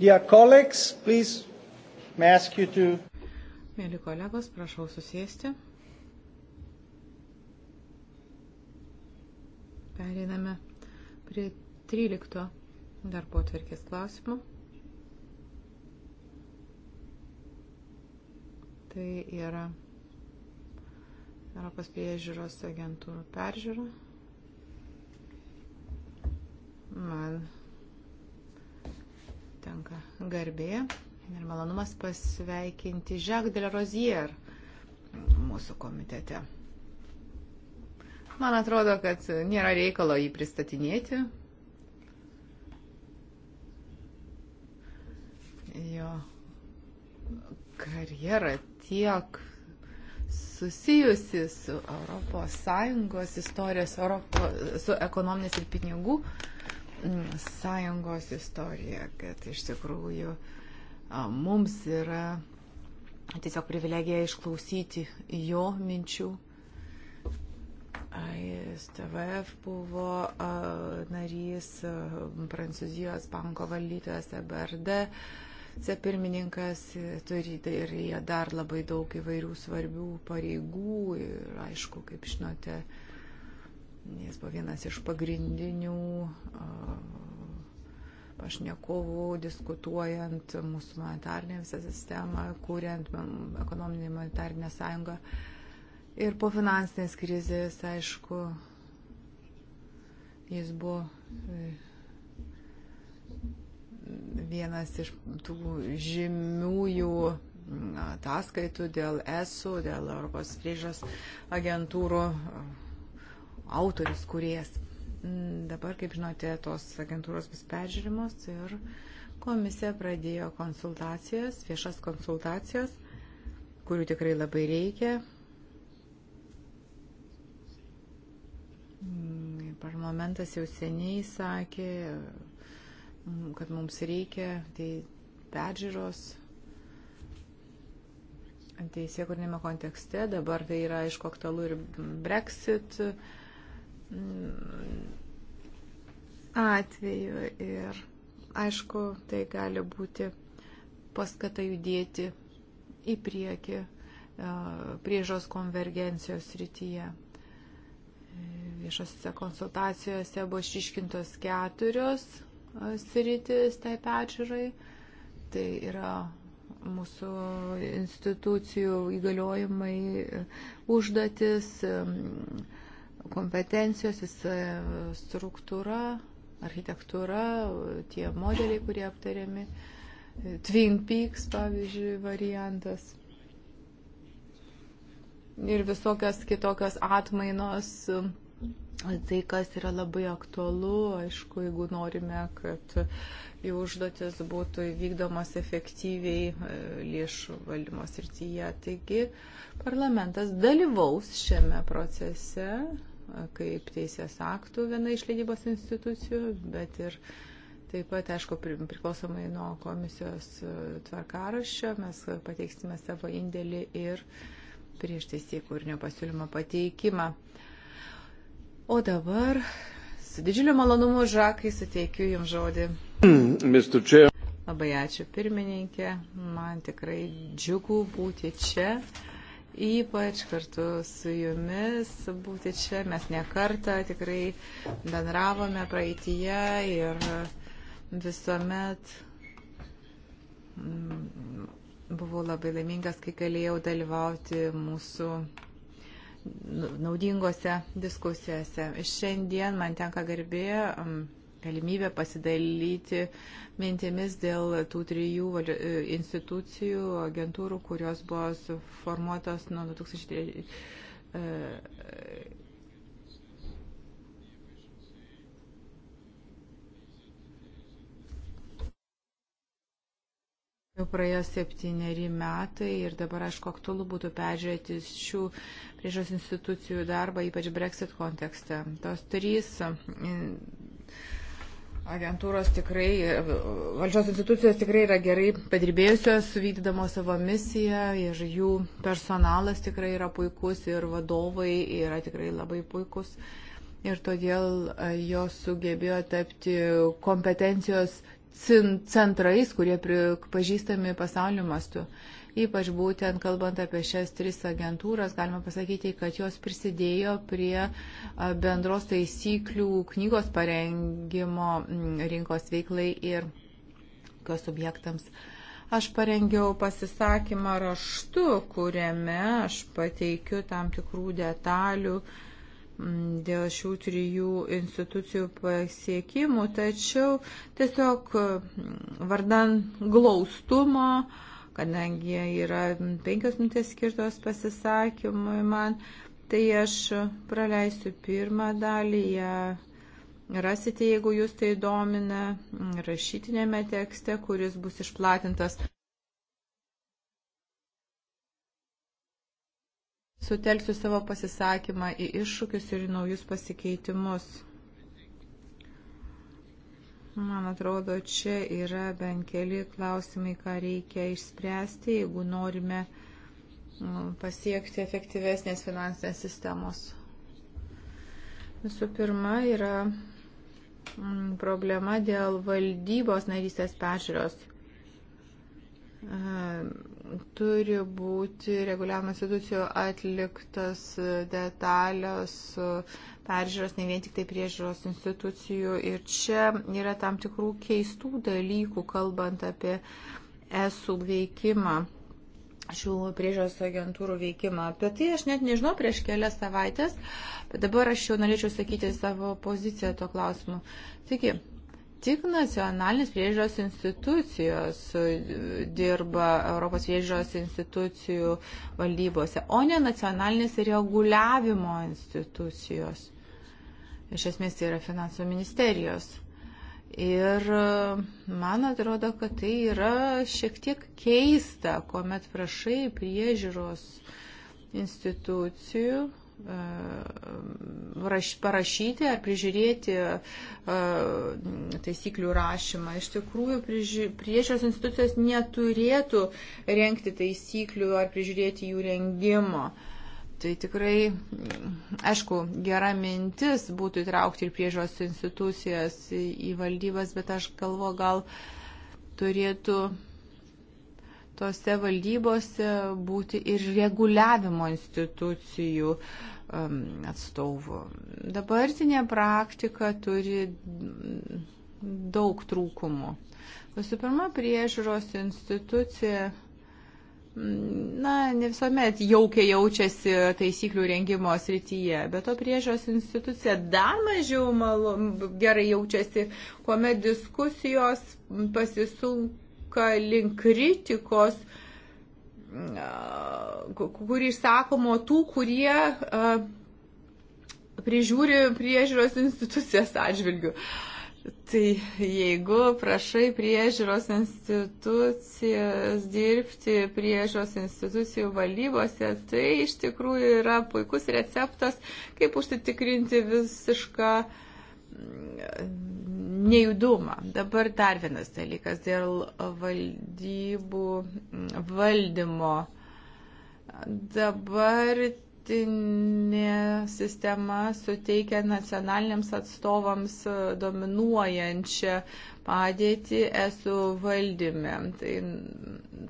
Dear colleagues, please, may I ask you to... Mėly kolegos, prašau susėsti. Pereiname prie 13 darbo tvarkės klausimų. Tai yra Europos priežiūros agentūrų peržiūra. Man tenka garbė ir malonumas pasveikinti Jacques de la Rozier mūsų komitete. Man atrodo, kad nėra reikalo jį pristatinėti. Jo karjera tiek susijusi su ES istorijos, Europo, su ekonominės ir pinigų uh, sąjungos istoriją, kad iš tikrųjų mums yra tiesiog privilegija išklausyti jo minčių. STVF buvo narys Prancūzijos banko valdytojas EBRD, pirmininkas turi ir jie dar labai daug įvairių svarbių pareigų ir aišku, kaip žinote, Jis buvo vienas iš pagrindinių pašnekovų diskutuojant mūsų humanitarnę visą sistemą, kuriant ekonominį humanitarnę sąjungą. Ir po finansinės krizės, aišku, jis buvo e, vienas iš tų žymiųjų ataskaitų dėl ESU, dėl Europos priežas agentūrų autorius, kuriejas. Mm, dabar, kaip žinote, tos agentūros bus peržiūrimos ir komisija pradėjo konsultacijas, viešas konsultacijas, kurių tikrai labai reikia. Mm, parlamentas jau seniai sakė, mm, kad mums reikia tai peržiūros teisėkurnėme kontekste. Dabar tai yra aišku aktualu ir Brexit. Uh, atveju ir aišku, tai gali būti paskata judėti į priekį e, priežos konvergencijos rytyje. Viešosiuose konsultacijose buvo išiškintos keturios e, sritis tai peržiūrai. Tai yra mūsų institucijų įgaliojimai, e, užduotis, kompetencijos, visa e, struktūra, architektūra, tie modeliai, kurie aptariami, e, Twin Peaks, pavyzdžiui, variantas ir visokios kitokios atmainos, tai kas yra labai aktualu, aišku, jeigu norime, kad jų užduotis būtų įvykdomas efektyviai e, lėšų valdymo srityje. Taigi parlamentas dalyvaus šiame procese kaip teisės aktų viena iš leidybos institucijų, bet ir taip pat, aišku, priklausomai nuo komisijos e, tvarkaraščio, mes pateiksime savo indėlį ir prieš teisėkūrinio pasiūlymo pateikimą. O dabar su didžiuliu malonumu, Žakai, suteikiu Jums žodį. Hmm, Labai ačiū pirmininkė, man tikrai džiugu būti čia ypač kartu su jumis būti čia. Mes nekartą tikrai bendravome praeitie ir visuomet mm, buvau labai laimingas, kai galėjau dalyvauti mūsų naudingose diskusijose. Šiandien man tenka garbė mm, galimybę pasidalyti mintimis dėl tų trijų e, institucijų, agentūrų, kurios buvo suformuotos nuo 2003. E, Jau praėjo septyneri metai ir dabar, aišku, aktualu būtų peržiūrėti šių priežos institucijų darbą, ypač Brexit kontekste. Tos trys Agentūros tikrai, valdžios institucijos tikrai yra gerai padirbėjusios, vykdydamos savo misiją ir jų personalas tikrai yra puikus ir vadovai yra tikrai labai puikus. Ir todėl e, jos sugebėjo tapti kompetencijos centrais, kurie pripažįstami pasaulio mastu. Uh, Ypač būtent kalbant apie šias tris agentūras, galima pasakyti, kad jos prisidėjo prie bendros taisyklių knygos parengimo mm, rinkos veiklai ir kas subjektams. Aš parengiau pasisakymą raštu, kuriame aš pateikiu tam tikrų detalių mm, dėl šių trijų institucijų pasiekimų, tačiau tiesiog mm, vardan glaustumo kadangi yra penkios minutės skirtos pasisakymui man, tai aš praleisiu pirmą dalį, ją rasite, jeigu jūs tai domina, rašytinėme tekste, kuris bus išplatintas. Sutelksiu savo pasisakymą į iššūkius ir į naujus pasikeitimus. Man atrodo, čia yra bent keli klausimai, ką reikia išspręsti, jeigu norime mm, pasiekti efektyvesnės finansinės sistemos. Visų pirma, yra mm, problema dėl valdybos narystės peržiūros. Ehm, turi būti reguliavimo institucijų atliktas detalios peržiūros, ne vien tik tai priežiūros institucijų. Ir čia yra tam tikrų keistų dalykų, kalbant apie esų veikimą, šių priežiūros agentūrų veikimą. Apie tai aš net nežinau prieš kelias savaitės, bet dabar aš jau norėčiau sakyti savo poziciją to klausimu. Taigi, tik nacionalinės priežiūros institucijos e, dirba Europos priežiūros institucijų valdybose, o ne nacionalinės reguliavimo institucijos iš esmės tai yra finansų ministerijos. Ir e, man atrodo, kad tai yra šiek tiek keista, kuomet prašai priežiūros institucijų e, parašyti ar prižiūrėti e, taisyklių rašymą. Iš tikrųjų, priežios institucijos neturėtų renkti taisyklių ar prižiūrėti jų rengimo. Uh, Tai tikrai, aišku, gera mintis būtų įtraukti ir priežos institucijas į valdybas, bet aš galvo, gal turėtų tose valdybose būti ir reguliavimo institucijų um, atstovų. Dabartinė praktika turi daug trūkumų. Visų pirma, priežiūros institucija na, ne visuomet jaukiai jaučiasi taisyklių rengimo srityje, bet to priežios institucija dar mažiau malo, gerai jaučiasi, kuomet diskusijos pasisunka link kritikos, kuri išsakomo tų, kurie prižiūri priežiūros institucijas atžvilgių. Uh, Tai jeigu prašai priežiūros institucijas dirbti priežiūros institucijų valdybose, tai iš tikrųjų yra puikus receptas, kaip užsitikrinti visišką mm, nejudumą. Dabar dar vienas dalykas dėl valdybų mm, valdymo. Dabar dabartinė sistema suteikia nacionaliniams atstovams e, dominuojančią padėtį esu valdyme. Tai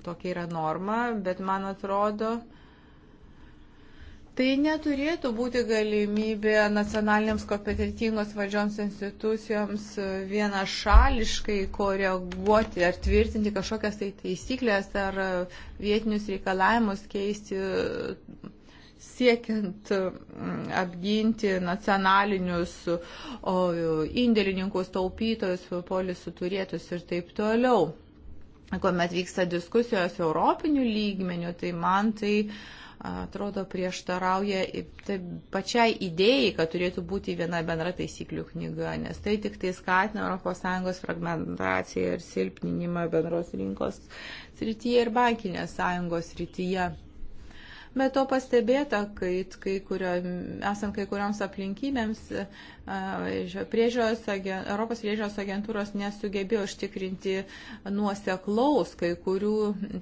tokia yra norma, bet man atrodo, Tai neturėtų būti galimybė nacionaliniams kompetitingos valdžioms institucijoms e, vienašališkai koreguoti ar tvirtinti kažkokias tai taisyklės ar e, vietinius reikalavimus keisti siekiant mm, apginti nacionalinius indėlininkus, taupytojus, polisų turėtus ir taip toliau. Kuomet vyksta diskusijos europinių lygmenių, tai man tai atrodo prieštarauja tai pačiai idėjai, kad turėtų būti viena bendra taisyklių knyga, nes tai tik tai skatina ES fragmentaciją ir silpninimą bendros rinkos srityje ir bankinės sąjungos srityje. Bet to pastebėta, kad kai kurio, esant kai kurioms aplinkybėms priežiūros, Europos priežiūros agentūros nesugebėjo užtikrinti nuoseklaus kai kurių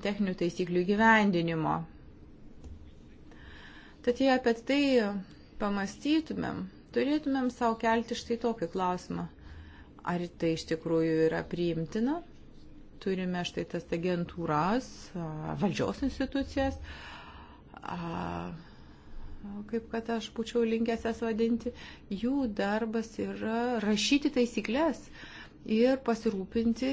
techninių taisyklių gyvendinimo. Tad jei apie tai pamastytumėm, turėtumėm savo kelti štai tokį klausimą. Ar tai iš tikrųjų yra priimtina? Turime štai tas agentūras, valdžios institucijas, a, kaip kad aš būčiau linkęs jas vadinti, jų darbas yra rašyti taisyklės ir pasirūpinti,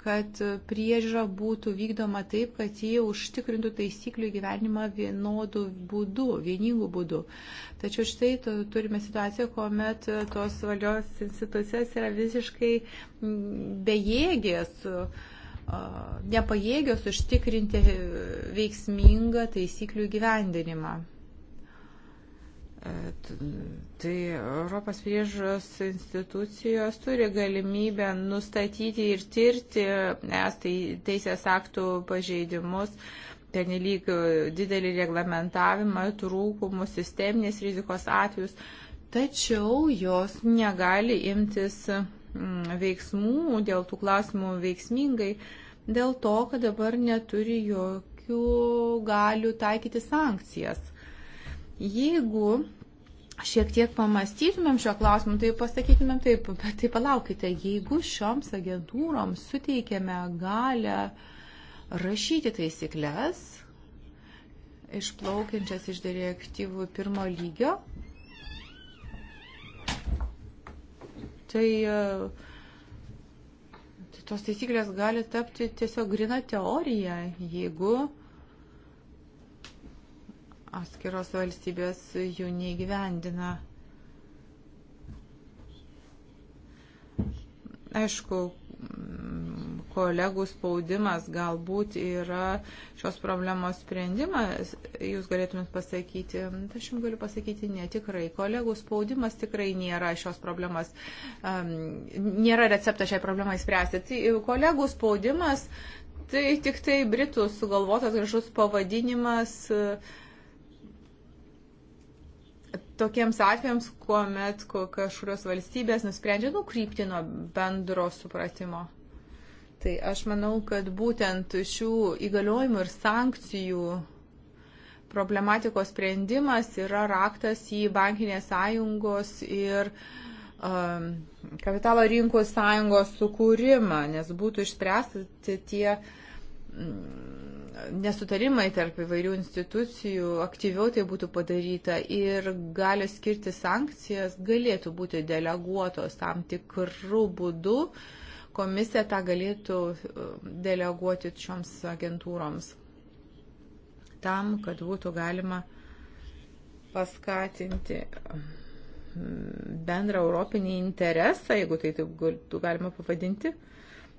kad priežiūra būtų vykdoma taip, kad jie užtikrintų taisyklių gyvenimą vienodų būdų, vieningų būdų. Tačiau štai turime situaciją, kuomet tos valios institucijos yra visiškai bejėgės. Uh, nepajėgios užtikrinti veiksmingą taisyklių gyvendinimą. E, tai Europos priežos institucijos turi galimybę nustatyti ir tirti es tai teisės aktų pažeidimus, pernelyg didelį reglamentavimą, trūkumus, sisteminės rizikos atvejus, tačiau jos negali imtis Mm, veiksmų, dėl tų klausimų veiksmingai, dėl to, kad dabar neturi jokių galių taikyti sankcijas. Jeigu šiek tiek pamastytumėm šio klausimu, tai pasakytumėm taip, bet tai palaukite, jeigu šioms agentūroms suteikėme galę rašyti taisyklės, išplaukiančias iš direktyvų pirmo lygio, tai, e, tai tos taisyklės gali tapti tiesiog grina teorija, jeigu atskiros valstybės jų neįgyvendina. Aišku, kolegų spaudimas galbūt yra šios problemos sprendimas, jūs galėtumėt pasakyti, aš jums galiu pasakyti netikrai, kolegų spaudimas tikrai nėra šios problemos, um, nėra receptas šiai problemai spręsti. Tai kolegų spaudimas, tai tik tai Britų sugalvotas gražus pavadinimas. Uh, tokiems atvejams, kuomet kažkurios valstybės nusprendžia nukrypti nuo bendro supratimo. Tai aš manau, kad būtent šių įgaliojimų ir sankcijų problematikos sprendimas yra raktas į bankinės sąjungos ir um, kapitalo rinkų sąjungos sukūrimą, nes būtų išspręsti tie mm, nesutarimai tarp įvairių institucijų, aktyviau tai būtų padaryta ir gali skirti sankcijas, galėtų būti deleguotos tam tikrų būdų uh, komisija tą galėtų e, deleguoti šioms agentūroms tam, kad būtų galima paskatinti bendrą europinį interesą, jeigu tai taip galima pavadinti,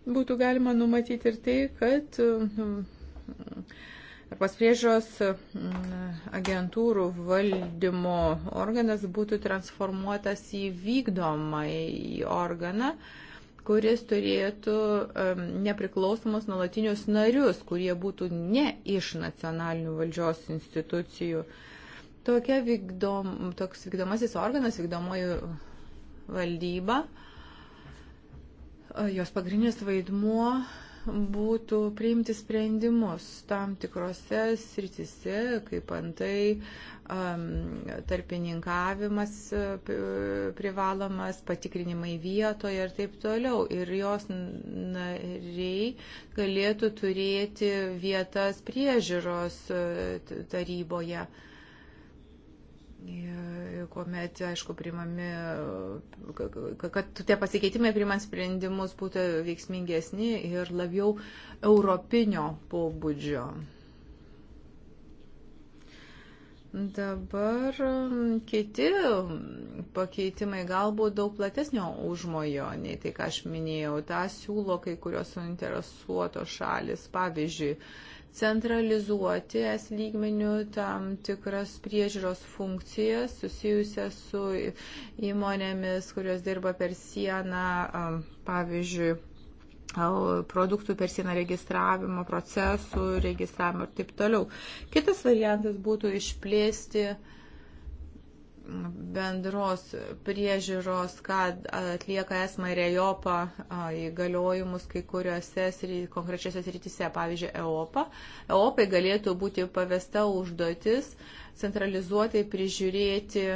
būtų galima numatyti ir tai, kad Arpas e, priežos agentūrų valdymo organas būtų transformuotas į vykdomąjį organą, uh, kuris turėtų um, nepriklausomus nuolatinius narius, kurie būtų ne iš nacionalinių valdžios institucijų. Tokia vykdom, toks vykdomasis organas, vykdomoji valdyba, e, jos pagrindinis vaidmuo būtų priimti sprendimus tam tikrose sritise, kaip antai um, tarpininkavimas privalomas, patikrinimai vietoje ir taip toliau. Ir jos nariai galėtų turėti vietas priežiūros e, taryboje. Uh, kuomet, aišku, primami, kad tie pasikeitimai primant sprendimus būtų veiksmingesni ir labiau europinio pobūdžio. Dabar um, kiti pakeitimai galbūt daug platesnio užmojo, nei tai, ką aš minėjau. Ta siūlo kai kurios suinteresuotos šalis. Pavyzdžiui, centralizuoti es lygmenių tam tikras priežiūros funkcijas susijusias su įmonėmis, kurios dirba per sieną, pavyzdžiui, produktų per sieną registravimo, procesų registravimo ir taip toliau. Kitas variantas būtų išplėsti uh, bendros priežiūros, kad atlieka esmą ir EOPA įgaliojimus kai kuriuose konkrečiose srityse. Pavyzdžiui, EOPA. EOPai galėtų būti pavesta užduotis centralizuotai prižiūrėti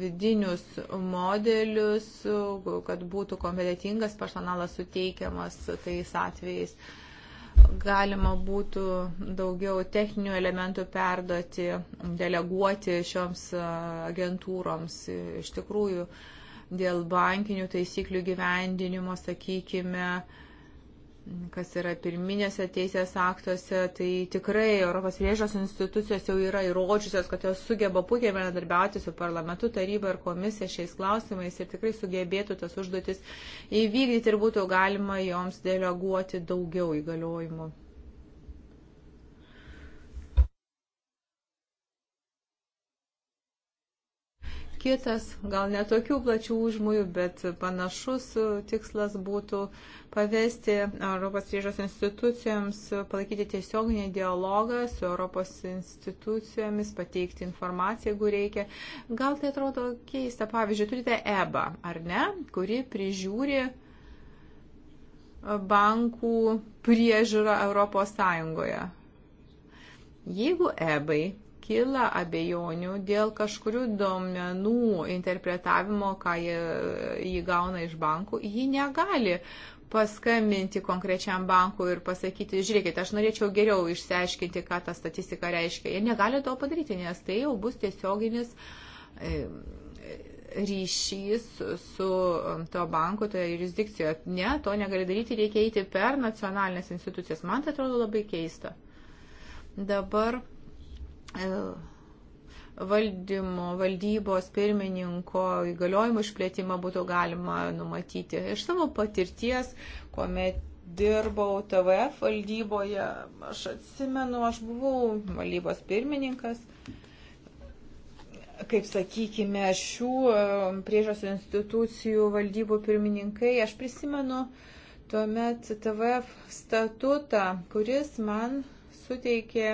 vidinius modelius, kad būtų kompetitingas personalas suteikiamas tais atvejais. Uh, galima būtų daugiau techninių elementų perduoti, deleguoti šioms agentūroms. Iš tikrųjų, dėl bankinių taisyklių gyvendinimo, sakykime, kas yra pirminėse teisės aktuose, tai tikrai Europos priežos institucijos jau yra įrodžiusios, kad jos sugeba puikiai bendradarbiauti su parlamentu, taryba ir komisija šiais klausimais ir tikrai sugebėtų tas užduotis įvykdyti ir būtų galima joms deleguoti daugiau įgaliojimų. kitas, gal netokių plačių užmojų, bet panašus tikslas būtų pavesti Europos priežos institucijoms palaikyti tiesioginį dialogą su Europos institucijomis, pateikti informaciją, jeigu reikia. Gal tai atrodo keista. Pavyzdžiui, turite EBA, ar ne, kuri prižiūri bankų priežiūrą Europos Sąjungoje. Jeigu EBAI kyla abejonių dėl kažkurių duomenų interpretavimo, ką jį, jį gauna iš bankų, ji negali paskambinti konkrečiam bankui ir pasakyti, žiūrėkit, aš norėčiau geriau išsiaiškinti, ką ta statistika reiškia. Jie negali to padaryti, nes tai jau bus tiesioginis e, ryšys su um, to banku toje jurisdikcijoje. Ne, to negali daryti, reikia eiti per nacionalinės institucijas. Man tai atrodo labai keista. Dabar E, valdymo, valdybos pirmininko įgaliojimų išplėtimą būtų galima numatyti. Iš savo patirties, kuomet dirbau TVF valdyboje, aš atsimenu, aš buvau valdybos pirmininkas. Kaip sakykime, šių e, priežos institucijų valdybų pirmininkai, aš prisimenu tuomet TVF statutą, kuris man suteikė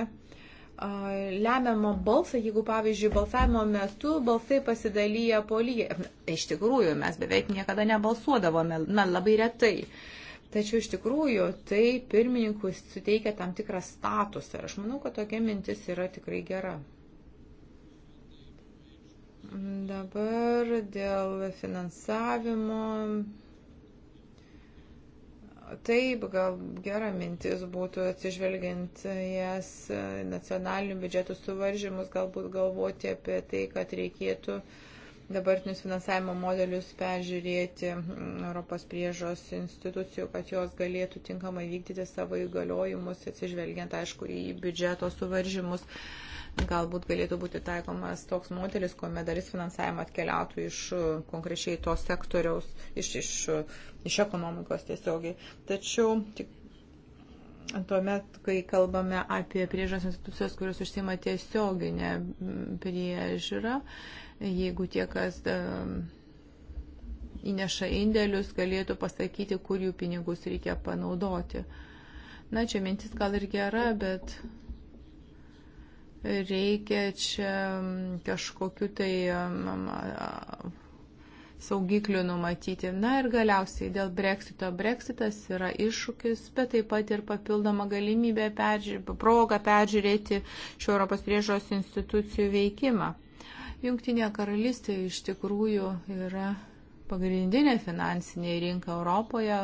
lemiamą balsą, jeigu, pavyzdžiui, balsavimo metu balsai pasidalyja po lygiai. Iš tikrųjų, mes beveik niekada nebalsuodavome, na, labai retai. Tačiau iš tikrųjų tai pirmininkui suteikia tam tikrą statusą ir aš manau, kad tokia mintis yra tikrai gera. Dabar dėl finansavimo Taip, gal gera mintis būtų atsižvelgiant jas e, nacionalinių biudžetų suvaržymus, galbūt galvoti apie tai, kad reikėtų dabartinius finansavimo modelius peržiūrėti mm, Europos priežos institucijų, kad jos galėtų tinkamai vykdyti savo įgaliojimus, atsižvelgiant, aišku, į biudžeto suvaržymus. Uh, Galbūt galėtų būti taikomas toks modelis, kuomet dalis finansavimo atkeliautų iš e, konkrečiai to sektoriaus, iš, iš, e, iš ekonomikos tiesiogiai. Tačiau tik tuomet, kai kalbame apie priežas institucijos, kurios užsima tiesioginę priežiūrą, jeigu tie, kas e, įneša indėlius, galėtų pasakyti, kur jų pinigus reikia panaudoti. Na, čia mintis gal ir gera, bet reikia čia mm, kažkokiu tai mm, saugiklių numatyti. Na ir galiausiai dėl breksito. Breksitas yra iššūkis, bet taip pat ir papildoma galimybė, peržiūrė, proga peržiūrėti šio Europos priežos institucijų veikimą. Jungtinė karalystė iš tikrųjų yra pagrindinė finansinė rinka Europoje,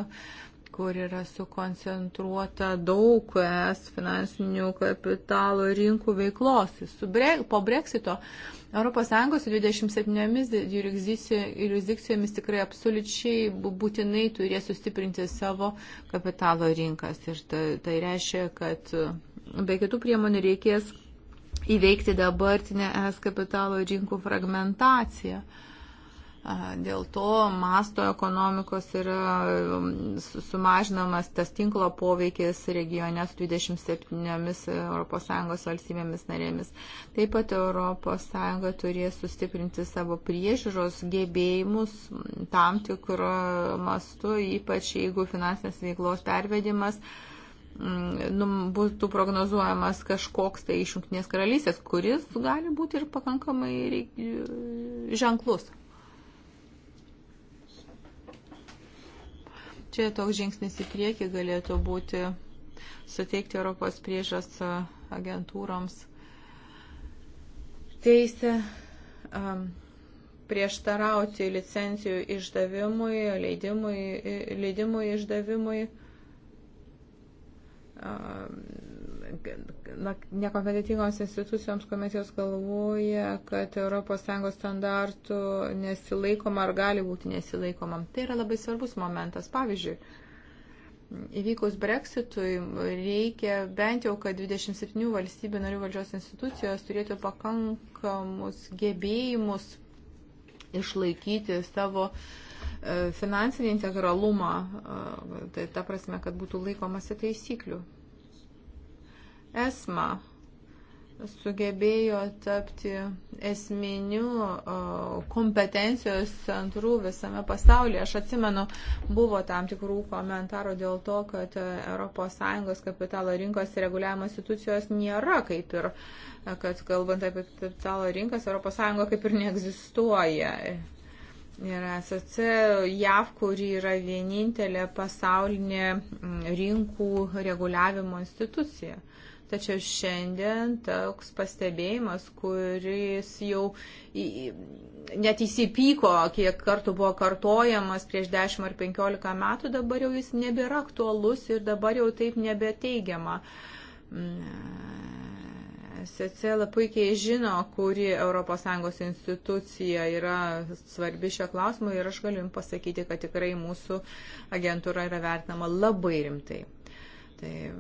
kur yra sukoncentruota daug es finansinių kapitalo rinkų veiklos. Bre, po breksito ES 27 jurisdikcijomis tikrai absoliučiai būtinai turės sustiprinti savo kapitalo rinkas. Ir tai, tai reiškia, kad be kitų priemonių reikės įveikti dabartinę es kapitalo rinkų fragmentaciją. Dėl to masto ekonomikos yra um, sumažinamas tas tinklo poveikis regione su 27 ES valstybėmis narėmis. Taip pat ES turės sustiprinti savo priežiūros gebėjimus tam tikro mastu, ypač jeigu finansinės veiklos pervedimas mm, nu, būtų prognozuojamas kažkoks tai iš Junktinės karalystės, kuris gali būti ir pakankamai ženklus. Čia toks žingsnis į priekį galėtų būti suteikti Europos priežas agentūroms teisę um, prieštarauti licencijų išdavimui, leidimui, leidimui išdavimui. Um, nekompetitingos institucijoms komisijos galvoja, kad ES standartų nesilaikoma ar gali būti nesilaikoma. Tai yra labai svarbus momentas. Pavyzdžiui, įvykus breksitui reikia bent jau, kad 27 valstybių narių valdžios institucijos turėtų pakankamus gebėjimus išlaikyti savo e, finansinį integralumą, e, tai ta prasme, kad būtų laikomasi taisyklių. ESMA sugebėjo tapti esminiu kompetencijos centru visame pasaulyje. Aš atsimenu, buvo tam tikrų komentarų dėl to, kad ES kapitalo rinkos reguliavimo institucijos nėra kaip ir, e, kad kalbant apie kapitalo rinkas, ES kaip ir neegzistuoja. Yra SAC JAV, kuri yra vienintelė pasaulinė rinkų reguliavimo institucija. Uh, Tačiau šiandien toks pastebėjimas, kuris jau net įsipyko, kiek kartų buvo kartojamas prieš 10 ar 15 metų, dabar jau jis nebėra aktualus ir dabar jau taip nebeteigiama. SCL mm, puikiai žino, kuri ES institucija yra svarbi šio klausimu ir aš galiu jums pasakyti, kad tikrai mūsų agentūra yra vertinama labai rimtai. Tai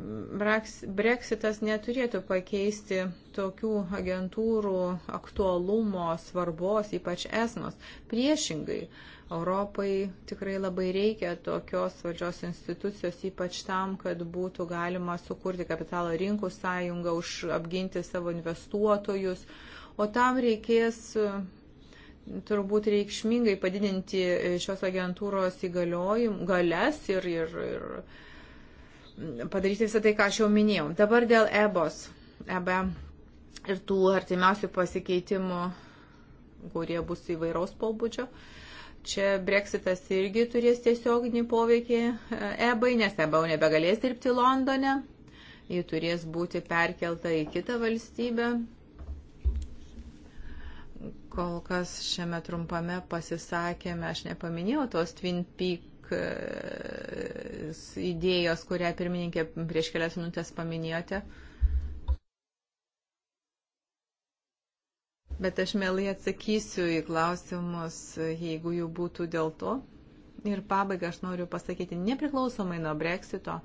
breksitas neturėtų pakeisti tokių agentūrų aktualumo, svarbos, ypač esmos. Priešingai, Europai tikrai labai reikia tokios valdžios institucijos, ypač tam, kad būtų galima sukurti kapitalo rinkų sąjungą, už, apginti savo investuotojus. O tam reikės turbūt reikšmingai padidinti šios agentūros įgaliojim, galias ir, ir, ir padaryti visą tai, ką aš jau minėjau. Dabar dėl EBOS, EB ir tų artimiausių pasikeitimų, kurie bus įvairaus pobūdžio. Čia breksitas irgi turės tiesioginį poveikį EBAI, e nes EBA jau nebegalės dirbti Londone, ji turės būti perkelta į kitą valstybę. Kol kas šiame trumpame pasisakėme, aš nepaminėjau tos Twin Peaks E, idėjos, kurią pirmininkė prieš kelias minutės paminėjote. Bet aš mielai atsakysiu į klausimus, jeigu jų būtų dėl to. Ir pabaigai aš noriu pasakyti, nepriklausomai nuo breksito,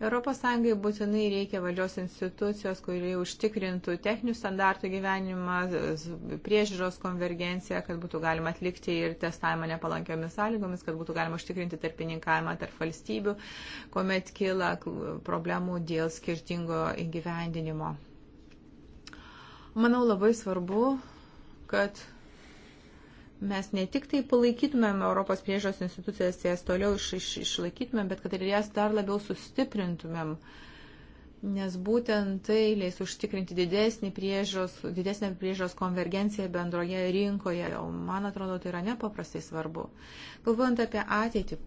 ES būtinai reikia valdžios institucijos, kurie užtikrintų techninių standartų gyvenimą, priežiūros konvergenciją, kad būtų galima atlikti ir testavimą nepalankiomis sąlygomis, kad būtų galima užtikrinti tarpininkavimą tarp valstybių, kuomet kyla problemų dėl skirtingo įgyvendinimo. Manau labai svarbu, kad mes ne tik tai palaikytumėm Europos priežos institucijas, tai jas toliau iš, iš, išlaikytumėm, bet kad ir jas dar labiau sustiprintumėm. Nes būtent tai leis užtikrinti didesnį priežos, didesnę priežos konvergenciją bendroje rinkoje, o man atrodo, tai yra nepaprastai svarbu. Galvojant apie ateitį,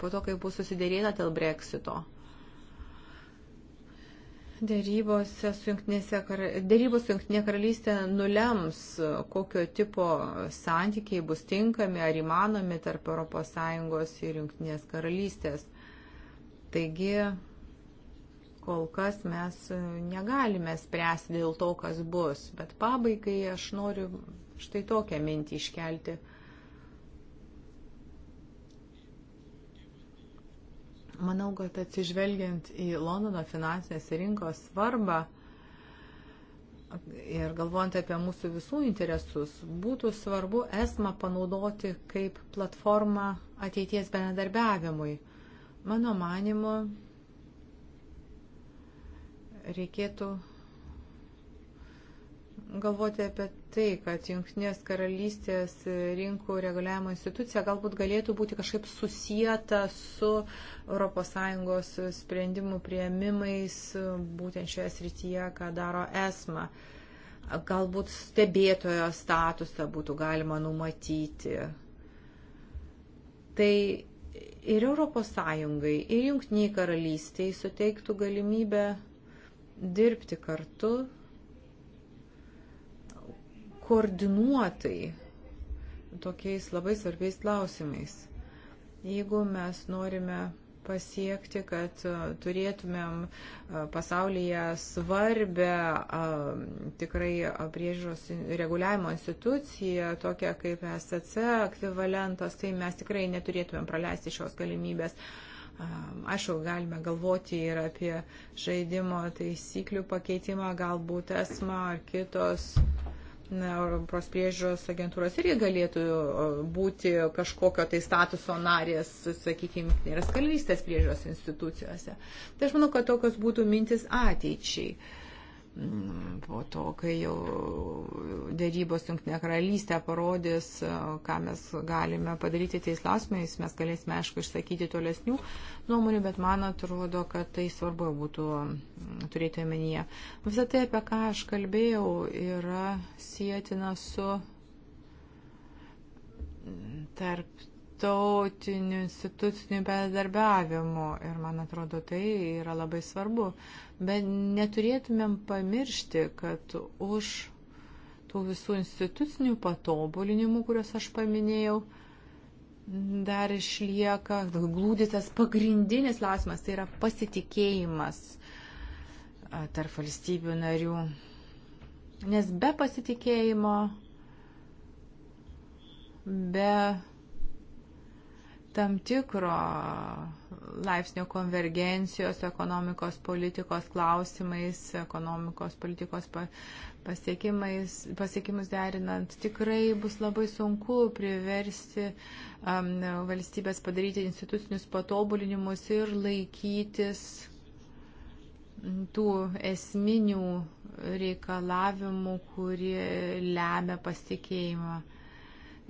po to, kai bus susidėrėta dėl breksito, Dėrybos su Junktinė karalystė nulems, kokio tipo santykiai bus tinkami ar įmanomi tarp ES ir Junktinės karalystės. Taigi, kol kas mes negalime spręsti dėl to, kas bus, bet pabaigai aš noriu štai tokią mintį iškelti. Manau, kad atsižvelgiant į Londono finansinės rinkos svarbą ir galvojant apie mūsų visų interesus, būtų svarbu esmą panaudoti kaip platformą ateities bendradarbiavimui. Mano manimo, reikėtų galvoti apie tai, kad Junktinės karalystės rinkų reguliavimo institucija galbūt galėtų būti kažkaip susijęta su ES sprendimų prieimimais būtent šioje srityje, ką daro ESMA. Galbūt stebėtojo statusą būtų galima numatyti. Tai ir ES, ir Junktiniai karalystiai suteiktų galimybę dirbti kartu koordinuotai tokiais labai svarbiais klausimais. Jeigu mes norime pasiekti, kad e, turėtumėm e, pasaulyje svarbę e, tikrai priežiūros reguliavimo instituciją, tokią kaip SCC ekvivalentas, tai mes tikrai neturėtumėm praleisti šios galimybės. Aišku, galime galvoti ir apie žaidimo taisyklių pakeitimą, galbūt esma ar kitos Europos priežiūros agentūros irgi galėtų būti kažkokio tai statuso narės, sakykime, ir skalystės priežiūros institucijose. Tai aš manau, kad tokios būtų mintis ateičiai. Uh, Mm, po to, kai jau dėrybos Junktinė karalystė parodys, e, ką mes galime padaryti tais klausimais, mes galėsime, aišku, išsakyti tolesnių nuomonių, bet man atrodo, kad tai svarbu būtų mm, turėti omenyje. Visą tai, apie ką aš kalbėjau, yra sėtina su mm, tarp tarptautiniu instituciniu bendarbiavimu ir man atrodo tai yra labai svarbu. Bet neturėtumėm pamiršti, kad už tų visų institucinių patobulinimų, kuriuos aš paminėjau, dar išlieka glūdytas pagrindinis klausimas, tai yra pasitikėjimas tarp valstybių narių. Nes be pasitikėjimo, be tam tikro laipsnio konvergencijos ekonomikos politikos klausimais, ekonomikos politikos pasiekimus derinant, tikrai bus labai sunku priversti um, valstybės padaryti institucinius patobulinimus ir laikytis tų esminių reikalavimų, kurie lemia pasitikėjimą.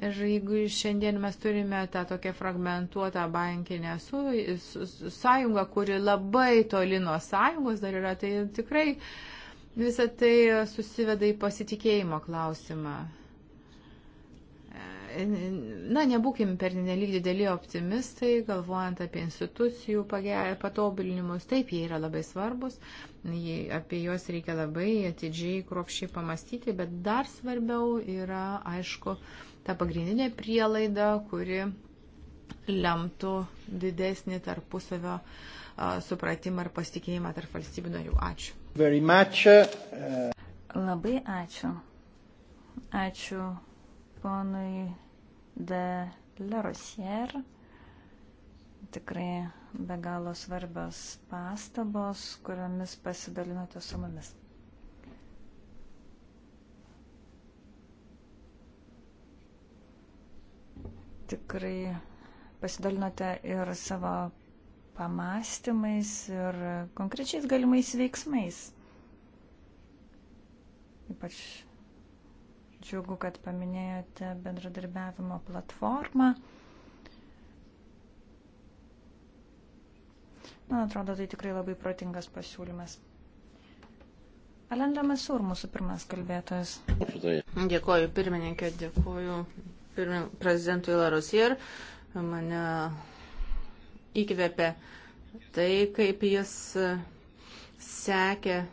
Ir jeigu šiandien mes turime tą tokią fragmentuotą bankinę su, su, su, sąjungą, kuri labai toli nuo sąjungos dar yra, tai tikrai visą tai susiveda į pasitikėjimo klausimą. Na, nebūkim per nelik dideli optimistai, galvojant apie institucijų patobulinimus. Taip, jie yra labai svarbus, apie juos reikia labai atidžiai, kruopščiai pamastyti, bet dar svarbiau yra, aišku, ta pagrindinė prielaida, kuri lemtų didesnį tarpusavio supratimą ir pasitikėjimą tarp valstybių narių. Ačiū. Uh, Labai ačiū. Ačiū ponui de Lerosier. Tikrai be galo svarbios pastabos, kuriomis pasidalinote su mumis. tikrai pasidalinote ir savo pamastymais ir konkrečiais galimais veiksmais. Ypač džiugu, kad paminėjote bendradarbiavimo platformą. Man atrodo, tai tikrai labai protingas pasiūlymas. Alenda Mesur, mūsų pirmas kalbėtojas. Dėkuoju pirmininkė, dėkuoju pirmim, prezidentui Larosier mane įkvėpė tai, kaip jis e, sekė e,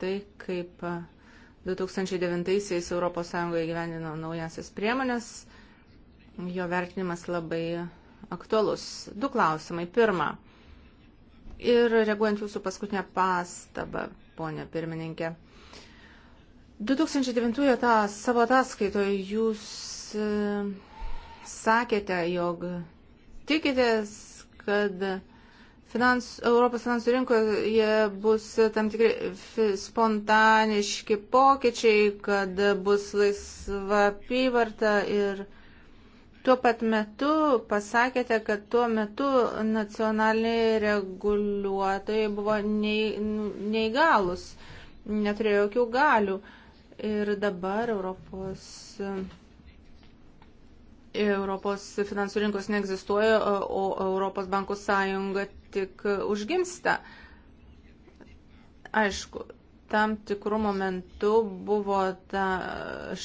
tai, kaip 2009-aisiais e, ES įgyvendino naujasias priemonės, jo vertinimas labai aktualus. Du klausimai. Pirma, ir reaguojant jūsų paskutinę pastabą, ponė pirmininkė, 2009 tą savo ataskaitoje jūs e, sakėte, jog tikitės, kad finans, Europos finansų rinkoje bus tam tikri spontaniški pokyčiai, kad bus laisva apyvarta ir tuo pat metu pasakėte, kad tuo metu nacionaliniai reguliuotojai buvo neįgalus, neturėjo jokių galių. Ir dabar Europos Europos finansų rinkos neegzistuoja, o Europos bankų sąjunga tik užgimsta. Aišku, tam tikrų momentų buvo ta,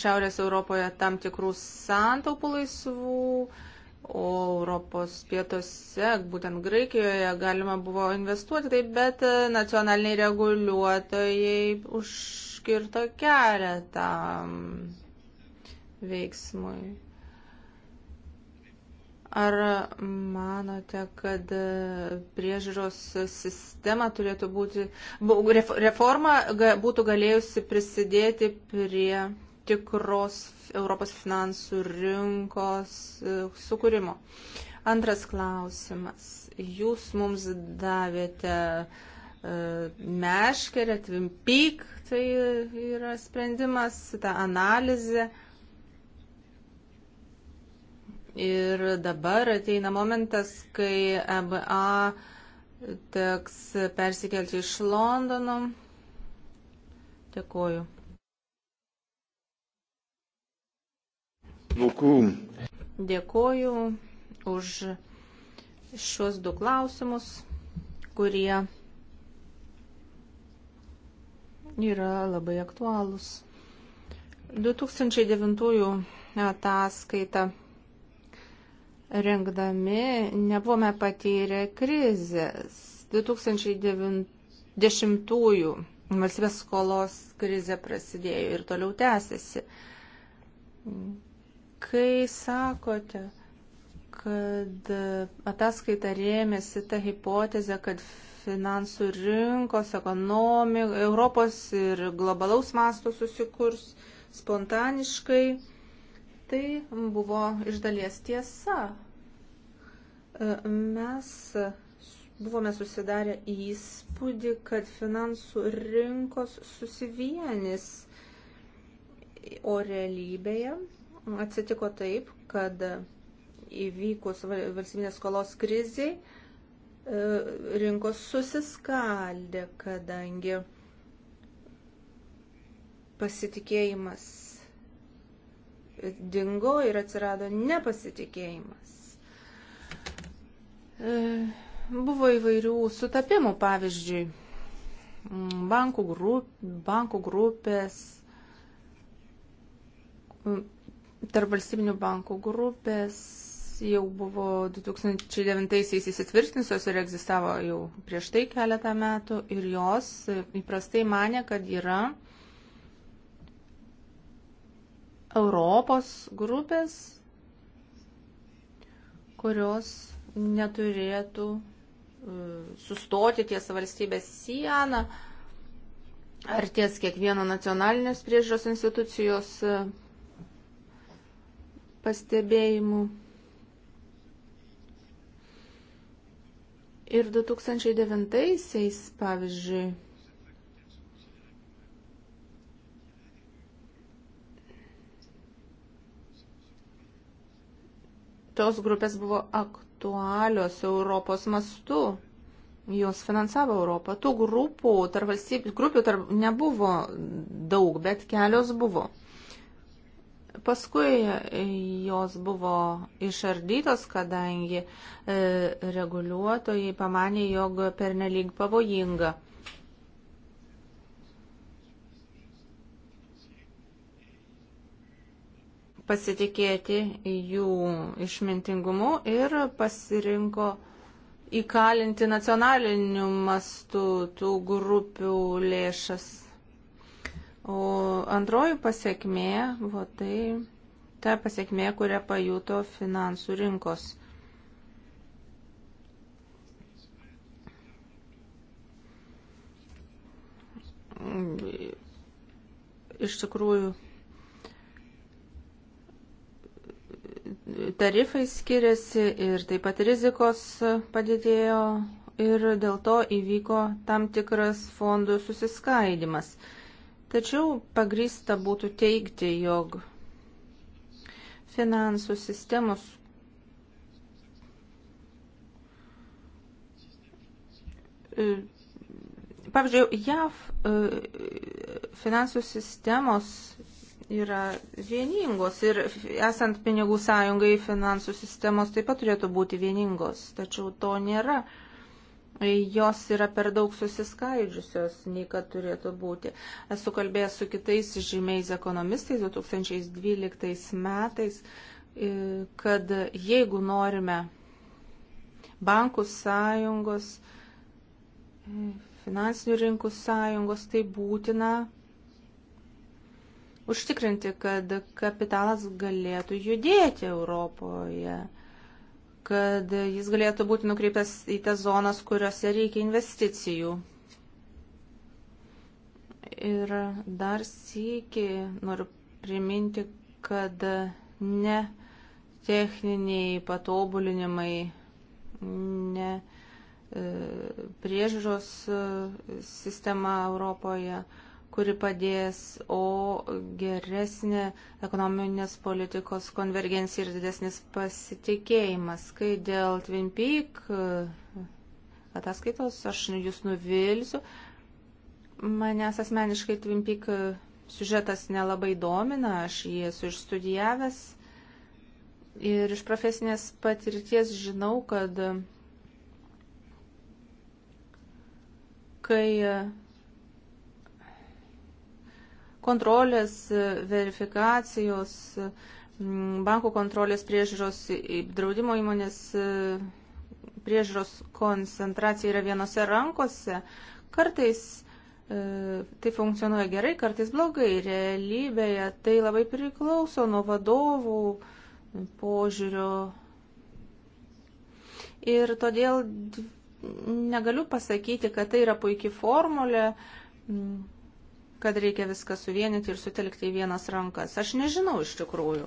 Šiaurės Europoje tam tikrų santaupų laisvų, o Europos pietuose, būtent Graikijoje, galima buvo investuoti, taip, bet nacionaliniai reguliuotojai už užkirto kelią tam veiksmui. Ar manote, kad priežiūros sistema turėtų būti, reforma būtų galėjusi prisidėti prie tikros Europos finansų rinkos e, sukūrimo? Antras klausimas. Jūs mums davėte e, meškerę, tvimpyk, tai yra sprendimas, ta analizė. Ir dabar ateina momentas, kai EBA teks persikelti iš Londono. Dėkuoju. Dėkuoju už šios du klausimus, kurie yra labai aktualūs. 2009 ataskaita rengdami nebuvome patyrę krizės. 2010 valstybės skolos krizė prasidėjo ir toliau tęsiasi. Kai sakote, kad ataskaita rėmėsi tą hipotezę, kad finansų rinkos, ekonomik, Europos ir globalaus masto susikurs spontaniškai. Tai buvo iš dalies tiesa. E, mes buvome susidarę įspūdį, kad finansų rinkos susivienys, o realybėje atsitiko taip, kad įvykus valstybinės skolos kriziai E, rinkos susiskaldė, kadangi pasitikėjimas dingo ir atsirado nepasitikėjimas. E, buvo įvairių sutapimų, pavyzdžiui, bankų, grup, bankų grupės, tarp valstybinių bankų grupės jau buvo 2009-aisiais įsitvirtinusios ir egzistavo jau prieš tai keletą metų ir jos įprastai mane, kad yra Europos grupės, kurios neturėtų e, sustoti ties valstybės sieną ar ties kiekvieno nacionalinės priežiūros institucijos e, pastebėjimų. Ir 2009-aisiais, pavyzdžiui, tos grupės buvo aktualios Europos mastu. Jos finansavo Europą. Tų grupų tarp valstybių, grupių tarp nebuvo daug, bet kelios buvo. Paskui jos buvo išardytos, kadangi e, reguliuotojai pamanė, jog pernelyg pavojinga. pasitikėti jų išmintingumu ir pasirinko įkalinti nacionaliniu mastu tų grupių lėšas. O antroji pasiekmė, va tai ta pasiekmė, kurią pajuto finansų rinkos. Iš tikrųjų, tarifai skiriasi ir taip pat rizikos padidėjo ir dėl to įvyko tam tikras fondų susiskaidimas. Tačiau pagrįsta būtų teikti, jog finansų sistemos e, Pavyzdžiui, JAV e, finansų sistemos yra vieningos ir esant pinigų sąjungai finansų sistemos taip pat turėtų būti vieningos, tačiau to nėra. Uh, jos yra per daug susiskaidžiusios, nei kad turėtų būti. Esu kalbėjęs su kitais žymiais ekonomistais 2012 metais, kad jeigu norime bankų sąjungos, finansinių rinkų sąjungos, tai būtina užtikrinti, kad kapitalas galėtų judėti Europoje kad jis galėtų būti nukreiptas į tas zonas, kuriuose reikia investicijų. Ir dar sėki noriu priminti, kad ne techniniai patobulinimai, ne e, priežiūros e, sistema Europoje kuri padės, o geresnė ekonominės politikos konvergencija ir didesnis pasitikėjimas. Kai dėl Twin Peak e, ataskaitos, aš jūs nuvilsiu, manęs asmeniškai Twin Peak e, siužetas nelabai domina, aš jį esu išstudijavęs ir iš profesinės patirties žinau, kad e, kai kontrolės, verifikacijos, mm, bankų kontrolės priežiūros, draudimo įmonės e, priežiūros koncentracija yra vienose rankose. Kartais e, tai funkcionuoja gerai, kartais blogai. Realybėje tai labai priklauso nuo vadovų požiūrio. Ir todėl negaliu pasakyti, kad tai yra puikia formulė mm kad reikia viską suvienyti ir sutelkti į vienas rankas. Aš nežinau iš tikrųjų.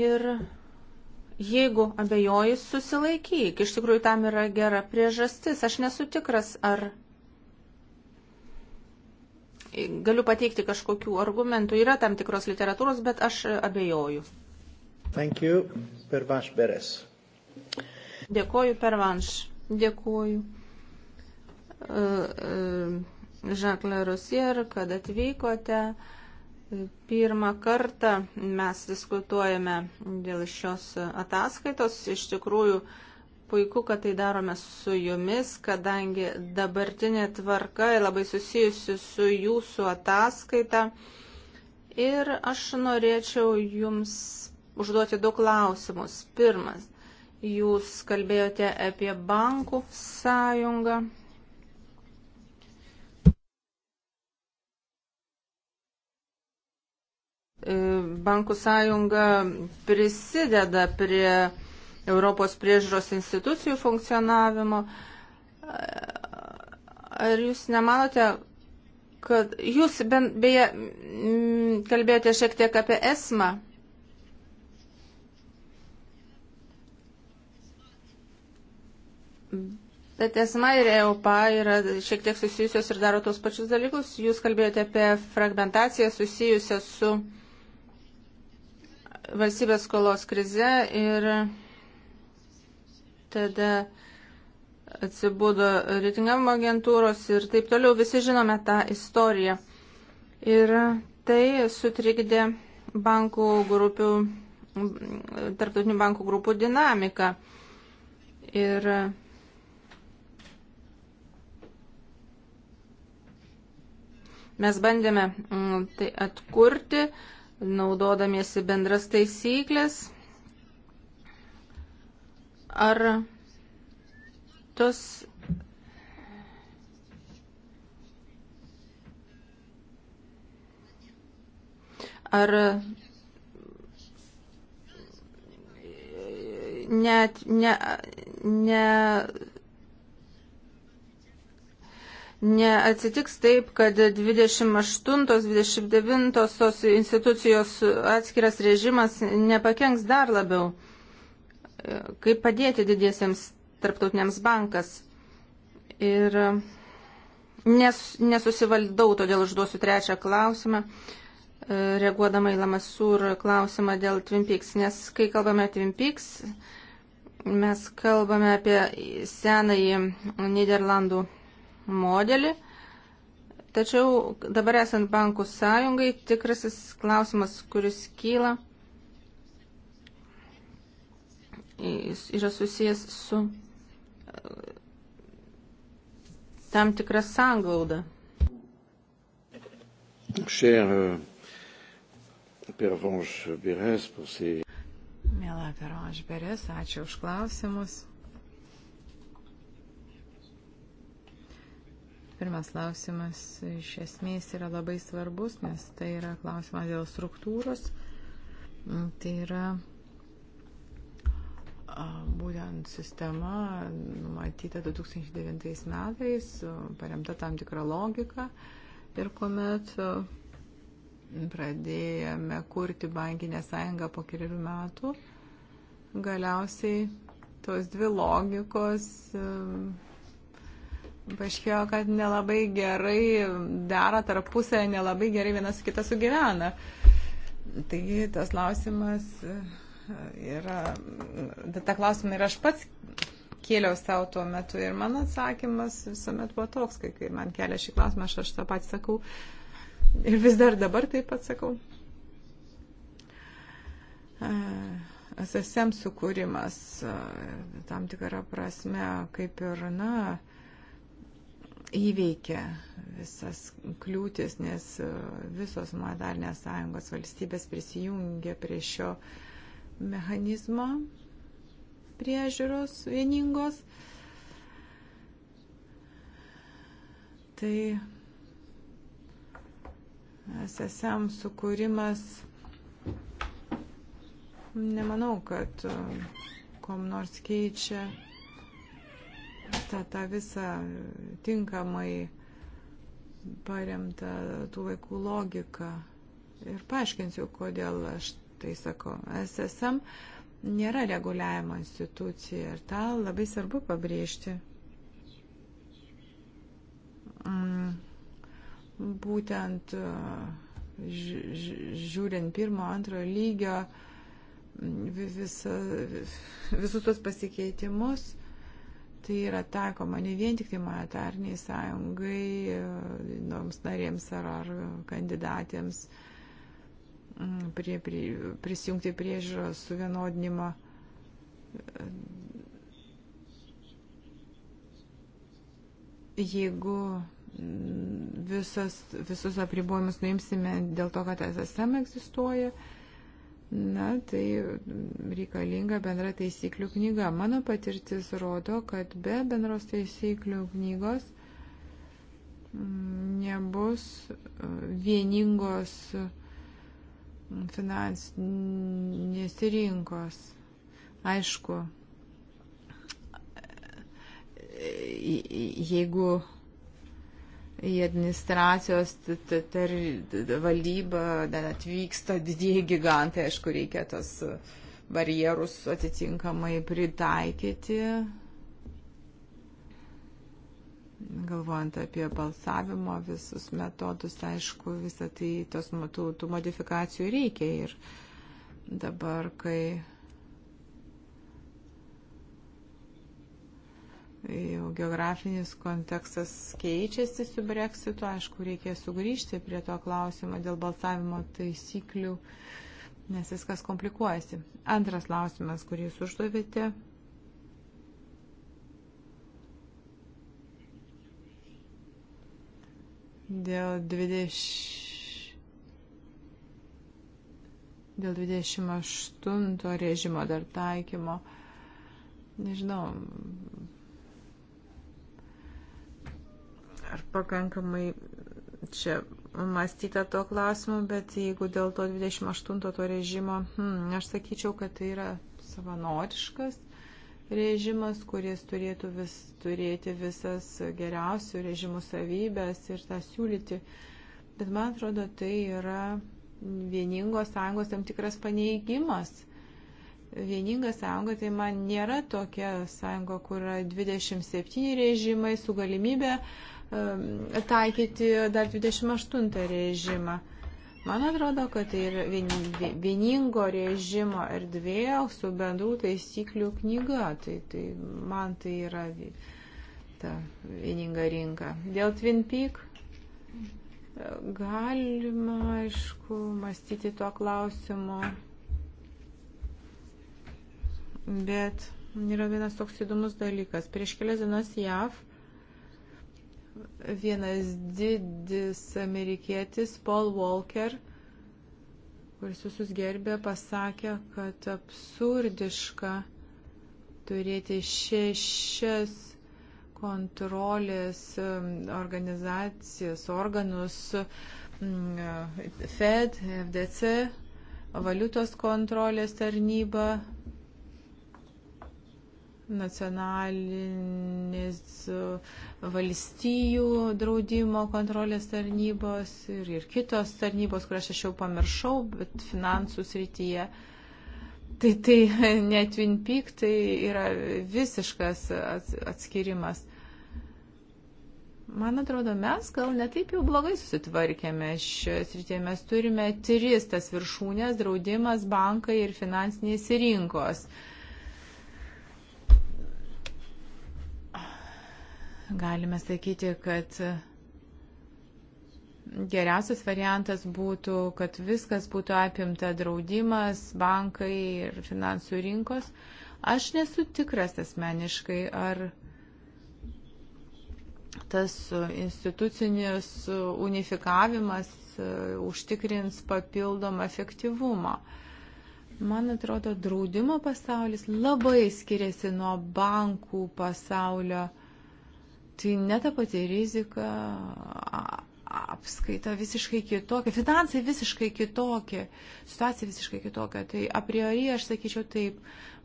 Ir jeigu abejoji, susilaikyk. Iš tikrųjų, tam yra gera priežastis. Aš nesu tikras, ar galiu pateikti kažkokių argumentų. Yra tam tikros literatūros, bet aš abejoju. Thank you, Pervanš Beres. Dėkoju, Pervanš. Dėkoju. Uh, uh Žaklė Rusier, kad atvykote. Pirmą kartą mes diskutuojame dėl šios ataskaitos. Iš tikrųjų, puiku, kad tai darome su jumis, kadangi dabartinė tvarka labai susijusi su jūsų ataskaita. Ir aš norėčiau jums užduoti du klausimus. Pirmas, jūs kalbėjote apie bankų sąjungą. E, bankų sąjunga prisideda prie Europos priežiūros institucijų funkcionavimo. E, ar jūs nemanote, kad jūs ben, beje kalbėjote šiek tiek apie esmą? Bet esma ir EOPA yra šiek tiek susijusios ir daro tos pačius dalykus. Jūs kalbėjote apie fragmentaciją susijusią su valstybės skolos krize ir tada atsibudo reitingavimo agentūros ir taip toliau. Visi žinome tą istoriją. Ir tai sutrikdė bankų grupių, tarptautinių bankų grupų dinamiką. Ir mes bandėme mm, tai atkurti naudodamiesi bendras taisyklės, ar tos ar net ne, ne Neatsitiks taip, kad 28-29 institucijos atskiras režimas nepakenks dar labiau. E, kaip padėti didiesiems tarptautiniams bankas. Ir e, nes, nesusivaldau, todėl užduosiu trečią klausimą e, reaguodama į Lamasūr klausimą dėl Twin Peaks, nes kai kalbame Twin Peaks, mes kalbame apie senąjį Niderlandų modelį. Tačiau dabar esant bankų sąjungai, tikrasis klausimas, kuris kyla, yra susijęs su e, tam tikra sanglauda. Cher e, Pervanche Beres, pour ces. Mėla Pervanche Beres, ačiū už klausimus. Pirmas klausimas iš esmės yra labai svarbus, nes tai yra klausimas dėl struktūros. Mm, tai yra būtent sistema numatyta 2009 metais, paremta tam tikrą logiką ir kuomet pradėjome kurti bankinę sąjungą po kelių metų, galiausiai tos dvi logikos paaiškėjo, kad nelabai gerai dera tarpusę, nelabai gerai viena su kita sugyvena. Taigi tas klausimas e, yra, tą klausimą ir aš pats kėliau savo tuo metu ir mano atsakymas visuomet buvo toks, kai, kai man kelia šį klausimą, aš, aš tą patį sakau ir vis dar dabar taip pat sakau. E, SSM sukūrimas e, tam tikrą prasme, kaip ir, na, įveikė visas kliūtis, nes e, visos monetarnės sąjungos valstybės prisijungė prie šio mechanizmo priežiūros vieningos. Tai SSM sukūrimas, nemanau, kad e, kom nors keičia tą, tą visą tinkamai paremtą tų vaikų logiką. Ir paaiškinsiu, kodėl aš tai sakau. SSM nėra reguliavimo institucija ir tą labai svarbu pabrėžti. Mm, būtent uh, žiūrint pirmo, antrojo lygio mm, visa, visus tos pasikeitimus, Tai yra taikoma ne vien tik tai monetarniai sąjungai, noms narėms ar, ar kandidatėms mm, prie, prie, prisijungti priežiūros suvienodinimo. Jeigu mm, visas, visus apribojimus nuimsime dėl to, kad SSM egzistuoja, na, tai reikalinga bendra taisyklių knyga. Mano patirtis rodo, kad be bendros taisyklių knygos mm, nebus e, vieningos mm, finansinės rinkos. Aišku, e, e, jeigu į administracijos valdybą, ten atvyksta didieji gigantai, aišku, reikia tas barjerus atitinkamai pritaikyti, galvojant apie balsavimo visus metodus, aišku, visą tai tos tų, tų modifikacijų reikia ir dabar, kai jau geografinis kontekstas keičiasi su breksitu, aišku, reikia sugrįžti prie to klausimo dėl balsavimo taisyklių, nes viskas komplikuojasi. Antras klausimas, kurį jūs užduovėte. Dėl 20 dėl 28 režimo dar taikymo. Nežinau, ar pakankamai čia mąstyta tuo klausimu, bet jeigu dėl to 28 to režimo, hmm, aš sakyčiau, kad tai yra savanoriškas režimas, kuris turėtų vis, turėti visas geriausių režimų savybės ir tą siūlyti. Bet man atrodo, tai yra vieningos sąjungos tam tikras paneigimas. Vieninga sąjunga tai man nėra tokia sąjunga, kur yra 27 režimai su galimybė uh, Um, taikyti dar 28 režimą. Man atrodo, kad tai yra vieningo režimo erdvė su bendrų taisyklių knyga. Tai, tai man tai yra ta vieninga rinka. Dėl Twin Peak galima, aišku, mąstyti tuo klausimu. Bet yra vienas toks įdomus dalykas. Prieš kelias dienas JAV vienas didis amerikietis Paul Walker, kuris visus gerbė, pasakė, kad absurdiška turėti šešias kontrolės um, organizacijas, organus um, Fed, FDC, valiutos kontrolės tarnyba, nacionalinės e, valstijų draudimo kontrolės tarnybos ir, ir kitos tarnybos, kurias aš jau pamiršau, bet finansų srityje. Tai, tai [laughs] net Vinpik tai yra visiškas atskirimas. Man atrodo, mes gal netaip jau blogai susitvarkėme šioje srityje. Mes turime tris tas viršūnės - draudimas, bankai ir finansinės rinkos. Uh, galime sakyti, kad geriausias variantas būtų, kad viskas būtų apimta draudimas, bankai ir finansų rinkos. Aš nesu tikras asmeniškai, ar tas institucinis unifikavimas e, užtikrins papildomą efektyvumą. Man atrodo, draudimo pasaulis labai skiriasi nuo bankų pasaulio tai ne ta pati rizika, apskaita visiškai kitokia, finansai visiškai kitokia, situacija visiškai kitokia. Tai a priori aš sakyčiau taip,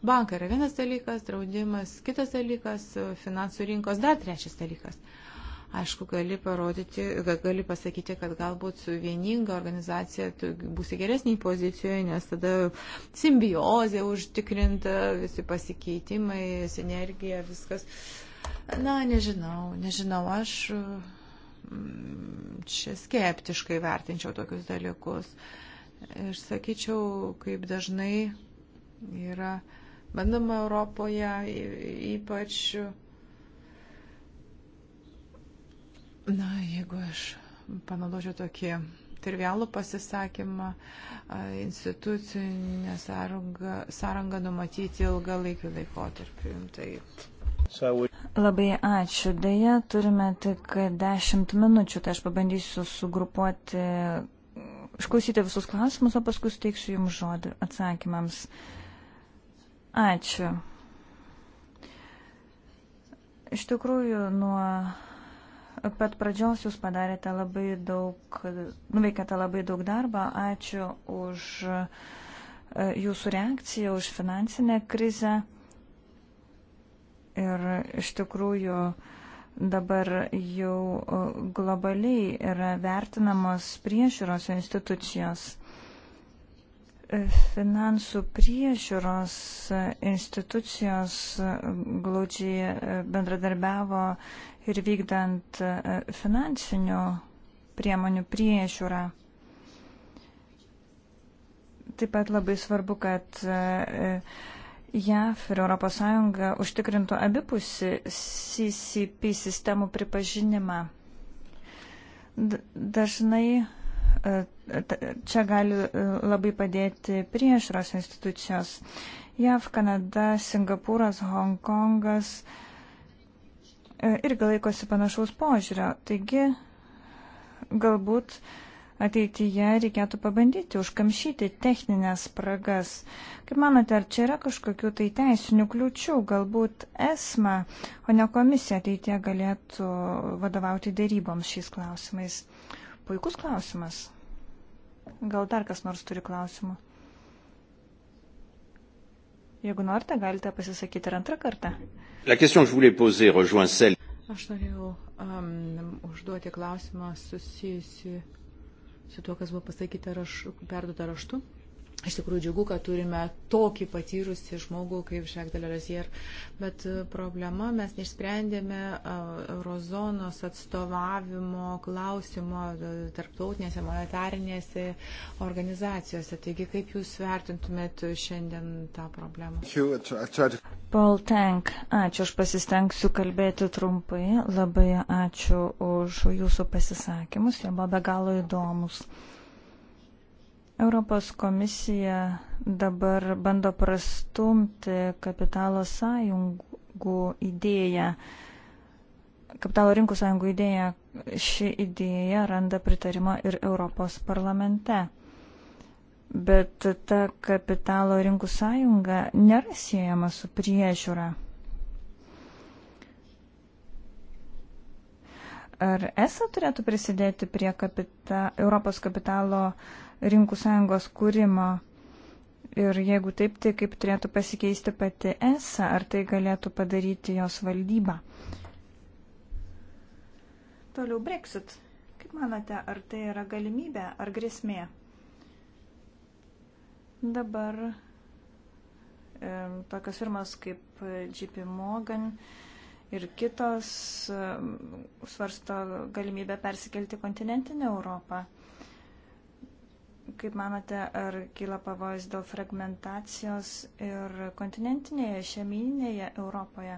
bankai yra vienas dalykas, draudimas kitas dalykas, finansų rinkos dar trečias dalykas. Aišku, gali, parodyti, gali pasakyti, kad galbūt su vieninga organizacija būsi geresniai pozicijoje, nes tada simbiozė užtikrinta, visi pasikeitimai, sinergija, viskas. Uh, Na, nežinau, nežinau, aš mm, čia skeptiškai vertinčiau tokius dalykus. Ir sakyčiau, kaip dažnai yra bandoma Europoje ypač. Na, jeigu aš panaudočiau tokį trivialų pasisakymą, institucinę sąrangą, sąrangą numatyti ilgalaikiu laikotarpiu. Tai Labai ačiū. Deja, turime tik 10 minučių, tai aš pabandysiu sugrupuoti, išklausyti visus klausimus, o paskui steiksiu Jums žodį atsakymams. Ačiū. Iš tikrųjų, nuo pat pradžios Jūs padarėte labai daug, nuveikėte labai daug darbą. Ačiū už e, Jūsų reakciją, už finansinę krizę. Ir iš tikrųjų dabar jau globaliai yra vertinamos priežiūros institucijos. E, finansų priežiūros institucijos e, glaudžiai e, bendradarbiavo ir vykdant finansinių priemonių priežiūrą taip pat labai svarbu, kad JAF ir ES užtikrintų abipusį CCP sistemų pripažinimą. Dažnai e, čia gali e, labai padėti priešros institucijos. JAF, Kanada, Singapūras, Hongkongas e, irgi laikosi panašaus požiūrio. Taigi, galbūt uh, ateityje reikėtų pabandyti užkamšyti techninės spragas. Kaip manote, ar čia yra kažkokių tai teisinių kliučių, galbūt esma, o ne komisija ateityje galėtų vadovauti dėryboms šiais klausimais? Puikus klausimas. Gal dar kas nors turi klausimų? Jeigu norite, galite pasisakyti ir antrą kartą. La question que je voulais poser rejoint celle. Aš norėjau um, užduoti klausimą susijusi su tuo, kas buvo pasakyta raš, perduota raštu. Iš tikrųjų džiugu, kad turime tokį patyrusį žmogų kaip Šekdelė Razier, bet e, problema mes neišsprendėme e, eurozonos atstovavimo klausimo e, tarptautinėse monetarinėse organizacijose. Taigi, kaip Jūs vertintumėt šiandien tą problemą? Paul Tank, ačiū, aš pasistengsiu kalbėti trumpai. Labai ačiū už Jūsų pasisakymus, jie buvo be galo įdomus. Europos komisija dabar bando prastumti kapitalo sąjungų idėją, kapitalo rinkų sąjungų idėją. Ši idėja randa pritarimą ir Europos parlamente. Bet ta kapitalo rinkų sąjunga nėra siejama su priežiūra. Ar ESA turėtų prisidėti prie kapita, Europos kapitalo uh, rinkų sąjungos kūrimo. Ir jeigu taip, tai kaip turėtų pasikeisti pati ESA, ar tai galėtų padaryti jos valdyba? Toliau Brexit. Kaip manote, ar tai yra galimybė ar grėsmė? Dabar e, tokios firmas kaip JP Morgan ir kitos e, svarsto galimybę persikelti kontinentinę Europą. E, Kaip manote, ar kyla pavojus dėl fragmentacijos ir kontinentinėje, šeimininėje Europoje?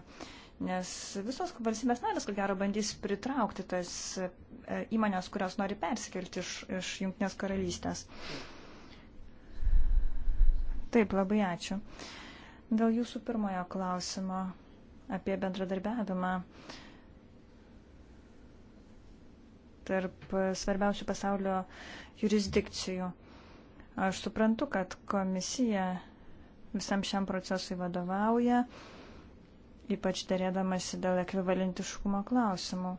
Nes visos valstybės narės, ko gero, bandys pritraukti tas e, įmonės, kurios nori persikelti iš, iš Junktinės karalystės. Taip, labai ačiū. Dėl jūsų pirmojo klausimo apie bendradarbiavimą. Uh, tarp svarbiausių pasaulio jurisdikcijų. Aš suprantu, kad komisija visam šiam procesui vadovauja, ypač dėrėdamasi dėl ekvivalentiškumo klausimų.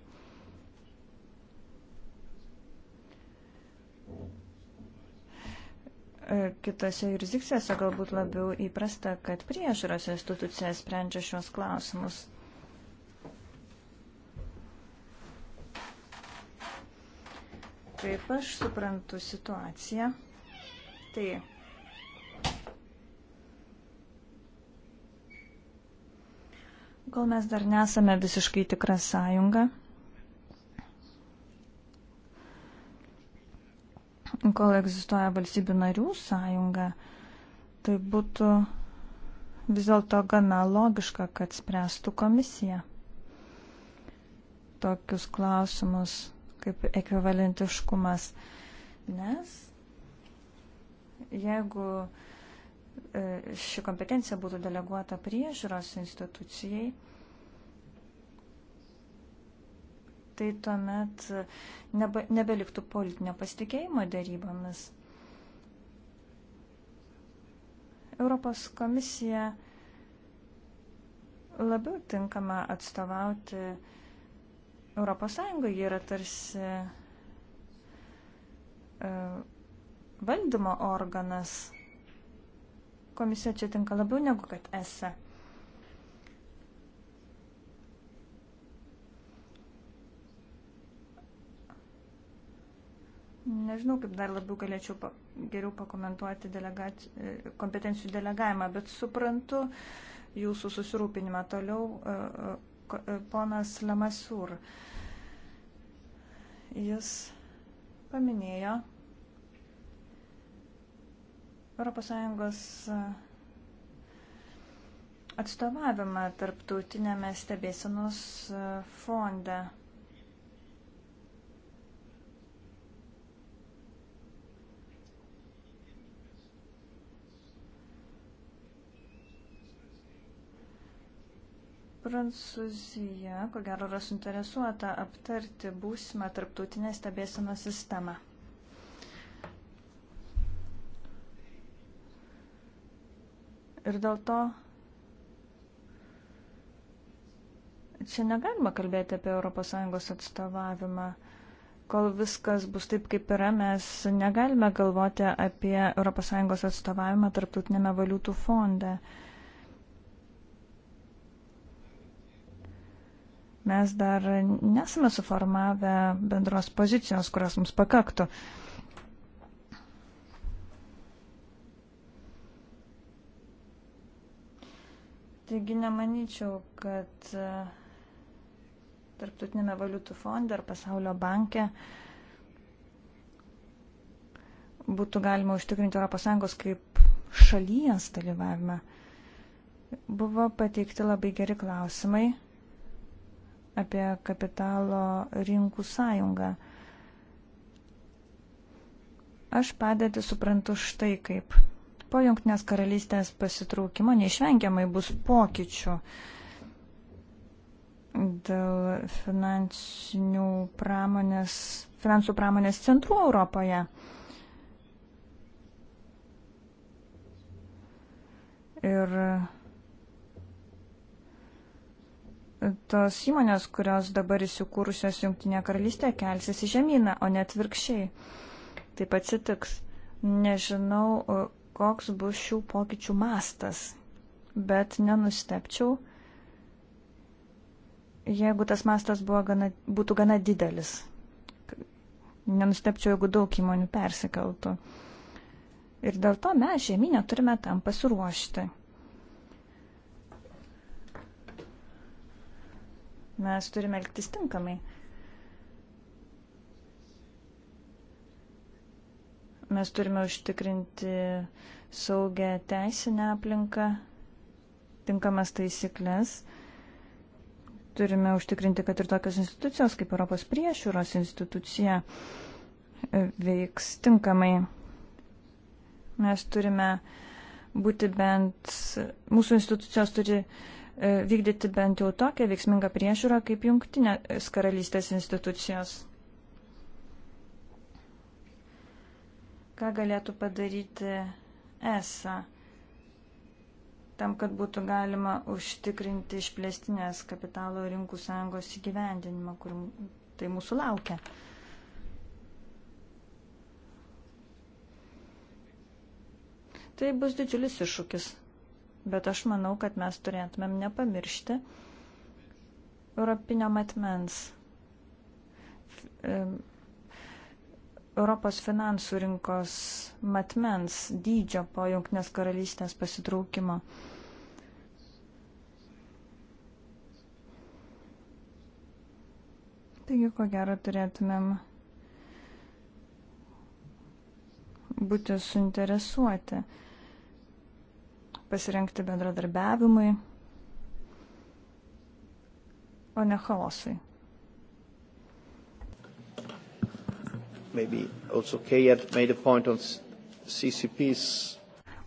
Kitose jurisdikcijose galbūt labiau įprasta, kad priežiūros institucija sprendžia šios klausimus. Kaip aš suprantu situaciją, tai kol mes dar nesame visiškai tikra sąjunga, kol egzistuoja valstybių narių sąjunga, tai būtų vis dėlto gana logiška, kad spręstų komisija tokius klausimus kaip ekvivalentiškumas, nes jeigu e, ši kompetencija būtų deleguota priežiūros institucijai, tai tuomet nebe, nebeliktų politinio pasitikėjimo darybomis. Europos komisija labiau tinkama atstovauti Europos Sąjungoje yra tarsi e, valdymo organas. Komisija čia tinka labiau negu kad ESA. Nežinau, kaip dar labiau galėčiau pa, geriau pakomentuoti delegac, e, kompetencijų delegavimą, bet suprantu jūsų susirūpinimą. Toliau e, E, ponas Lemasur. Jis paminėjo ES e, atstovavimą tarptautinėme stebėsenos e, fonde. Prancūzija, ko gero, yra suinteresuota aptarti būsimą tarptautinę stebėsino sistemą. Ir dėl to čia negalima kalbėti apie ES atstovavimą. Kol viskas bus taip, kaip yra, mes negalime galvoti apie ES atstovavimą tarptautinėme valiutų fonde. Uh, Mes dar nesame suformavę bendros pozicijos, kurios mums pakaktų. Taigi nemanyčiau, kad e, Tarptautinėme valiutų fonde ar Pasaulio banke būtų galima užtikrinti ES kaip šalies dalyvavimą. Buvo pateikti labai geri klausimai apie kapitalo rinkų sąjungą. Aš padėtį suprantu štai kaip. Po Junktinės karalystės pasitraukimo neišvengiamai bus pokyčių dėl finansinių pramonės, finansų pramonės centrų Europoje. Ir tos įmonės, kurios dabar įsikūrusios Junktinėje karalystėje, kelsis į žemyną, o net virkščiai. Taip atsitiks. Nežinau, koks bus šių pokyčių mastas, bet nenustepčiau, jeigu tas mastas gana, būtų gana didelis. Nenustepčiau, jeigu daug įmonių persikeltų. Ir dėl to mes žemynę turime tam pasiruošti. Mes turime elgtis tinkamai. Mes turime užtikrinti saugę teisinę aplinką, tinkamas taisyklės. Turime užtikrinti, kad ir tokios institucijos kaip Europos priešiūros institucija e, veiks tinkamai. Mes turime būti bent, mūsų institucijos turi uh, E, vykdyti bent jau tokią veiksmingą priežiūrą kaip jungtinės karalystės institucijos. Ką galėtų padaryti ESA tam, kad būtų galima užtikrinti išplėstinės kapitalo rinkų sąjungos įgyvendinimą, kur tai mūsų laukia. Tai bus didžiulis iššūkis bet aš manau, kad mes turėtumėm nepamiršti europinio matmens. Europos finansų rinkos matmens dydžio po Junktinės karalystės pasitraukimo. Taigi, ko gero, turėtumėm būti suinteresuoti pasirengti bendradarbiavimui, o ne chaosui. E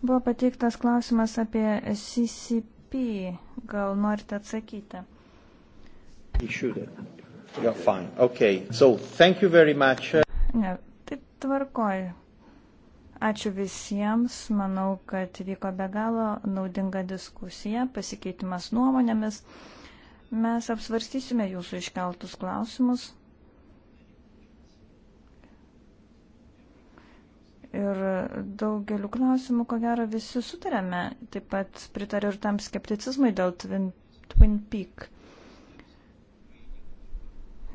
Buvo pateiktas klausimas apie CCP. Gal norite atsakyti? Yeah, fine. Okay. So, thank you very much. Ne, tai tvarkoj. Ačiū visiems. Manau, kad vyko be galo naudinga diskusija, pasikeitimas nuomonėmis. Mes apsvarstysime jūsų iškeltus klausimus. Ir daugeliu klausimų, ko gero, visi sutarėme. Taip pat pritariu ir tam skepticizmui dėl Twin, Twin Peak.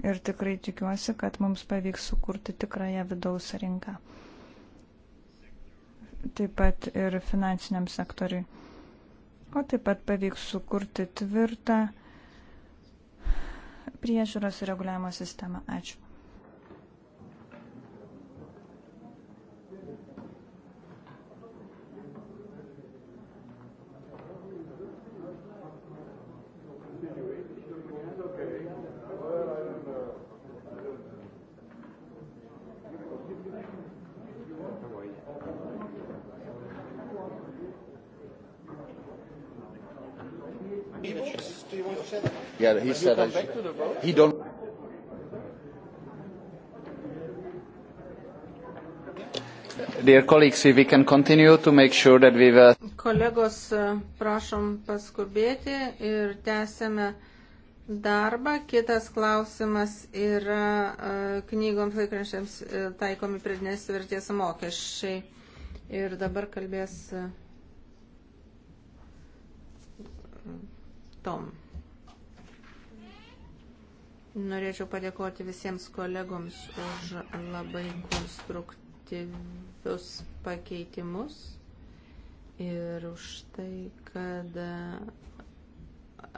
Ir tikrai tikiuosi, kad mums pavyks sukurti tikrąją vidaus rinką taip pat ir finansiniam sektoriui. O taip pat pavyks sukurti tvirtą priežiūros ir reguliavimo sistemą. Ačiū. said he Will said I should, he don't. Dear colleagues, if we can continue to make sure that we will... Kolegos, prašom paskubėti ir tęsėme darbą. Kitas klausimas yra e, knygoms laikraščiams e, taikomi pridinės vertės mokesčiai. Ir dabar kalbės e, Tom. Norėčiau padėkoti visiems kolegoms už labai konstruktyvius pakeitimus ir už tai, kad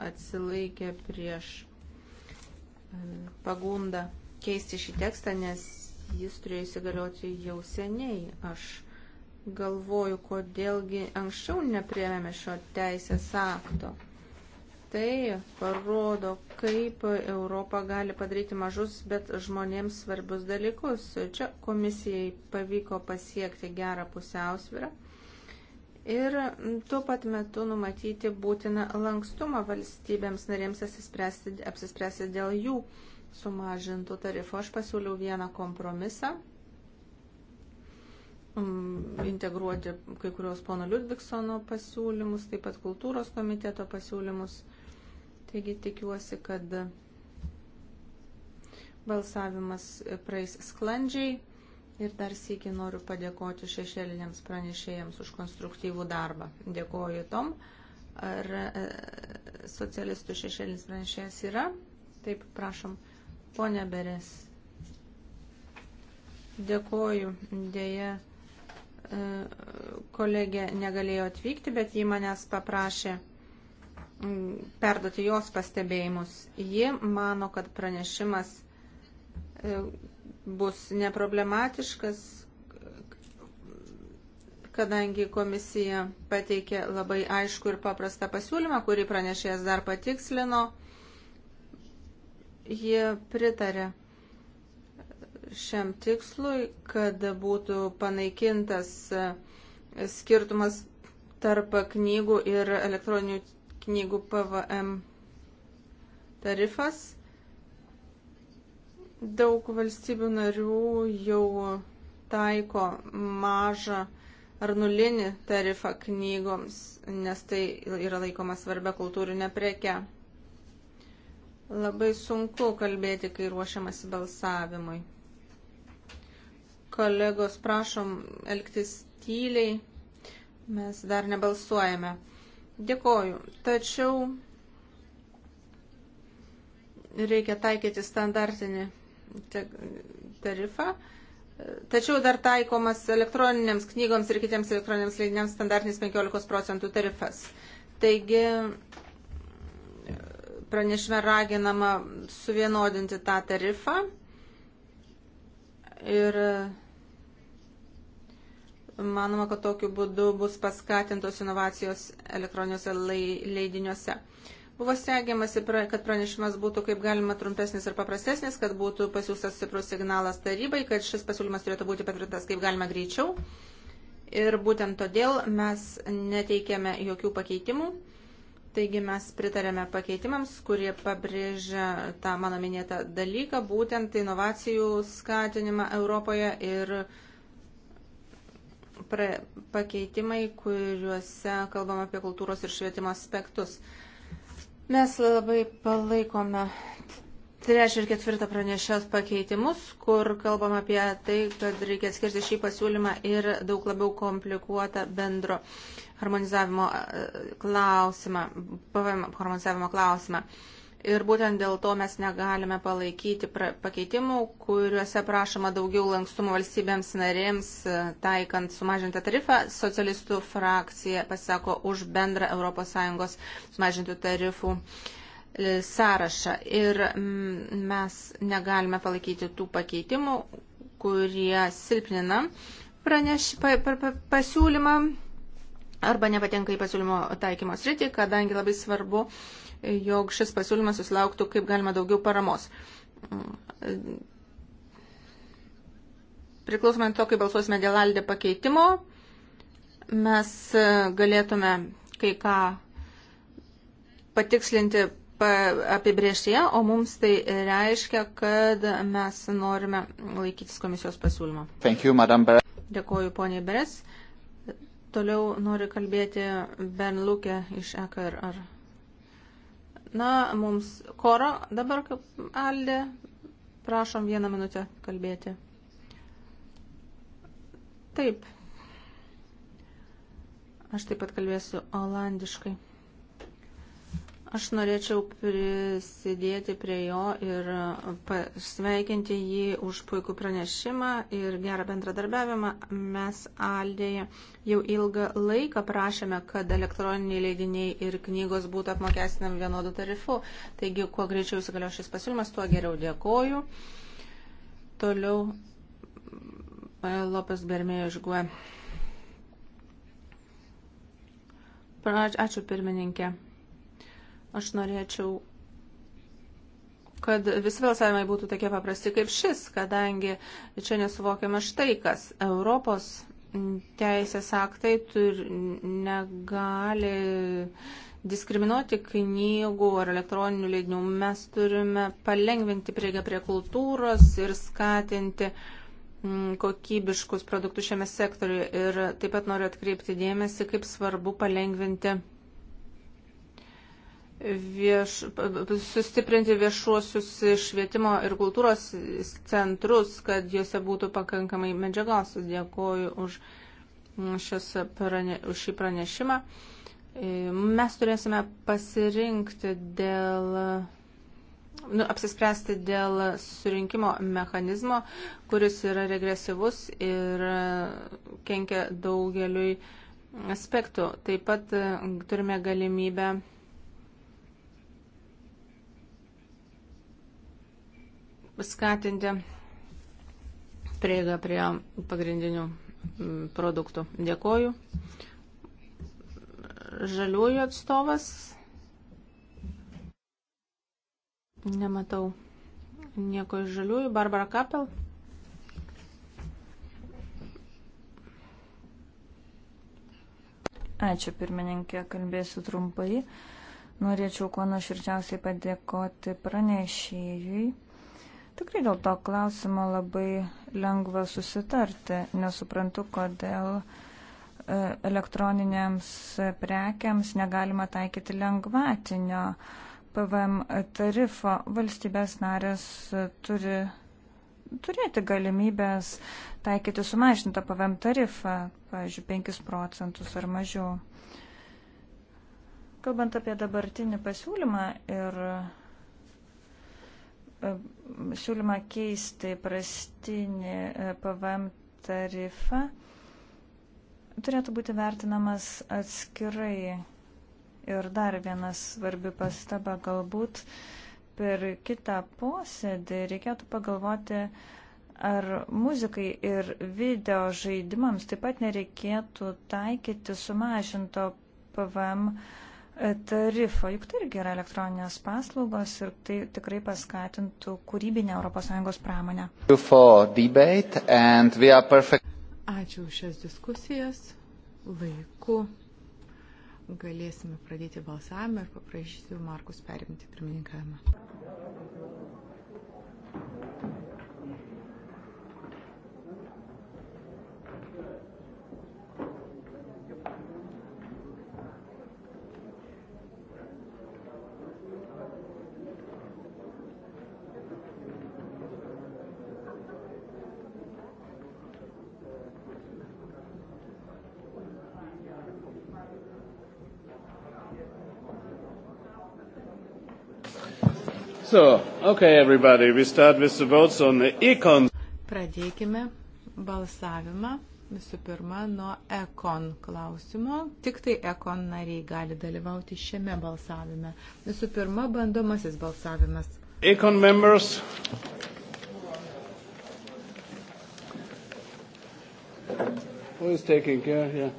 atsilaikė prieš e, pagundą keisti šį tekstą, nes jis turėjo įsigalioti jau seniai. Aš galvoju, kodėlgi anksčiau nepriemėme šio teisės akto. Tai parodo, kaip Europa gali padaryti mažus, bet žmonėms svarbius dalykus. Čia komisijai pavyko pasiekti gerą pusiausvyrą ir tuo pat metu numatyti būtiną lankstumą valstybėms narėms apsispręsti dėl jų sumažintų tarifų. Aš pasiūliau vieną kompromisą mm, integruoti kai kurios pono Ludviksono pasiūlymus, taip pat kultūros komiteto pasiūlymus. Taigi tikiuosi, kad balsavimas praeis sklandžiai ir dar sėki noriu padėkoti šešėliniams pranešėjams už konstruktyvų darbą. Dėkoju Tom. Ar e, socialistų šešėlinis pranešėjas yra? Taip, prašom. Pone Beres. Dėkoju. Dėja, e, kolegė negalėjo atvykti, bet jį manęs paprašė perduoti jos pastebėjimus. Ji mano, kad pranešimas e, bus neproblematiškas, kadangi komisija pateikė labai aišku ir paprastą pasiūlymą, kurį pranešėjas dar patikslino. Ji pritarė šiam tikslui, kad būtų panaikintas e, skirtumas tarp knygų ir elektroninių knygų PVM tarifas. Daug valstybių narių jau taiko mažą ar nulinį tarifą knygoms, nes tai yra laikoma svarbia kultūrinė preke. Labai sunku kalbėti, kai ruošiamasi balsavimui. Kolegos, prašom elgtis tyliai, mes dar nebalsuojame. Dėkoju. Tačiau reikia taikyti standartinį tarifą. Tačiau dar taikomas elektroninėms knygoms ir kitiems elektroniniams leidiniams standartinis 15 procentų tarifas. Taigi pranešime raginama suvienodinti tą tarifą ir Manoma, kad tokiu būdu bus paskatintos inovacijos elektroniniuose leidiniuose. Buvo stengiamasi, kad pranešimas būtų kaip galima trumpesnis ir paprastesnis, kad būtų pasiūstas stiprus signalas tarybai, kad šis pasiūlymas turėtų būti patvirtintas kaip galima greičiau. Ir būtent todėl mes neteikėme jokių pakeitimų. Taigi mes pritarėme pakeitimams, kurie pabrėžia tą mano minėtą dalyką, būtent inovacijų skatinimą Europoje ir Europoje pra, pakeitimai, kuriuose kalbam apie kultūros ir švietimo aspektus. Mes labai palaikome trečią ir ketvirtą pranešęs pakeitimus, kur kalbam apie tai, kad reikia atskirti šį pasiūlymą ir daug labiau komplikuotą bendro harmonizavimo e, klausimą, PVM harmonizavimo klausimą. Uh, Ir būtent dėl to mes negalime palaikyti pakeitimų, kuriuose prašoma daugiau lankstumo valstybėms narėms, e, taikant sumažintą tarifą. Socialistų frakcija pasako už bendrą ES sumažintų tarifų e, sąrašą. Ir mm, mes negalime palaikyti tų pakeitimų, kurie silpnina praneš, pa, pa, pa, pasiūlymą arba nepatenka į pasiūlymo taikymo sritį, kadangi labai svarbu uh, jog šis pasiūlymas susilauktų kaip galima daugiau paramos. Priklausomai to, kaip balsuosime dėl aldė pakeitimo, mes e, galėtume kai ką patikslinti apibrieštyje, o mums tai reiškia, kad mes norime laikytis komisijos pasiūlymo. Thank you, Dėkuoju, poniai Beres. Toliau noriu kalbėti Ben Luke iš EKR. Ar Na, mums koro dabar kaip Aldė. Prašom vieną minutę kalbėti. Taip. Aš taip pat kalbėsiu olandiškai. Aš norėčiau prisidėti prie jo ir sveikinti jį už puikų pranešimą ir gerą bendradarbiavimą. Mes Aldėje jau ilgą laiką prašėme, kad elektroniniai leidiniai ir knygos būtų apmokestinami vienodu tarifu. Taigi, kuo greičiau įsigalio šis pasiūlymas, tuo geriau dėkoju. Toliau e, Lopes Bermėjo išguė. Ačiū pirmininkė. Aš norėčiau, kad visi balsavimai būtų tokie paprasti kaip šis, kadangi čia nesuvokiama štai kas. Europos teisės aktai tur, negali diskriminuoti knygų ar elektroninių leidinių. Mes turime palengvinti prieigą prie kultūros ir skatinti mm, kokybiškus produktus šiame sektoriuje. Ir taip pat noriu atkreipti dėmesį, kaip svarbu palengvinti vieš, sustiprinti viešuosius švietimo ir kultūros centrus, kad juose būtų pakankamai medžiagos. Dėkoju už, prane, už šį pranešimą. E, mes turėsime pasirinkti dėl. Nu, apsispręsti dėl surinkimo mechanizmo, kuris yra regresyvus ir kenkia daugeliui aspektų. Taip pat e, turime galimybę skatinti prieigą prie pagrindinių produktų. Dėkoju. Žaliųjų atstovas. Nematau nieko iš žaliųjų. Barbara Kapel. Ačiū pirmininkė, kalbėsiu trumpai. Norėčiau kuo nuoširčiausiai padėkoti pranešėjui Tikrai dėl to klausimo labai lengva susitarti. Nesuprantu, kodėl e, elektroninėms prekiams negalima taikyti lengvatinio PVM tarifo. Valstybės narės turi turėti galimybės taikyti sumažintą PVM tarifą, pavyzdžiui, 5 procentus ar mažiau. Kalbant apie dabartinį pasiūlymą ir siūlymą keisti prastinį e, PVM tarifą turėtų būti vertinamas atskirai. Ir dar viena svarbi pastaba, galbūt per kitą posėdį reikėtų pagalvoti, ar muzikai ir video žaidimams taip pat nereikėtų taikyti sumažinto PVM tarifą tarifą, juk tai irgi yra elektroninės paslaugos ir tai tikrai paskatintų kūrybinę ES pramonę. Ačiū už šias diskusijas. Laiku galėsime pradėti balsavimą ir paprašysiu Markus perimti pirmininkavimą. So, okay, everybody, we start with the votes on the econ. Pradėkime balsavimą visų pirma nuo ekon klausimo. Tik tai ekon nariai gali dalyvauti šiame balsavime. Visų pirma, bandomasis balsavimas. Econ members. Who is taking care? Yeah.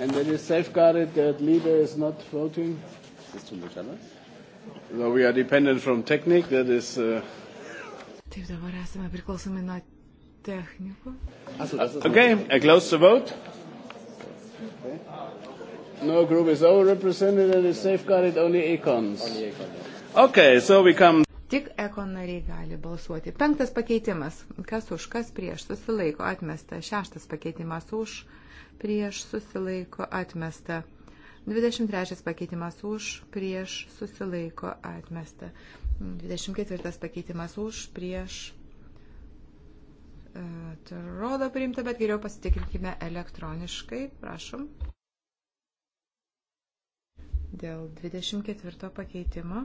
And that is safeguarded that leader is not voting. Is too much, so we are dependent from technique, that is... Uh... Taip, dabar esame priklausomi nuo technikų. Uh, okay, I close the vote. Okay. No group is overrepresented and is safeguarded only econs. Only econs. Okay, so we come ekonariai gali balsuoti. Penktas pakeitimas. Kas už, kas prieš susilaiko atmesta. Šeštas pakeitimas už, prieš susilaiko atmesta. 23 pakeitimas už, prieš susilaiko atmesta. 24 pakeitimas už, prieš. Atrodo priimta, bet geriau pasitikrinkime elektroniškai. Prašom. Dėl 24 pakeitimo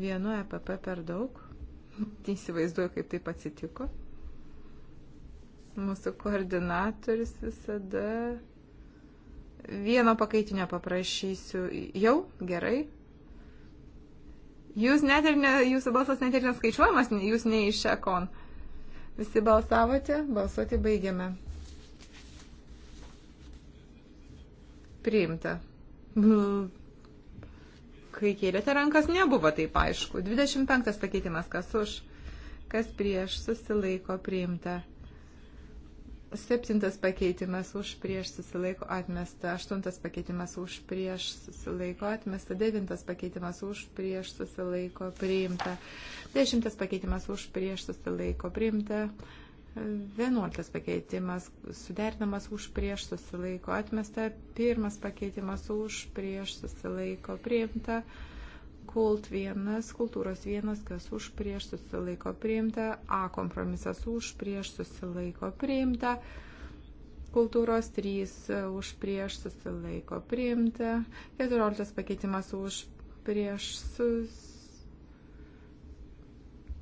vienu EPP per daug. Tai įsivaizduoju, kaip taip atsitiko. Mūsų koordinatorius visada. Vieno pakaitinio paprašysiu. Jau? Gerai. Jūs net ir ne, jūsų balsas net ir neskaičiuojamas, jūs ne iš ekon. Visi balsavote, balsuoti baigiame. Priimta. Bl kai kėlėte rankas, nebuvo taip aišku. 25 pakeitimas, kas už, kas prieš, susilaiko priimta. Septintas pakeitimas už prieš susilaiko atmesta, aštuntas pakeitimas už prieš susilaiko atmesta, devintas pakeitimas už prieš susilaiko priimta, dešimtas pakeitimas už prieš susilaiko priimta, Vienuoliktas pakeitimas suderinamas už prieš susilaiko atmesta, pirmas pakeitimas už prieš susilaiko priimta, kult vienas, kultūros vienas, kas už prieš susilaiko priimta, A kompromisas už prieš susilaiko priimta, kultūros trys už prieš susilaiko priimta, keturioliktas pakeitimas už prieš susilaiko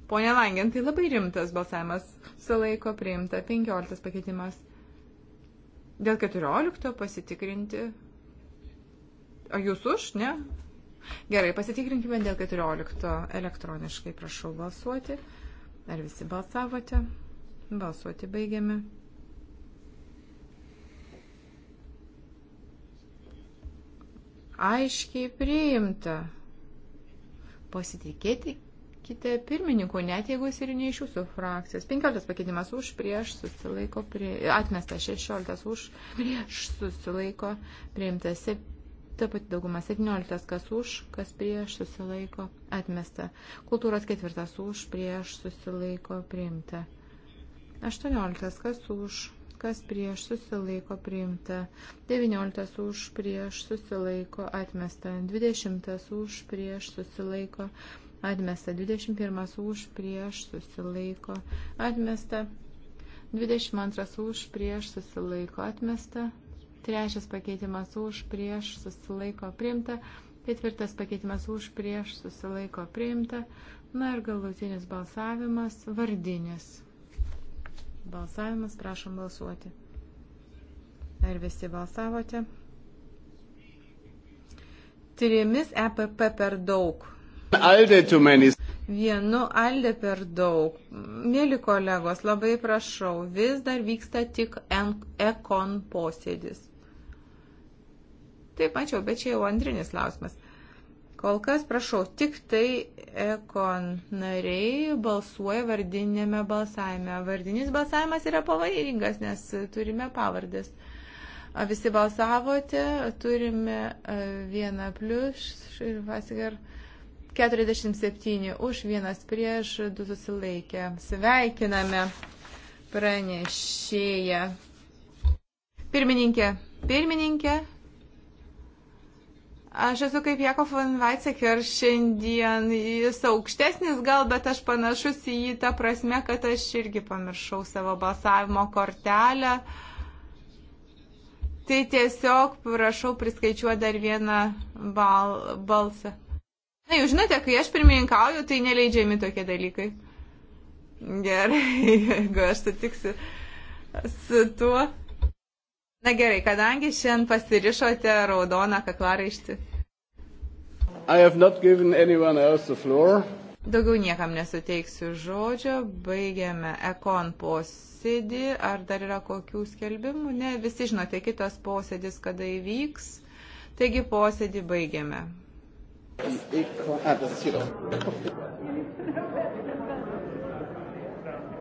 Pone Langin, tai labai rimtas balsavimas. Sulaiko priimta 15 pakeitimas. Dėl 14 pasitikrinti. O jūs už, ne? Gerai, pasitikrinkime dėl 14 elektroniškai, prašau balsuoti. Ar visi balsavote? Balsuoti baigiame. Aiškiai priimta. Pasitikėti pasisakyti pirmininku, net jeigu jis ir ne iš jūsų frakcijos. 15 pakeitimas už, prieš, susilaiko, prie, atmesta 16 už, prieš, susilaiko, priimta 7. Ta pati dauguma 17, kas už, kas prieš, susilaiko, atmesta. Kultūros ketvirtas už, prieš, susilaiko, priimta. 18, kas už, kas prieš susilaiko priimta, 19 už prieš susilaiko atmesta, 20 už prieš susilaiko Atmesta 21 už prieš susilaiko. Atmesta 22 už prieš susilaiko. Atmesta. Trečias pakeitimas už prieš susilaiko priimta. Ketvirtas pakeitimas už prieš susilaiko priimta. Na ir galutinis balsavimas vardinis. Balsavimas, prašom balsuoti. Ar visi balsavote? Trimis EPP per daug Vienu aldė per daug. Mėly kolegos, labai prašau, vis dar vyksta tik ekon posėdis. Taip, mačiau, bet čia jau antrinis klausimas. Kol kas, prašau, tik tai ekon nariai balsuoja vardinėme balsavime. Vardinis balsavimas yra pavairingas, nes turime pavardės. Visi balsavote, turime vieną plius ir vasigar. Ir 47 už vienas prieš du susilaikę. Sveikiname pranešėją. Pirmininkė, pirmininkė, Aš esu kaip Jakov van Weizsäcker šiandien. Jis aukštesnis gal, bet aš panašus į jį tą prasme, kad aš irgi pamiršau savo balsavimo kortelę. Tai tiesiog prašau priskaičiuoti dar vieną bal balsą. Na, jūs žinote, kai aš pirmininkauju, tai neleidžiami tokie dalykai. Gerai, [laughs] jeigu aš sutiksiu su tuo. Na gerai, kadangi šiandien pasirišote raudoną kaklaraištį. Daugiau niekam nesuteiksiu žodžio, baigiame ekon posėdį. Ar dar yra kokių skelbimų? Ne, visi žinote, kitas posėdis kada įvyks. Taigi posėdį baigiame. Ah, das ist hier doch.